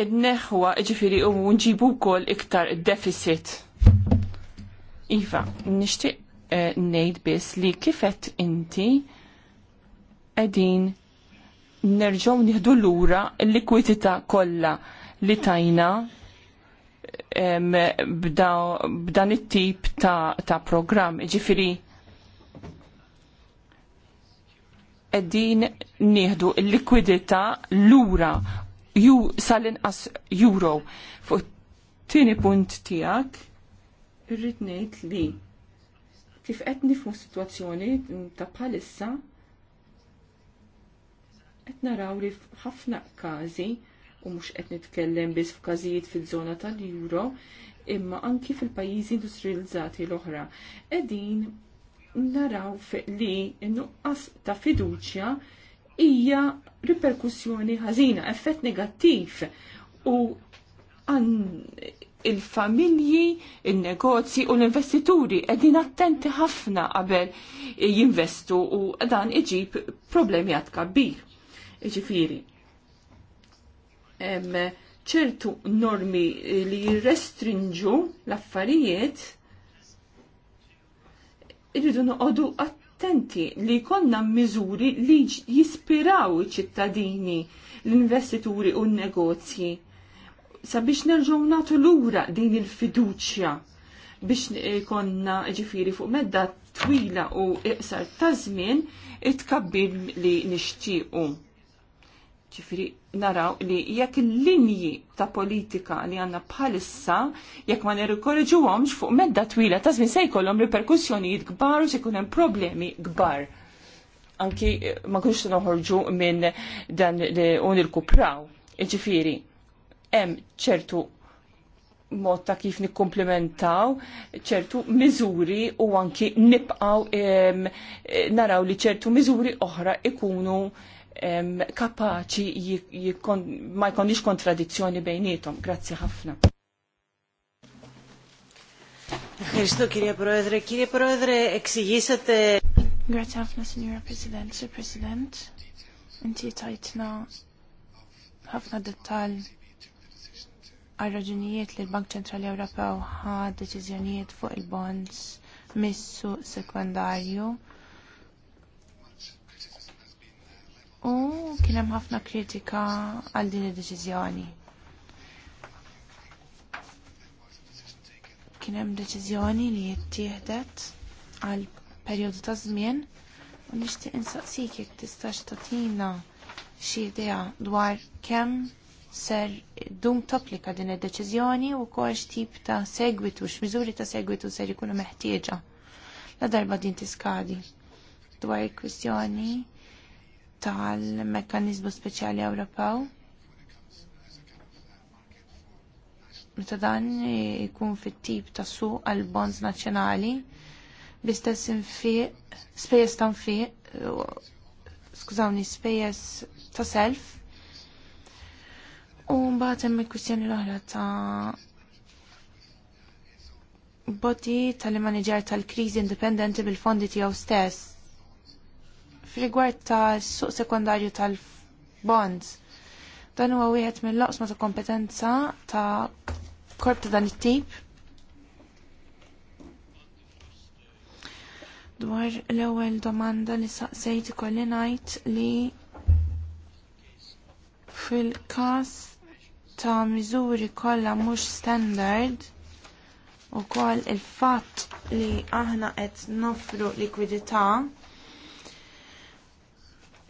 id-neħwa ġifiri u nġibu kol iktar deficit. Iva, nishtiq eh, ngħid nejt bis li kifet inti qegħdin nerġgħu nieħdu lura l-likwidità kollha li tajna b'dan it-tip ta', ta programm. Ġifiri, qegħdin nieħdu l-likwidità lura ju sal-inqas euro. Fuq tieni punt tiegħek irrid ngħid li kif qed nifmu situazzjoni ta' bħalissa Qed naraw li f'ħafna każi u mhux qed nitkellem biss f'każijiet fiż-żona tal juro imma anki fil-pajjiżi industrializzati l-oħra. Qegħdin naraw li n-nuqqas ta' fiduċja hija riperkussjoni ħażina, effett negattiv u il-familji, il-negozji u l-investituri edin attenti ħafna qabel jinvestu u dan iġib problemi għad kabbir iġifiri. ċertu normi li jirrestrinġu l-affarijiet irridu noqodu attenti li konna miżuri li jispiraw iċ-ċittadini, l-investituri u n-negozji sabiex nerġgħu nagħtu lura din il-fiduċja biex eh, konna ġifiri fuq medda twila u iqsar ta' żmien it-kabbir li nixtiequ ċifiri naraw li jekk il-linji ta' politika li għanna bħalissa, jekk ma nerikorġu għomx fuq medda twila ta' żmien se jkollhom riperkussjonijiet kbar u se jkun hemm problemi kbar. Anki eh, ma kunx noħorġu minn dan li un il-kupraw. Ġifiri, hemm ċertu mod ta' kif nikkomplementaw ċertu miżuri u anki nibqaw eh, naraw li ċertu miżuri oħra ikunu kapaċi ma jkonniex kontradizzjoni bejnietom. Grazzi ħafna. Ευχαριστώ κύριε Πρόεδρε. Κύριε Πρόεδρε, εξηγήσατε... Grazie ħafna, Signora President, Sir President. Inti tajtna ħafna dettal għal-raġunijiet li l-Bank Ċentrali Ewropew ħad deċiżjonijiet fuq il-bonds missu sekundarju u kien hemm ħafna kritika għal din id-deċiżjoni. Kien hemm deċiżjoni li jittieħdet għal perjodu ta' żmien u nixtieq insaqsik jekk tistax tagħtina xi idea dwar kemm ser dum toplika din id-deċiżjoni u kol tip ta' segwitu, x'miżuri ta' segwitu ser ikunu meħtieġa la darba din tiskadi dwar il-kwistjoni tal-mekkanizmu speċjali Ewropew. Meta dan ikun fit-tip ta' suq għal bonds nazzjonali, bistess infiq, spejjeż ta' nfiq, skużawni, spejjeż ta' self. U mbagħad hemm il-kwistjoni l-oħra ta' boti tal-manager tal-kriżi indipendenti bil-fondi tiegħu stess F'rigward ta' suq sekundarju tal-bonds, dan huwa wieħed mill-loqsma ta' kompetenza ta' korp ta' dan it-tip. Dwar l-ewwel domanda li saqsejt ikolli ngħid li fil-każ ta' miżuri kollha mhux standard ukoll il-fatt li aħna qed nofru likwidità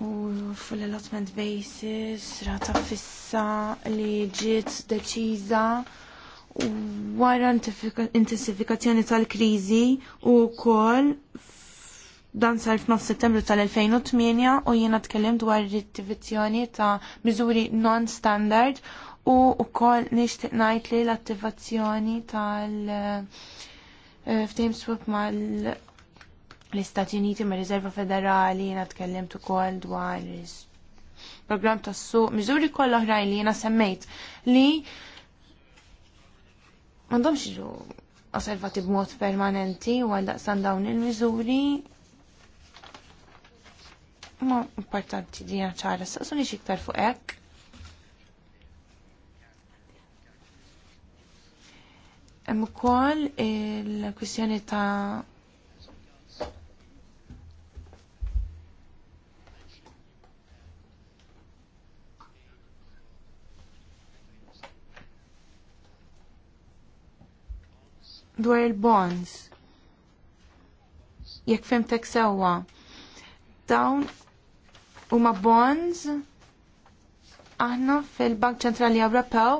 u fil-allotment basis, rata fissa li ġiet deċiża wara intensifikazzjoni tal-kriżi u wkoll dan sar f'9 settembru tal-2008 u jiena tkellem dwar rittivizzjoni ta' miżuri non-standard u wkoll nixtieq ngħid li l-attivazzjoni tal- eh, ftehim swap mal l-Istati Uniti ma' Riserva Federali jiena tkellimt ukoll dwar program tas-suq, miżuri kollha oħrajn li jiena semmejt li m'għandhomx jiġu osservati b'mod permanenti u għal daqsan dawn il-miżuri ma importanti li ċara, saqsuni xiktar fuq hekk. Hemm ukoll il-kwistjoni ta' dwar il-bonds. Jekk fimtek sewwa. Dawn huma bonds aħna fil-Bank Ċentrali Ewropew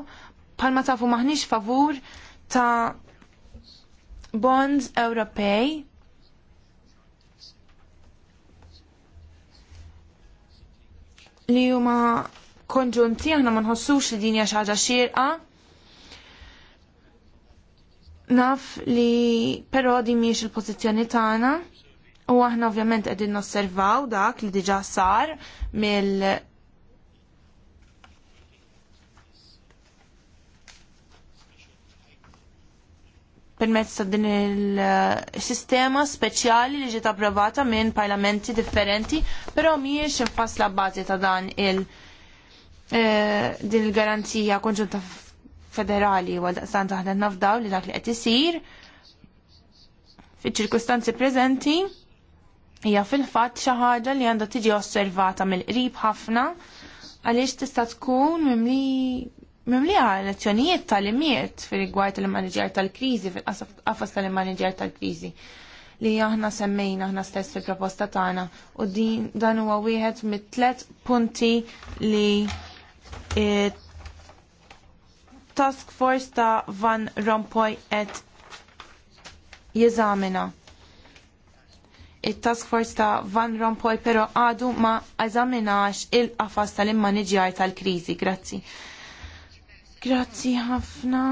palma tafu maħniex favur ta' bonds Ewropej. li huma konġunti aħna ma nħossux li din hija xi ħaġa xierqa Naf li però di miex il-pozizjoni tagħna u aħna ovvjament qegħdin nosservaw dak li diġà sar mill permezz ta' din il-sistema speċjali li ġiet approvata minn parlamenti differenti, però mhijiex infassla bażi ta' dan il- eh, din il-garanzija konġunta federali u għal-daqsan taħna nafdaw li dak li qed isir fiċ-ċirkustanzi preżenti hija fil-fatt xi ħaġa li għandha tiġi osservata mill-qrib ħafna għaliex tista' tkun mimli għal lezzjonijiet tal-imiet fir-rigward tal-manager tal-kriżi fil-qafas tal-manager tal-kriżi li aħna semmejna aħna stess fil-proposta tagħna u din dan huwa wieħed mit-tlet punti li eh, task force ta' Van Rompuy et jeżamina. Il-task force ta' Van Rompuy pero għadu ma eżaminax il-qafas tal-immaniġjar tal-krizi. Grazzi. Grazzi ħafna.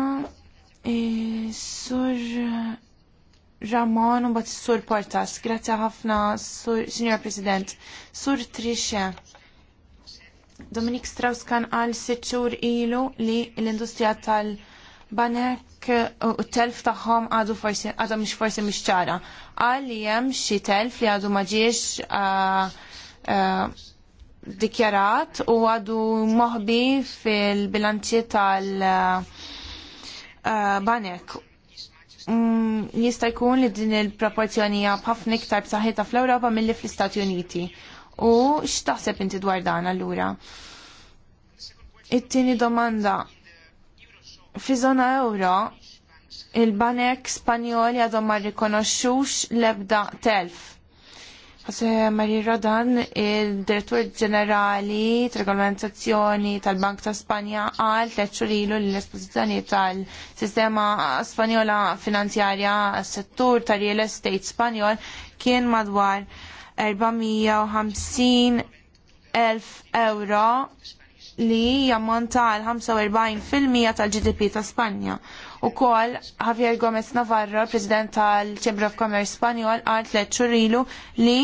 E, sur Ramon u bat sur Portas. Grazzi ħafna, Sur Signor President. Sur Trisha. Dominik Strauss kan għal sitxur ilu li l-industrija tal-banek u t-telf taħħom għadu forse, għadu mx forsi mx ċara. Għal li jem xi telf li għadu maġiex dikjarat u għadu moħbi fil-bilanċi tal-banek. Mm, jista' jkun li din il-proporzjoni hija b'ħafna iktar b'saħħitha fl-Ewropa milli fl-Istati Uniti u x'taħseb inti dwar dan allura? It-tieni domanda. Fi żona euro il-banek Spanjoli għadhom ma rrikonoxxux l-ebda telf. Għase Mari Rodan, il-direttur ġenerali tal-regolamentazzjoni tal-Bank ta' Spanja għal teċċurilu l-esposizjoni tal-sistema spanjola finanzjarja settur tal-real estate spanjol kien madwar 450 elf euro li jammonta għal 45% tal-GDP ta' Spanja. U kol, Javier Gomez Navarro, president tal-Chamber of Commerce Spanjol, għal tlet ilu li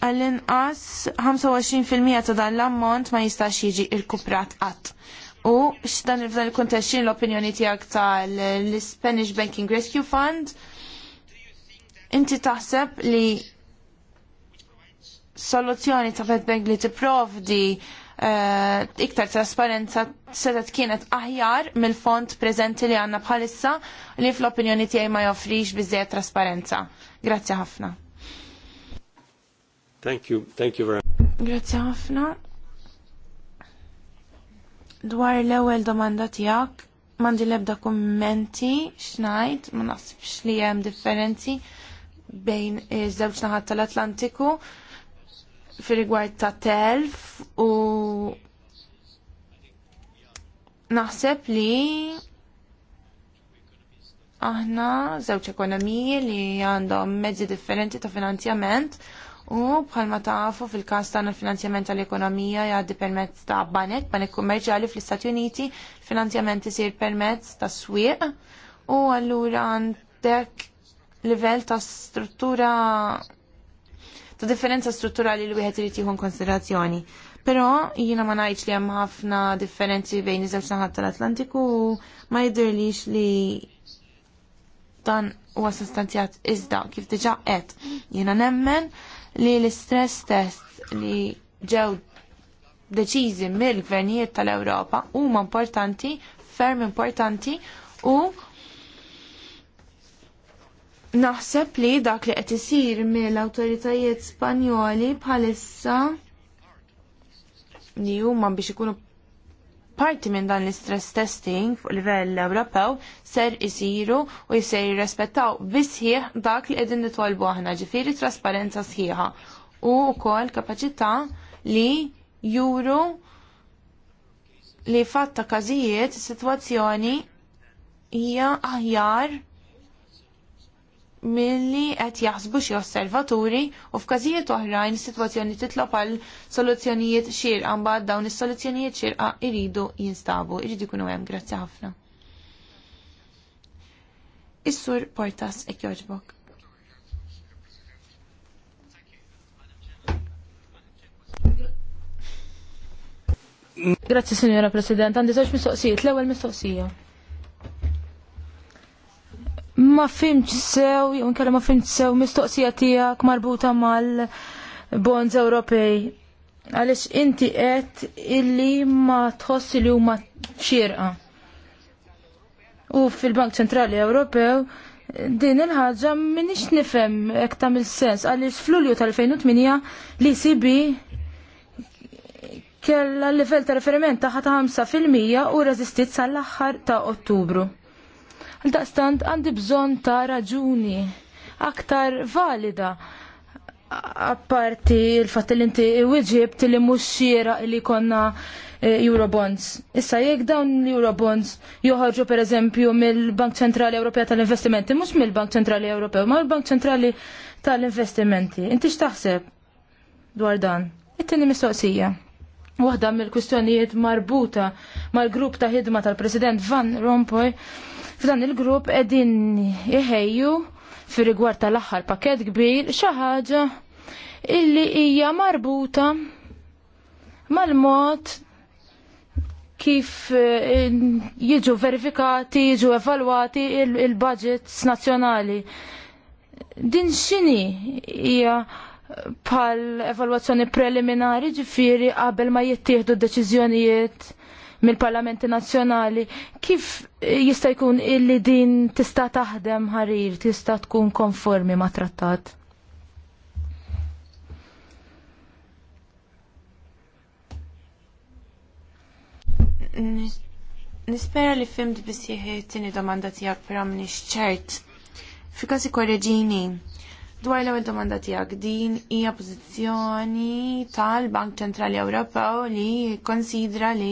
għall-inqas 25% ta' dan l-ammont ma jistax jiġi il-kuprat qatt. U x'dan il-fdan il-kontestin l-opinjoni tiegħek tal-Spanish Banking Rescue Fund, inti taħseb li soluzzjoni ta' Fedbank li tipprovdi uh, iktar trasparenza setat kienet aħjar mill-font preżenti li għanna bħalissa li fl-opinjoni tiegħi ma joffrix biżejjed trasparenza. Grazzi ħafna. Thank you, thank you very much. Grazzi ħafna. Dwar l-ewwel domanda tiegħek, m'għandi l-ebda kummenti x'ngħid, ma nasibx li hemm differenzi bejn iż-żewġ naħat tal-Atlantiku fir-rigward ta' telf u naħseb li aħna żewġ ekonomiji li għandhom mezzi differenti ta' finanzjament u bħalma tafu fil-kas ta' l-finanzjament tal-ekonomija jgħaddi permezz ta' banek, banek kummerċjali fl-Istati Uniti, finanzjament isir permezz ta' swieq u allura għandek livell ta' struttura ta' differenza strutturali li wieħed irid jieħu konsiderazzjoni. Però jiena ma ngħidx li hemm ħafna differenzi bejn iż-żewġ naħat tal-Atlantiku u ma jidhirlix li dan huwa sostanzjat iżda kif diġà qed. Jiena nemmen li l-istress test li ġew deċiżi mill-gvernijiet tal-Ewropa huma importanti, ferm importanti u Naħseb li dak li qed isir mill-awtoritajiet Spanjoli bħalissa li huma biex ikunu parti minn dan l-istress testing fuq livell Ewropew ser isiru u jser jirrespettaw bisħieħ dak li qegħdin nitwalbu aħna ġifieri trasparenza sħiħa u wkoll kapaċità li juru li fatta każijiet is-sitwazzjoni hija aħjar milli qed jaħsbu xi osservaturi u f'każijiet oħrajn is-sitwazzjoni titlob għal soluzzjonijiet xierqa mbagħad dawn is-soluzzjonijiet xierqa jridu jinstabu, jridu jkunu hemm grazzi ħafna. Is-sur Portas ek jogħġbok. Grazzi, Signora President. Għandi żewġ mistoqsijiet. L-ewwel mistoqsija ma fimx sew, jew nkella ma fimx sew mistoqsija tiegħek marbuta mal-bonds Ewropej. Għaliex inti qed illi ma tħossi li huma xierqa. U fil-Bank Ċentrali Ewropew din il-ħaġa minix nifhem hekk tagħmel sens għaliex f'Lulju tal-2008 li sibi kella l-livell ta' referiment ta' 5% u rezistit sal-aħħar ta' Ottubru. Għal daqstant għandi bżon ta' raġuni aktar valida apparti il-fat li inti wieġibt li mhux xiera li konna eh, Eurobonds. Issa jekk dawn l-Eurobonds joħorġu pereżempju mill-Bank Ċentrali Ewropea tal-Investimenti, mhux mill-Bank Ċentrali Ewropew, ma l-Bank Ċentrali tal-Investimenti. Inti x'taħseb dwar dan? It-tieni mistoqsija. Waħda mill-kwistjonijiet marbuta mal-grupp ta' ħidma tal-President Van Rompuy F'dan il-grupp qegħdin iħejju fi rigward tal-aħħar pakket kbir xi ħaġa illi hija marbuta mal-mod kif eh, jiġu verifikati, jiġu evalwati il-budgets nazzjonali. Din xini hija pal evalwazzjoni preliminari ġifiri qabel ma jittieħdu deċiżjonijiet mill-Parlamenti Nazzjonali, kif jista' jkun illi din tista' taħdem ħarir, tista' tkun konformi ma' trattat? Nispera li fimt bisieħi tini domanda tijak, pera mnix ċert. Fikasi korreġini, Dwar l-ewwel domanda tiegħek din hija pożizzjoni tal-Bank Ċentrali Ewropew li jikkonsidra li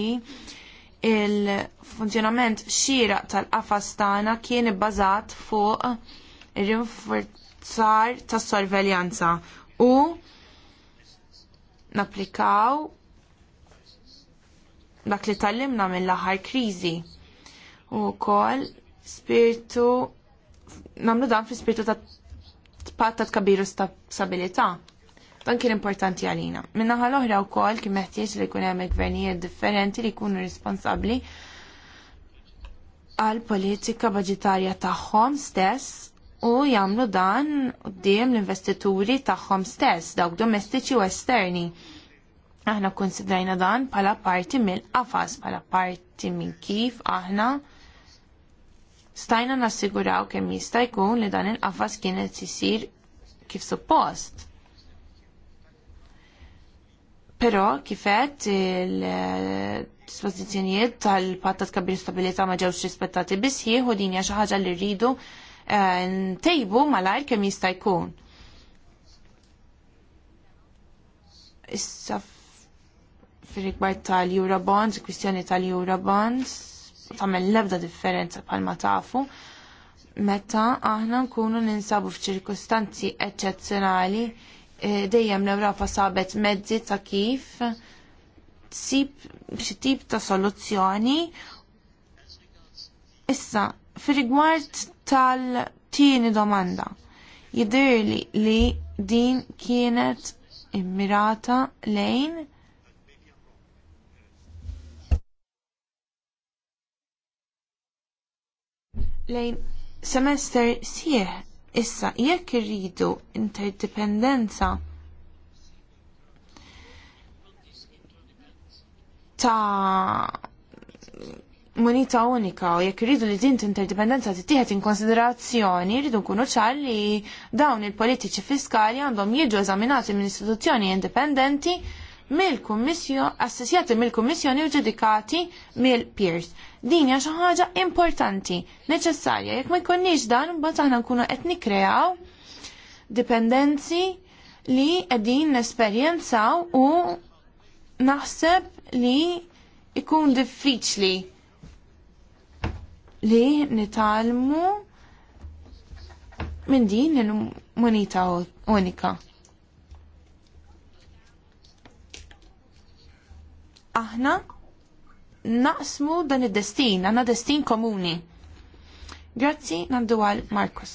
il-funzjonament xira tal-qafas tagħna kien ibbażat fuq ir-rinforzar tas-sorveljanza u napplikaw dak li tallimna mill-aħħar kriżi u wkoll spiritu nagħmlu dan fi spiritu ta' patta u stabbilità. Dan kien importanti għalina. Minnaħa l-oħra wkoll kien meħtieġ li jkun hemm gvernijiet differenti li jkunu responsabbli għal politika budgetarja tagħhom stess u jagħmlu dan qudiem l-investituri tagħhom stess, dawk domestiċi u esterni. Aħna konsidrajna dan bħala parti mill-qafas, bħala parti minn kif aħna stajna nassiguraw kemm jista' jkun li dan il-qafas kienet isir kif suppost. Però kifet il dispozizjonijiet tal-patta tkabbir stabilità ma ġewx rispettati biss jieħu din hija xi ħaġa li rridu eh, ntejbu malajr kemm jista' jkun. Issa fir-rigward tal-Eurobonds, kwistjoni tal-Eurobonds, tagħmel l-ebda differenza bħalma tafu meta aħna nkunu ninsabu f'ċirkustanzi eċċezzjonali Eh, dejjem l-Ewropa sabet mezzi ta' kif tsib xi tip ta' soluzzjoni. Issa, fir-rigward tal-tieni domanda, jidirli li din kienet immirata lejn lejn semester sieħ Issa, jekk irridu interdipendenza ta' moneta unika u jekk irridu li din interdipendenza tittieħed in konsiderazzjoni, rridu nkunu ċar li dawn il-politiċi fiskali għandhom jiġu eżaminati minn istituzzjoni indipendenti mill-kummissjoni, assessjati mill-kummissjoni u ġudikati mill-peers. Din hija xi ħaġa importanti, neċessarja. Jekk ma jkunniex dan, mbagħad aħna nkunu qed nikkreaw dipendenzi li qegħdin nesperjenzaw u naħseb li ikun diffiċli li nitalmu minn din il-munita unika. aħna naqsmu dan id-destin, għanna destin komuni. Grazzi nandu għal Markus.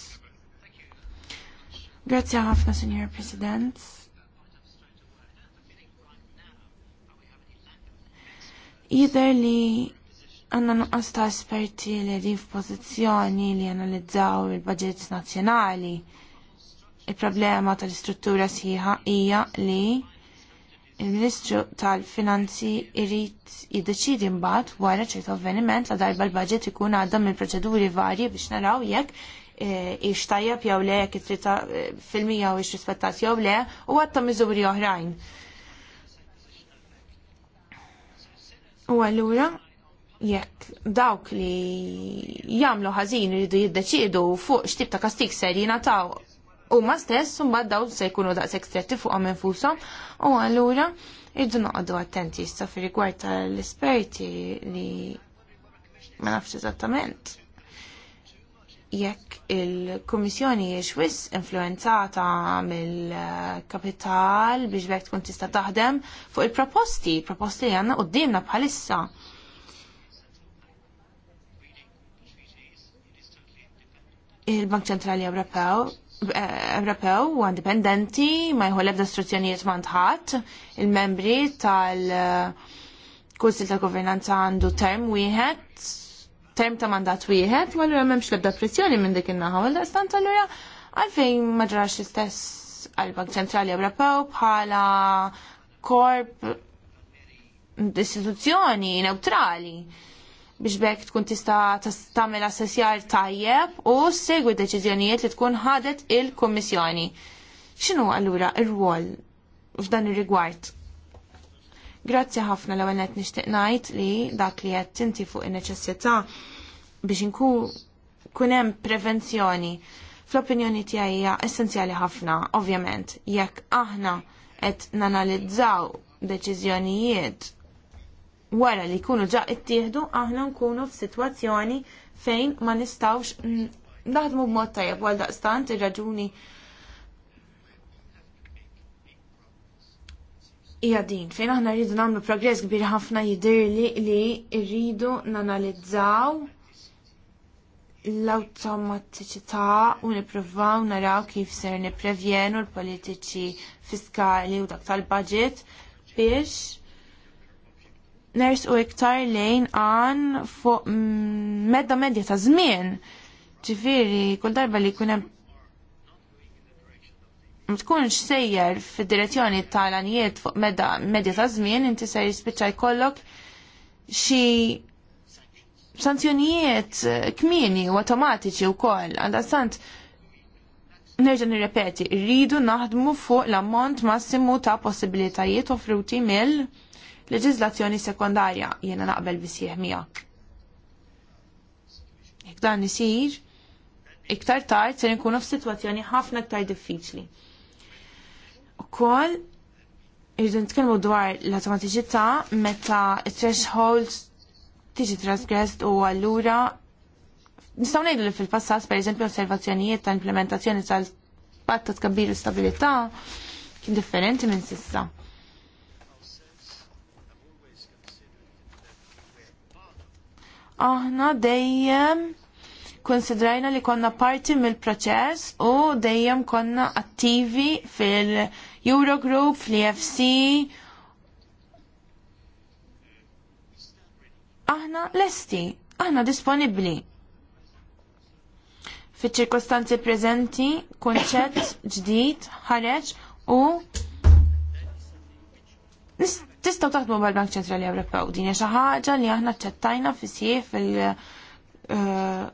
Grazzi ħafna, Signor President. Jider li għanna nuqqas ta' esperti li għedin pozizjoni li analizzaw il-budget nazjonali. Il-problema tal-istruttura siħa hija li il-Ministru tal-Finanzi irrit jiddeċidi mbagħad wara ċertu avveniment la darba l-budget ikun għadha mill proċeduri varji biex naraw jekk eh, ix jew le jekk it fil-mija u rispettat jew le u għatta miżuri oħrajn. U allura jekk dawk li jagħmlu ħażin iridu jiddeċiedu fuq x'tib ta' kastik ser jingħataw u ma stess un daw se jkunu daqshekk stretti fuqhom infushom u allura iddu noqogħdu attenti issa fi rigward tal-esperti li ma nafx eżattament jekk il-Kummissjoni jiex influenzata mill-kapital biex bekk tkun tista' taħdem fuq il-proposti, proposti li għandna qudiemna bħalissa. Il-Bank Ċentrali Ewropew Eh, Ewropew u indipendenti ma jħolleb distruzzjonijiet ma mandħat il-membri tal- Kunsil ta' Governanza għandu term wieħed, term ta' mandat wieħed, u allura m'hemmx l-ebda pressjoni minn dik il naħa u daqstant allura għalfejn ma ġrax l-istess għall-Bank Ċentrali Ewropew bħala korp istituzzjoni neutrali biex bekk tkun tista' tagħmel assessjar tajjeb u segwi deċiżjonijiet li tkun ħadet il-Kummissjoni. X'inhu allura r-rwol f'dan ir-rigward? Grazzi ħafna l-ewwel qed nixtieq ngħid li dak li qed tinti fuq in-neċessità biex inkun kun hemm prevenzjoni fl-opinjoni tiegħi hija essenzjali ħafna, ovvjament, jekk aħna qed nanalizzaw deċiżjonijiet wara li jkunu ġa ittieħdu aħna nkunu f'sitwazzjoni fejn ma nistawx naħdmu b'mod tajjeb għal daqstant ir-raġuni din, fejn aħna rridu nagħmlu progress kbir ħafna jidirli li rridu nanalizzaw l-automatiċità u nippruvaw naraw kif ser nipprevjenu l-politiċi fiskali u dak tal-budget biex ners u iktar lejn għan fuq medda medja ta' żmien. Ġifiri, kull darba li jkun hemm sejjer fid-direzzjoni tal anijiet fuq medda medja ta' żmien, inti se jispiċċa jkollok xi sanzjonijiet eh, kmieni u automatiċi wkoll. Għandastant, nerġa' nirrepeti, rridu naħdmu fuq l-ammont massimu ta' possibilitajiet offruti mill- leġizlazzjoni sekondarja jiena naqbel bisieħ miegħek. Jekk dan isir, iktar tard se nkunu f'sitwazzjoni ħafna iktar diffiċli. Ukoll irridu nitkellmu dwar l-automatiċità meta threshold tiġi trasgressed u allura nistgħu ngħidu li fil-passat pereżempju osservazzjonijiet ta' implementazzjoni tal patta ta' tkabbir u stabilità kien differenti minn sissa. aħna dejjem konsidrajna li konna parti mill-proċess u dejjem konna attivi fil-Eurogroup, fil-EFC. Aħna lesti, aħna disponibli. Fiċ-ċirkostanzi preżenti, konċett ġdid ħareġ u Tistgħu taħdmu mal-Bank Ċentrali Ewropew din hija xi ħaġa li aħna ċċettajna fis-sieħ fil-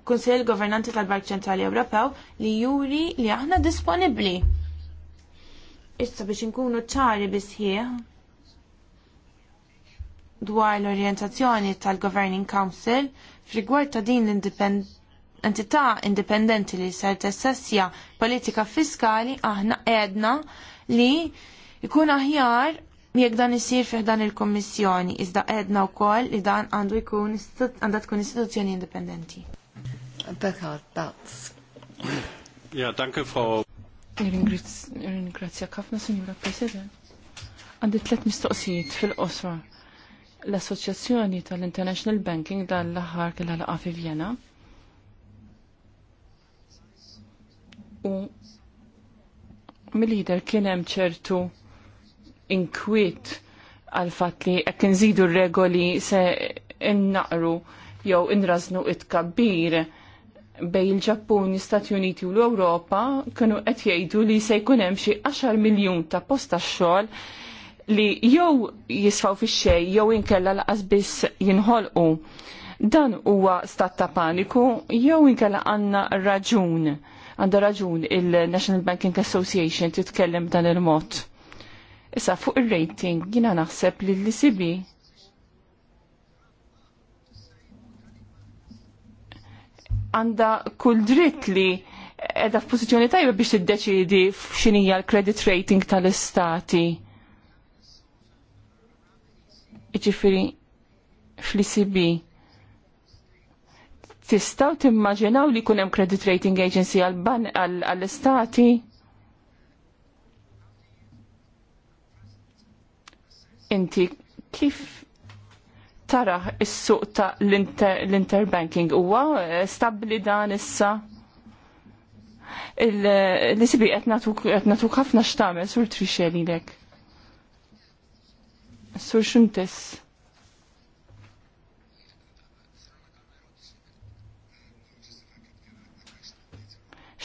Kunsill Governanti tal-Bank Ċentrali Ewropew li juri li aħna disponibbli. Issa biex inkunu ċari bisħieħ dwar l-orientazzjoni tal-Governing Council f'rigward ta' din l-entità indipendenti li ser tessessja politika fiskali aħna edna li jkun aħjar jekk dan isir fih dan il-Kommissjoni, iżda edna wkoll li dan għandu jkun għandha tkun istituzjoni indipendenti. Ja, danke Frau. Ringrazzja kafna, Signora President. Għandi tlet mistoqsijiet fil-qosra. L-Assoċjazzjoni tal-International Banking dan l-aħħar kellha laqa fi Vienna. U mill-lider kien hemm ċertu inkwiet għal fatt li jekk nżidu regoli se innaqru jew inrażnu it-kabbir bej il-Ġappun, Stati Uniti u l-Ewropa kienu qed jgħidu li se jkun hemm xi 10 miljun ta' posta xogħol li jew jisfaw fix-xejn jew inkella laqas biss jinħolqu. Dan huwa stat ta' paniku jew inkella għandna raġun għandha raġun il-National Banking Association titkellem dan il-mod Issa fuq ir-rating jina naħseb li l-ICB għanda kull dritt li edha f'pożizzjoni tajba biex f-xinija l-credit rating tal-istati. Iġifiri fl-ICB e tistaw timmaġinaw li kunem credit rating agency għall-istati? inti kif tara is-suq ta' l-interbanking huwa stabbli dan issa? L-isibi qed nagħtuk ħafna x'tagħmel sur trixxel lilek. Sur Xuntis.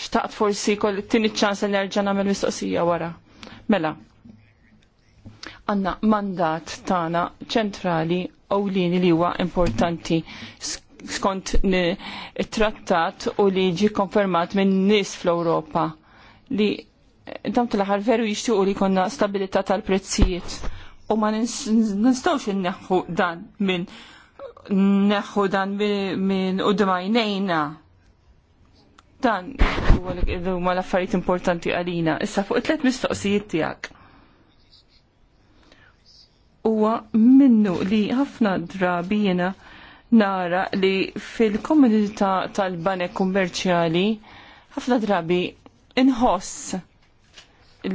Xtaqt forsi t tini ċans nerġa' nagħmel mistoqsija wara. Mela, għanna mandat tana ċentrali ewlieni li huwa importanti skont trattat u li ġi konfermat minn nies fl-Ewropa li dam tal-aħħar veru jixtiequ li konna stabilità tal-prezzijiet u ma nistgħux inneħħu dan minn neħu dan minn u d-majnejna. Dan huwa l-affarijiet importanti għalina. Issa fuq tliet mistoqsijiet tiegħek huwa minnu li ħafna drabi jiena nara li fil-komunità tal-banek kummerċjali ħafna drabi inħoss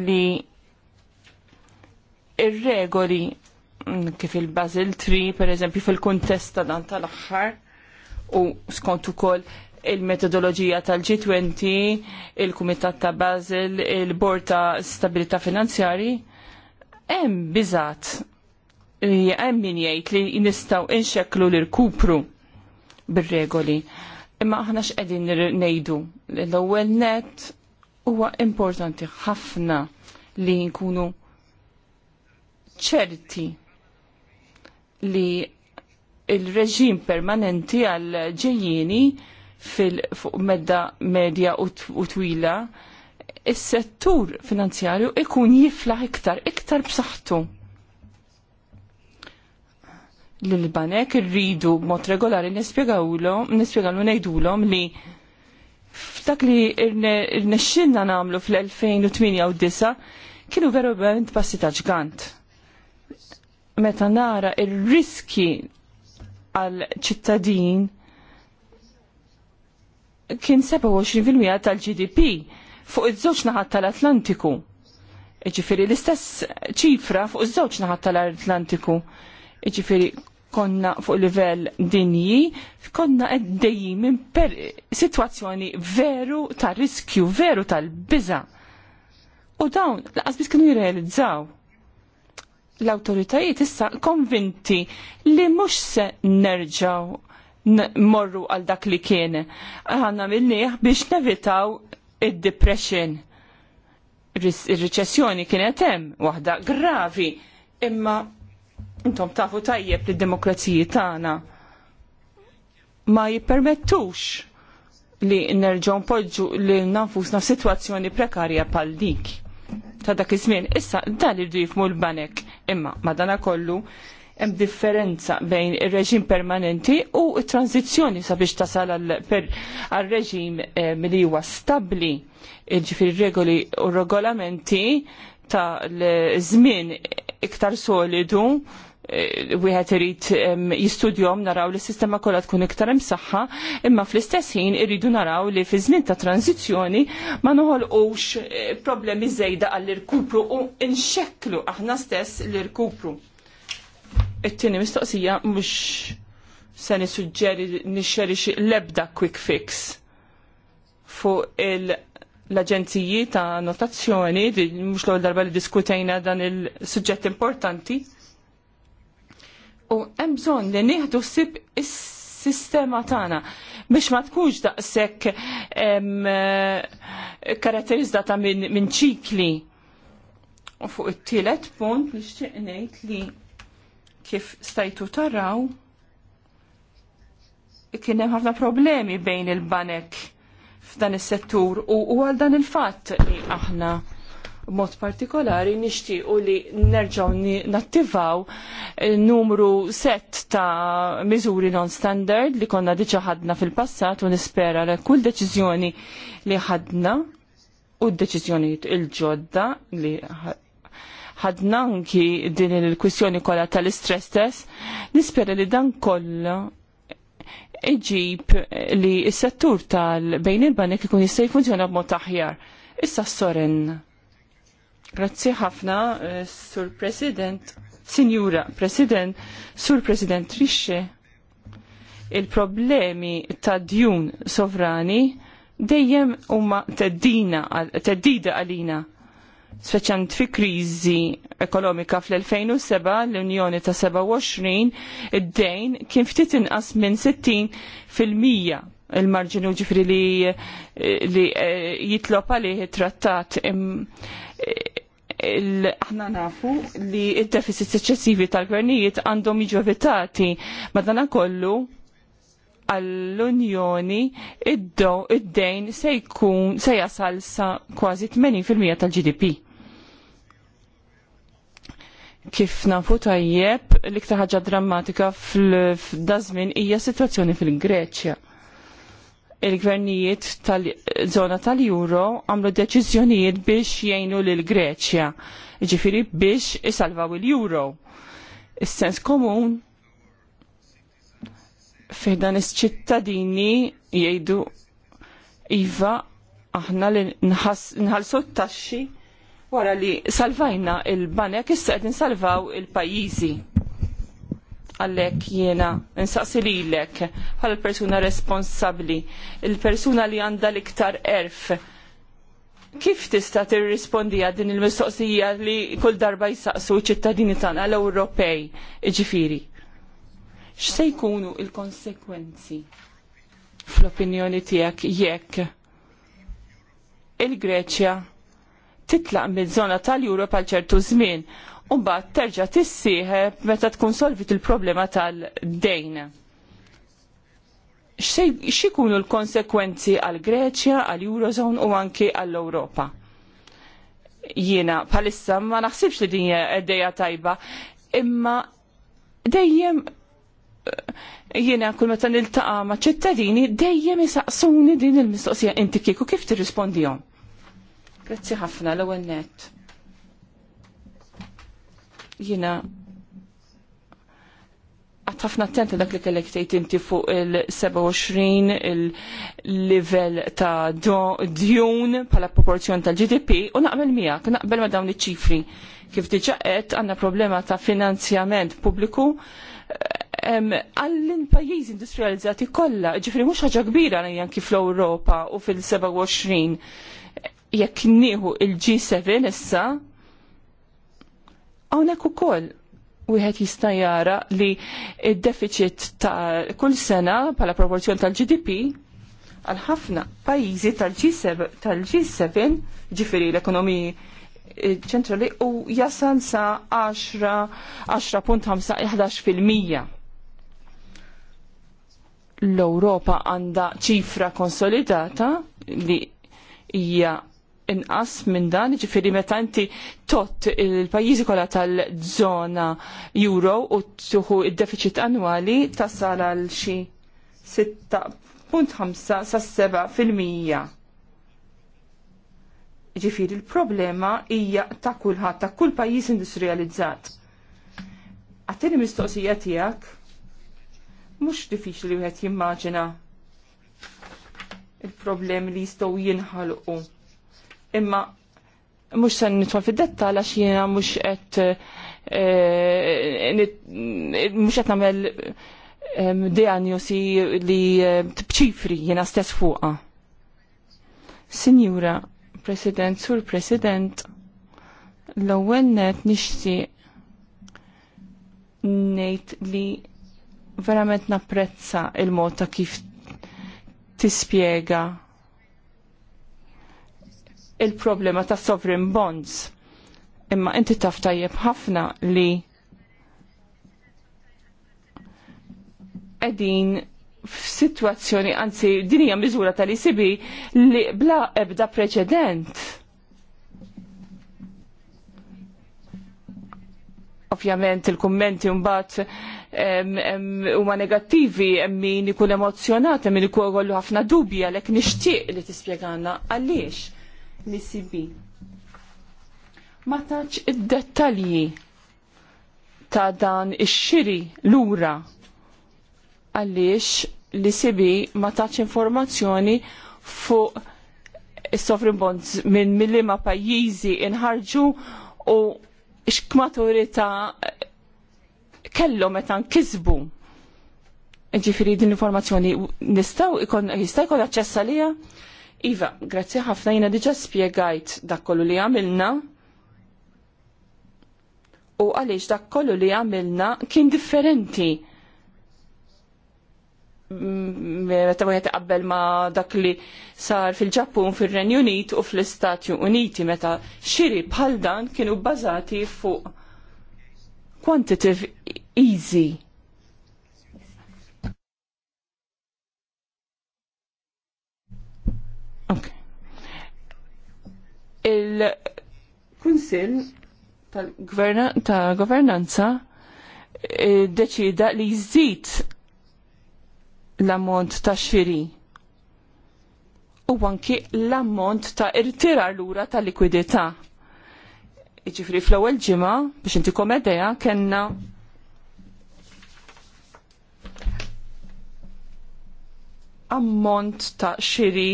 li ir-regoli mm, kif il-Basil 3, per eżempju, fil-kontest ta' dan tal-axħar, u skont ukoll il-metodoloġija tal-G20, il-Kumitat ta' Basel, il-Bord ta' Stabilità Finanzjari, hemm biżat hemm min jgħid li nistgħu inxeklu l kupru bir-regoli. Imma aħna x'qegħdin ngħidu l-ewwel net huwa importanti ħafna li nkunu ċerti li il-reġim permanenti għal ġejjini fil-fuq medda medja u twila is-settur finanzjarju ikun jiflaħ iktar, iktar b'saħħtu l-banek rridu mod regolari nispjegawlhom nispjegawlu ngħidulhom li f'dak li rnexxinna nagħmlu fl-2008 u 9 kienu verament passi ta' ġgant. Meta nara ir-riski għal ċittadin kien 27% tal-GDP fuq iż-żewġ naħat tal-Atlantiku. Ġifiri l-istess ċifra fuq iż-żewġ naħat tal-Atlantiku. Ġifiri konna fuq livell dinji, konna għeddeji minn per situazzjoni veru ta' riskju, veru tal-biza. U dawn, laqas bis kienu jirrealizzaw. L-autoritajiet issa konvinti li mux se nerġaw morru għal dak li kien. Għanna mill biex nevitaw id-depression. Il-reċessjoni kienet hemm waħda gravi, imma intom tafu tajjeb li d-demokrazija tagħna ma jippermettux li nerġgħu npoġġu li nafusna f'sitwazzjoni prekarja bħal dik. Ta' dak iż-żmien issa dan irdu jifmu l-banek imma madanakollu hemm differenza bejn ir-reġim permanenti u t-tranzizzjoni sabiex tasal għal-reġim eh, li huwa stabbli, ġifir regoli u regolamenti ta' l-żmien iktar solidu Eh, wieħed irid jistudjom naraw li s-sistema kollha tkun iktar imsaħħa, imma fl-istess ħin irridu naraw li fi żmien ta' tranzizzjoni ma noħolqux eh, problemi żejda għall-irkupru u nxekklu aħna stess l-irkupru. It-tieni mistoqsija mhux se nisuġġeri nixxeri l-ebda quick fix fuq il- l-aġenziji ta' notazzjoni, mux l darba li diskutejna dan il suġġett importanti, u hemm bżonn li nieħdu sib is-sistema tagħna biex ma tkunx daqshekk karatterizzata minn min ċikli. U fuq it-tielet punt nixtieq ngħid li kif stajtu taraw kien hemm ħafna problemi bejn il-banek f'dan is-settur u għal dan il-fatt li aħna mod partikolari nixtiequ li nerġgħu nattivaw eh, numru set ta' miżuri non-standard li konna diġà ħadna fil-passat u nispera li kull deċiżjoni li ħadna u d-deċiżjonijiet il-ġodda li ħadna anki din il-kwistjoni kollha tal-istress test, nispera li dan kollha iġib li s-settur tal-bejn il-banek ikun jista' jfunzjona b'mod aħjar. Issa s-soren Grazzi ħafna, eh, Sur President, Sinjura President, Sur President Trixxe. Il-problemi ta' djun sovrani dejjem huma teddina teddida għalina. Speċjalment fi kriżi ekonomika fl-2007 l-Unjoni ta' 27 id-dejn kien ftit inqas minn 60 fil-mija il-marġinu ġifri li, eh, li eh, jitlob għalih it-trattat aħna nafu li il-deficit eċċessivi tal-gvernijiet għandhom jiġu evitati. Madanakollu għall-Unjoni id-dejn se jkun se jasal sa kważi 80% tal-GDP. Kif nafu tajjeb, l-iktar ħaġa drammatika f'dażmin hija situazzjoni fil-Greċja il-gvernijiet tal-zona tal-Euro għamlu deċiżjonijiet biex jgħinu l Greċja, ġifiri biex isalvaw il-Euro. Is-sens komun fiħdan is-ċittadini jgħidu iva aħna li nħalsu t-taxxi wara li salvajna il-banek issa qed insalvaw il-pajjiżi għallek jena, nsaqsi lilek, bħal persuna responsabli, il-persuna li għanda l-iktar erf. Kif tista' tirrispondi għad din il-mistoqsija li kull darba jisaqsu ċittadini tagħna l-Ewropej, iġifiri? X'se jkunu il-konsekwenzi fl-opinjoni tiegħek jekk il-Greċja titlaq mill-żona tal-Europa għal ċertu żmien Umbat terġa tissieħeb meta tkun solvit il-problema tal-dejn. X'ikunu l-konsekwenzi għal Greċja, għal Eurozone u anke għall europa Jiena bħalissa ma naħsibx li din għeddeja tajba, imma dejjem jiena kull meta niltaqa' ma' ċittadini dejjem isaqsuni din il-mistoqsija inti kieku kif tirrispondihom. Grazzi ħafna l-ewwel nett. Jina ħafna attenta dak li kellek tgħid inti fuq il-27 il-livell ta' djun bħala proporzjon tal-GDP u naqbel miegħek, naqbel ma' dawn iċ-ċifri. Kif diġà qed għandna problema ta' finanzjament pubbliku għall-pajjiż industrializzati kollha, ġifri mhux ħaġa kbira għal kif l-Ewropa u fil-27 jekk nieħu il-G7 issa Hawnhekk ukoll wieħed jista' jara li d-deficit ta' kull sena bħala proporzjon tal-GDP għal ħafna pajjiżi tal-G7 ġifiri l-ekonomiji eh, ċentrali u jasal sa 10.5-11%. L-Europa għanda ċifra konsolidata li hija inqas minn dan, ġifiri meta inti tot il-pajjiżi kollha tal-żona euro u tuħu id-deficit annwali tasal għal xi 6.5 sa 7 fil-mija. Ġifiri il-problema hija ta' kulħadd ta' kull pajjiż industrializzat. Għattini mistoqsija tiegħek mhux diffiċli wieħed jimmaġina il-problemi li jistgħu jinħalqu Imma mhux se nidħol fid-detta għax jiena mhux qed eh, mhux qed nagħmel diagnosi li tbċifri jiena stess fuqha. Sinjura President, Sur President, l-ewwel net nixtieq ngħid li verament napprezza il-mod ta' kif tispjega il-problema ta' sovereign bonds. Imma inti taf tajjeb ħafna li edin f'sitwazzjoni, anzi din hija miżura tal isibi li bla ebda preċedent. Ovvjament il-kummenti mbagħad huma negattivi hemm min ikun emozzjonat, hemm min ikun ħafna dubja lek nixtieq li tispjegana għaliex l Ma taċ id-dettalji ta' dan ix-xiri lura għaliex l isibi ma taċ informazzjoni fuq is-sovereign bonds minn millima pajjiżi inħarġu u x'maturita kellhom meta nkisbu. Ġifieri din l-informazzjoni nistgħu jkun jista' jkun aċċess għaliha? Iva, grazzi ħafna jina diġa spiegajt dak kollu li għamilna. U għaliex dak kollu li għamilna kien differenti. Meta mela, wieħed iqabbel ma' dak li sar fil-Ġappun, fir-Renju Unit u fl-Istati Uniti meta xiri bħal dan kienu bbażati fuq quantitative easy il-Kunsill ta' governanza eh, deċida li jżid l-ammont ta' xiri u anki l-ammont ta' l lura ta' likwidità. Iġifri fl-ewwel ġimgħa biex inti komedeja kellna ammont ta' xiri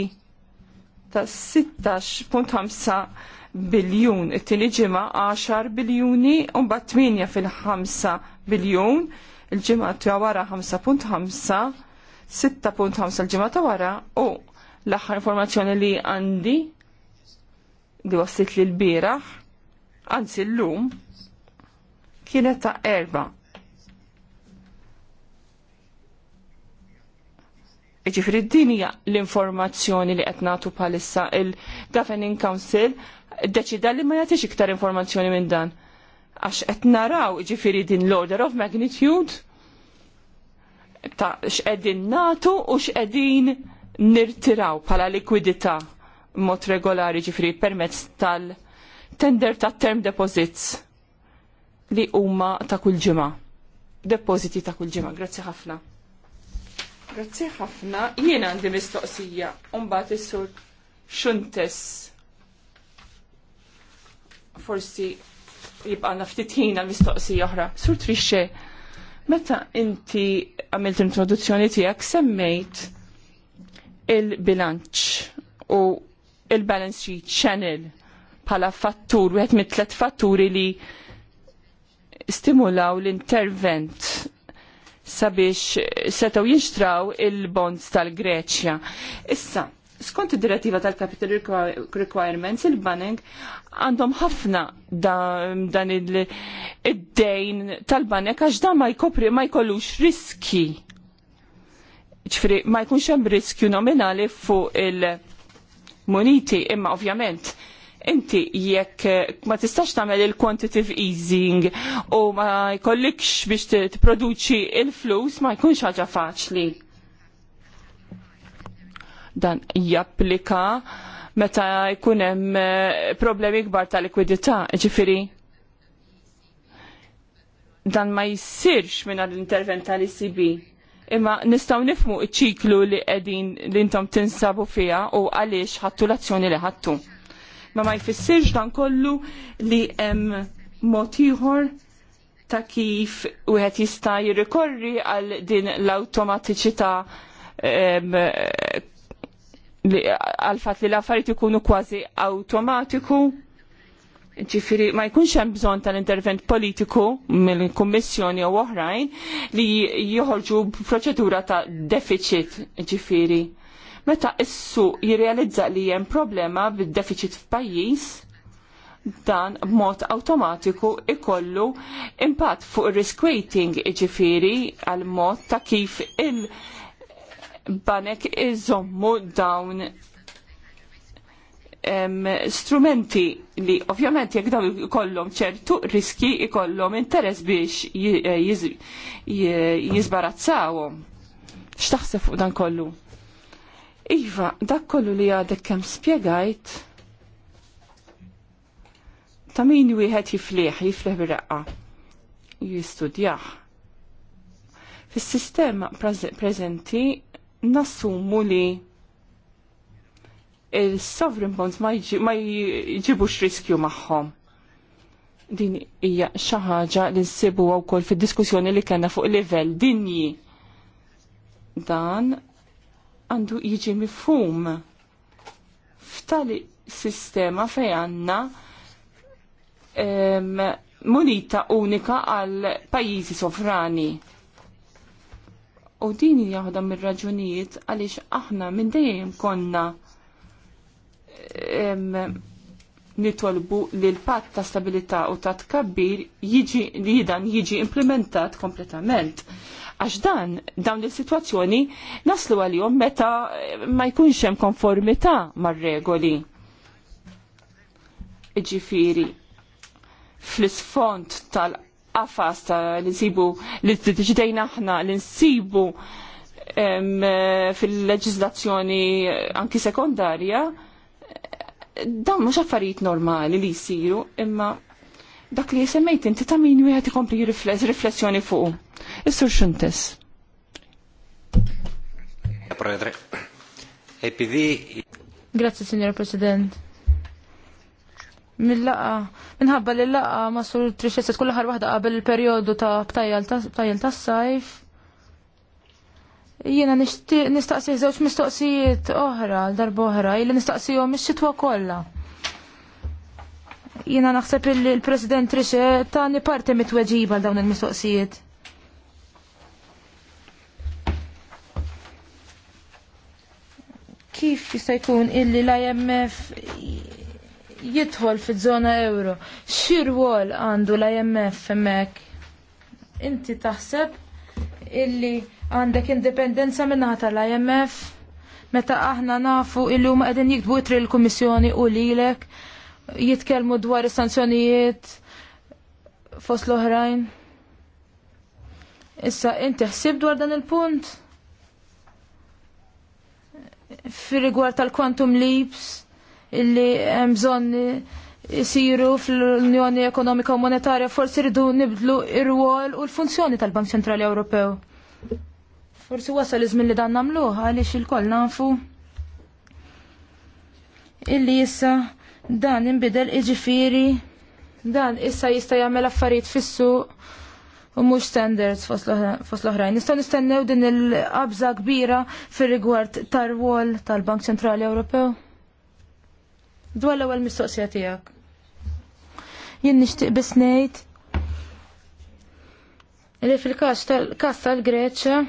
ta' 16.5 biljun, it-tieni ġimgħa 10 biljuni u mbagħad 8 fil-5 biljun, il-ġimgħa ta' wara 5.5, 6.5 il-ġimgħa ta' wara u l-aħħar informazzjoni li għandi li wasit li l-bieraħ, anzi l-lum, kienet ta' erba Ġifri din hija l-informazzjoni li qed nagħtu bħalissa il-Governing Council deċida li ma jagħtix iktar informazzjoni minn dan. Għax qed naraw din l-order of magnitude ta' x'qegħdin natu u x'qegħdin nirtiraw bħala likwidità mod regolari ġifri permezz tal-tender ta' term deposits li huma ta' kull ġimgħa. Depositi ta' kull ġimgħa. Grazzi ħafna. Grazie ħafna, jiena għandi mistoqsija, unbat is-sur xuntes. Forsi jibqa' naftit jiena mistoqsija oħra. Sur trixxe, meta inti għamilt introduzzjoni tiegħek semmejt il-bilanċ u il-balance sheet channel bħala fattur, wieħed mit tliet fatturi li stimulaw l-intervent sabiex setgħu jinxtraw il-bonds tal-Greċja. Issa, skont id-direttiva tal-Capital Requirements, il banning għandhom ħafna dan id-dejn tal-Banek għax dan ma jkopri ma jkollux riski. Ċifri, ma jkunx hemm riskju nominali fuq il-muniti, imma ovvjament inti jekk ma tistax tagħmel il-quantitative easing u ma jkollikx biex tipproduċi il-flus ma jkunx ħaġa faċli. Dan japplika meta jkun hemm eh, problemi kbar ta' likwidità, ġifieri dan ma jissirx minn l-intervent tal-ECB imma nistaw nifmu iċ-ċiklu li qegħdin li intom tinsabu fiha u għaliex ħattu l-azzjoni li ħattu ma ma jfissirx dan kollu li hemm mod ieħor ta' kif wieħed jista' jirrikorri għal din l-awtomatiċità għal fatt li l-affarijiet ikunu kważi awtomatiku ġifiri ma jkunx hemm bżonn tal-intervent politiku mill-Kummissjoni u oħrajn li joħorġu proċedura ta' deficit ġifiri Meta issu jirrealizza li hemm problema bid-deficit f'pajjiż, dan b'mod awtomatiku ikollu impatt fuq risk rating iġifiri għal mod ta' kif il-banek iżommu dawn strumenti li ovvjament jekk daw ikollhom ċertu riski ikollhom interess biex eh, jizbarazzawhom. X'taħseb fuq dan kollu? Iva, dak kollu li għadek kem spiegajt, ta' min wieħed jifliħ, jifliħ biraqqa, jistudjaħ. Fis-sistema preżenti nassumu li il-sovereign bonds ma jġibux riskju magħhom din hija xi ħaġa li nsibu wkoll fid-diskussjoni li kellna fuq livell dinji. Dan għandu jiġi mifhum f'tali sistema fej għanna monita munita unika għal pajjiżi sovrani. U din jaħda mir-raġunijiet għaliex aħna minn dejjem konna nitolbu li l-patt ta' stabilità u ta' tkabbir jiġi li dan jiġi implementat kompletament. Għax dan, dawn il-situazzjoni naslu għal-jom meta ma jkunx hemm konformità mar-regoli. Ġifiri, fl-isfond tal-qafas tal-insibu li t-tġdejna aħna l-insibu fil-leġizlazzjoni anki sekondarja, dan mhux affarijiet normali li jsiru, imma dak li semmejt inti ta' min wieħed ikompli jirrifless riflessjoni fuq. Is-sur xuntes. Grazzi, Signor President. Mill-laqa, minħabba li l-laqa ma' sur trixesset kull ħar waħda qabel il-perjodu ta' btajjel tas sajf. Jiena nistaqsi żewġ mistoqsijiet oħra, l-darba oħra, nistaqsi jom mis xitwa kollha Jiena naħseb illi l-President Trixe tani parti mitweġiba dawn il-mistoqsijiet. Kif jista' jkun illi l-IMF jidħol fiż-żona euro? Xir rwol għandu l-IMF hemmhekk? Inti taħseb illi għandek indipendenza min-naħa tal-IMF meta aħna nafu illi huma qegħdin jiktbu itri l-Kummissjoni u lilek jitkellmu dwar is-sanzjonijiet fost l-oħrajn. Issa, inti ħsib dwar dan il-punt? Fi rigward tal-quantum leaps illi hemm bżonn isiru fl-Unjoni Ekonomika u Monetarja forsi rridu nibdlu ir-rwol u l-funzjoni tal-Bank Ċentrali Ewropew. Forsi wasal iż-żmien li dan nagħmluh għaliex il-koll nafu illi issa Dan inbidel iġifiri dan issa jista' jagħmel affarijiet fis-suq u mhux standards fost l-oħrajn. Nistgħu nistennew din il-qabża kbira fir-rigward tar-wol tal-Bank Ċentrali Ewropew? Dwar l-ewwel mistoqsija tiegħek. Jien nixtieq biss ngħid li fil-każ tal-każ tal-Greċja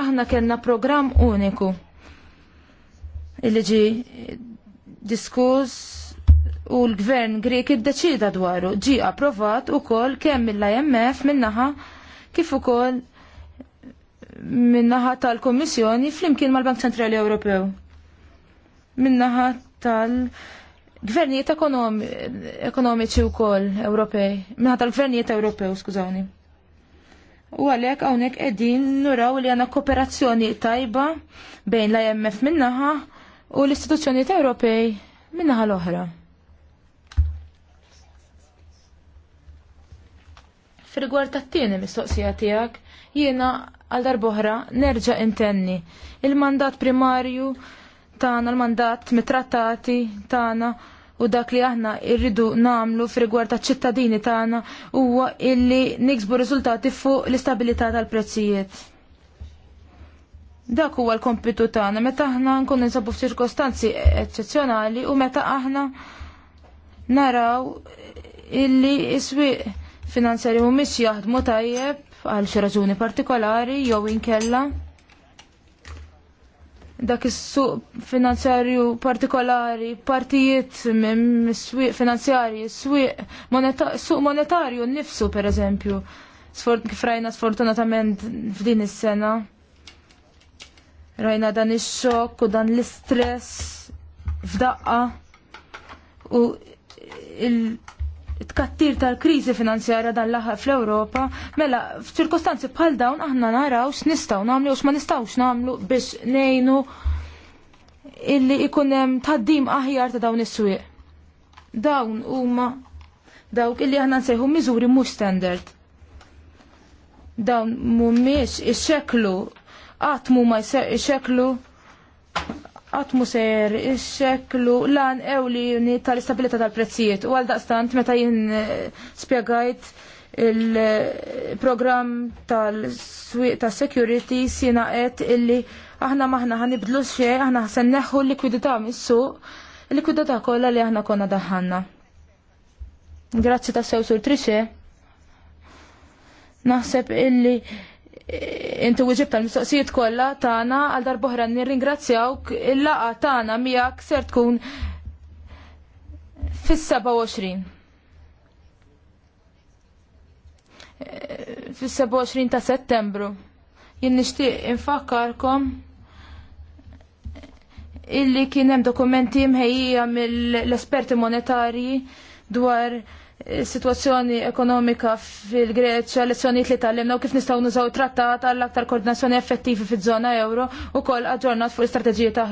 aħna kellna programm uniku illi ġi diskuż u l-gvern Grek iddeċida dwaru ġi approvat ukoll kemm mill-IMF min-naħa kif ukoll min-naħa tal kummissjoni flimkien mal-Bank Centrali Ewropew. Min-naħa tal-Gvernijiet ekonomiċi wkoll Ewropej, minnaħa tal-Gvernijiet Ewropew, skużawni. U għalek għawnek edin nuraw li għandna kooperazzjoni tajba bejn l-IMF minnaħa u l-istituzzjoni Ewropej minnaħa l-oħra. Fil-gwar tat-tieni mistoqsija tiegħek, jiena għal darboħra nerġa' intenni. Il-mandat primarju tagħna l-mandat mitrattati tagħna u dak li aħna irridu namlu f'rigward ta' ċittadini tagħna huwa illi niksbu riżultati fuq l-istabilità tal-prezzijiet. Dak huwa l-kompitu tagħna meta aħna nkunu nsabu f'ċirkostanzi eċċezzjonali u meta aħna naraw illi is finanzjari mhumiex jaħdmu tajjeb għal xi raġuni partikolari jew inkella dak is-suq finanzjarju partikolari, partijiet minn swieq finanzjarji, swieq suq monetarju nnifsu pereżempju. Kif rajna sfortunatament f'din is-sena. Rajna dan ix-xokk u dan l-istress f'daqqa u il- tkattir tal-kriżi finanzjarja dan l-aħħar fl-Ewropa, mela f'ċirkostanzi bħal dawn aħna naraw x'nistgħu nagħmlu u x'ma nistgħux nagħmlu biex ngħinu illi ikun hemm tħaddim aħjar ta' dawn is-swieq. Dawn huma dawk illi aħna nsejħu miżuri mhux standard. Dawn mhumiex ix-xeklu qatt ma jxeklu atmosfer, ser xeklu lan ewli tal-istabilita tal-prezzijiet u għal daqstant meta jien eh, spiegajt il-program tal-swiq ta' security sina qed illi aħna maħna ħanibdlu xej aħna ħsen neħu l-likwidità mis-suq l-likwidità kollha li aħna konna daħanna. Grazzi ta' sew sur trixe. Naħseb illi inti wieġib tal-mistoqsijiet kollha tagħna għal darbohra nirringrazzjawk il laqgħa tagħna miegħek ser tkun fis-27. Fis-27 ta' Settembru. Jien nixtieq infakkarkom illi kien hemm dokumenti mħejjija mill-esperti monetarji dwar situazzjoni ekonomika fil-Greċja, lezzjonijiet li tal u kif nistaw nużaw trattat għall aktar koordinazzjoni effettivi fil-żona euro u koll aġġornat fuq l-istrateġija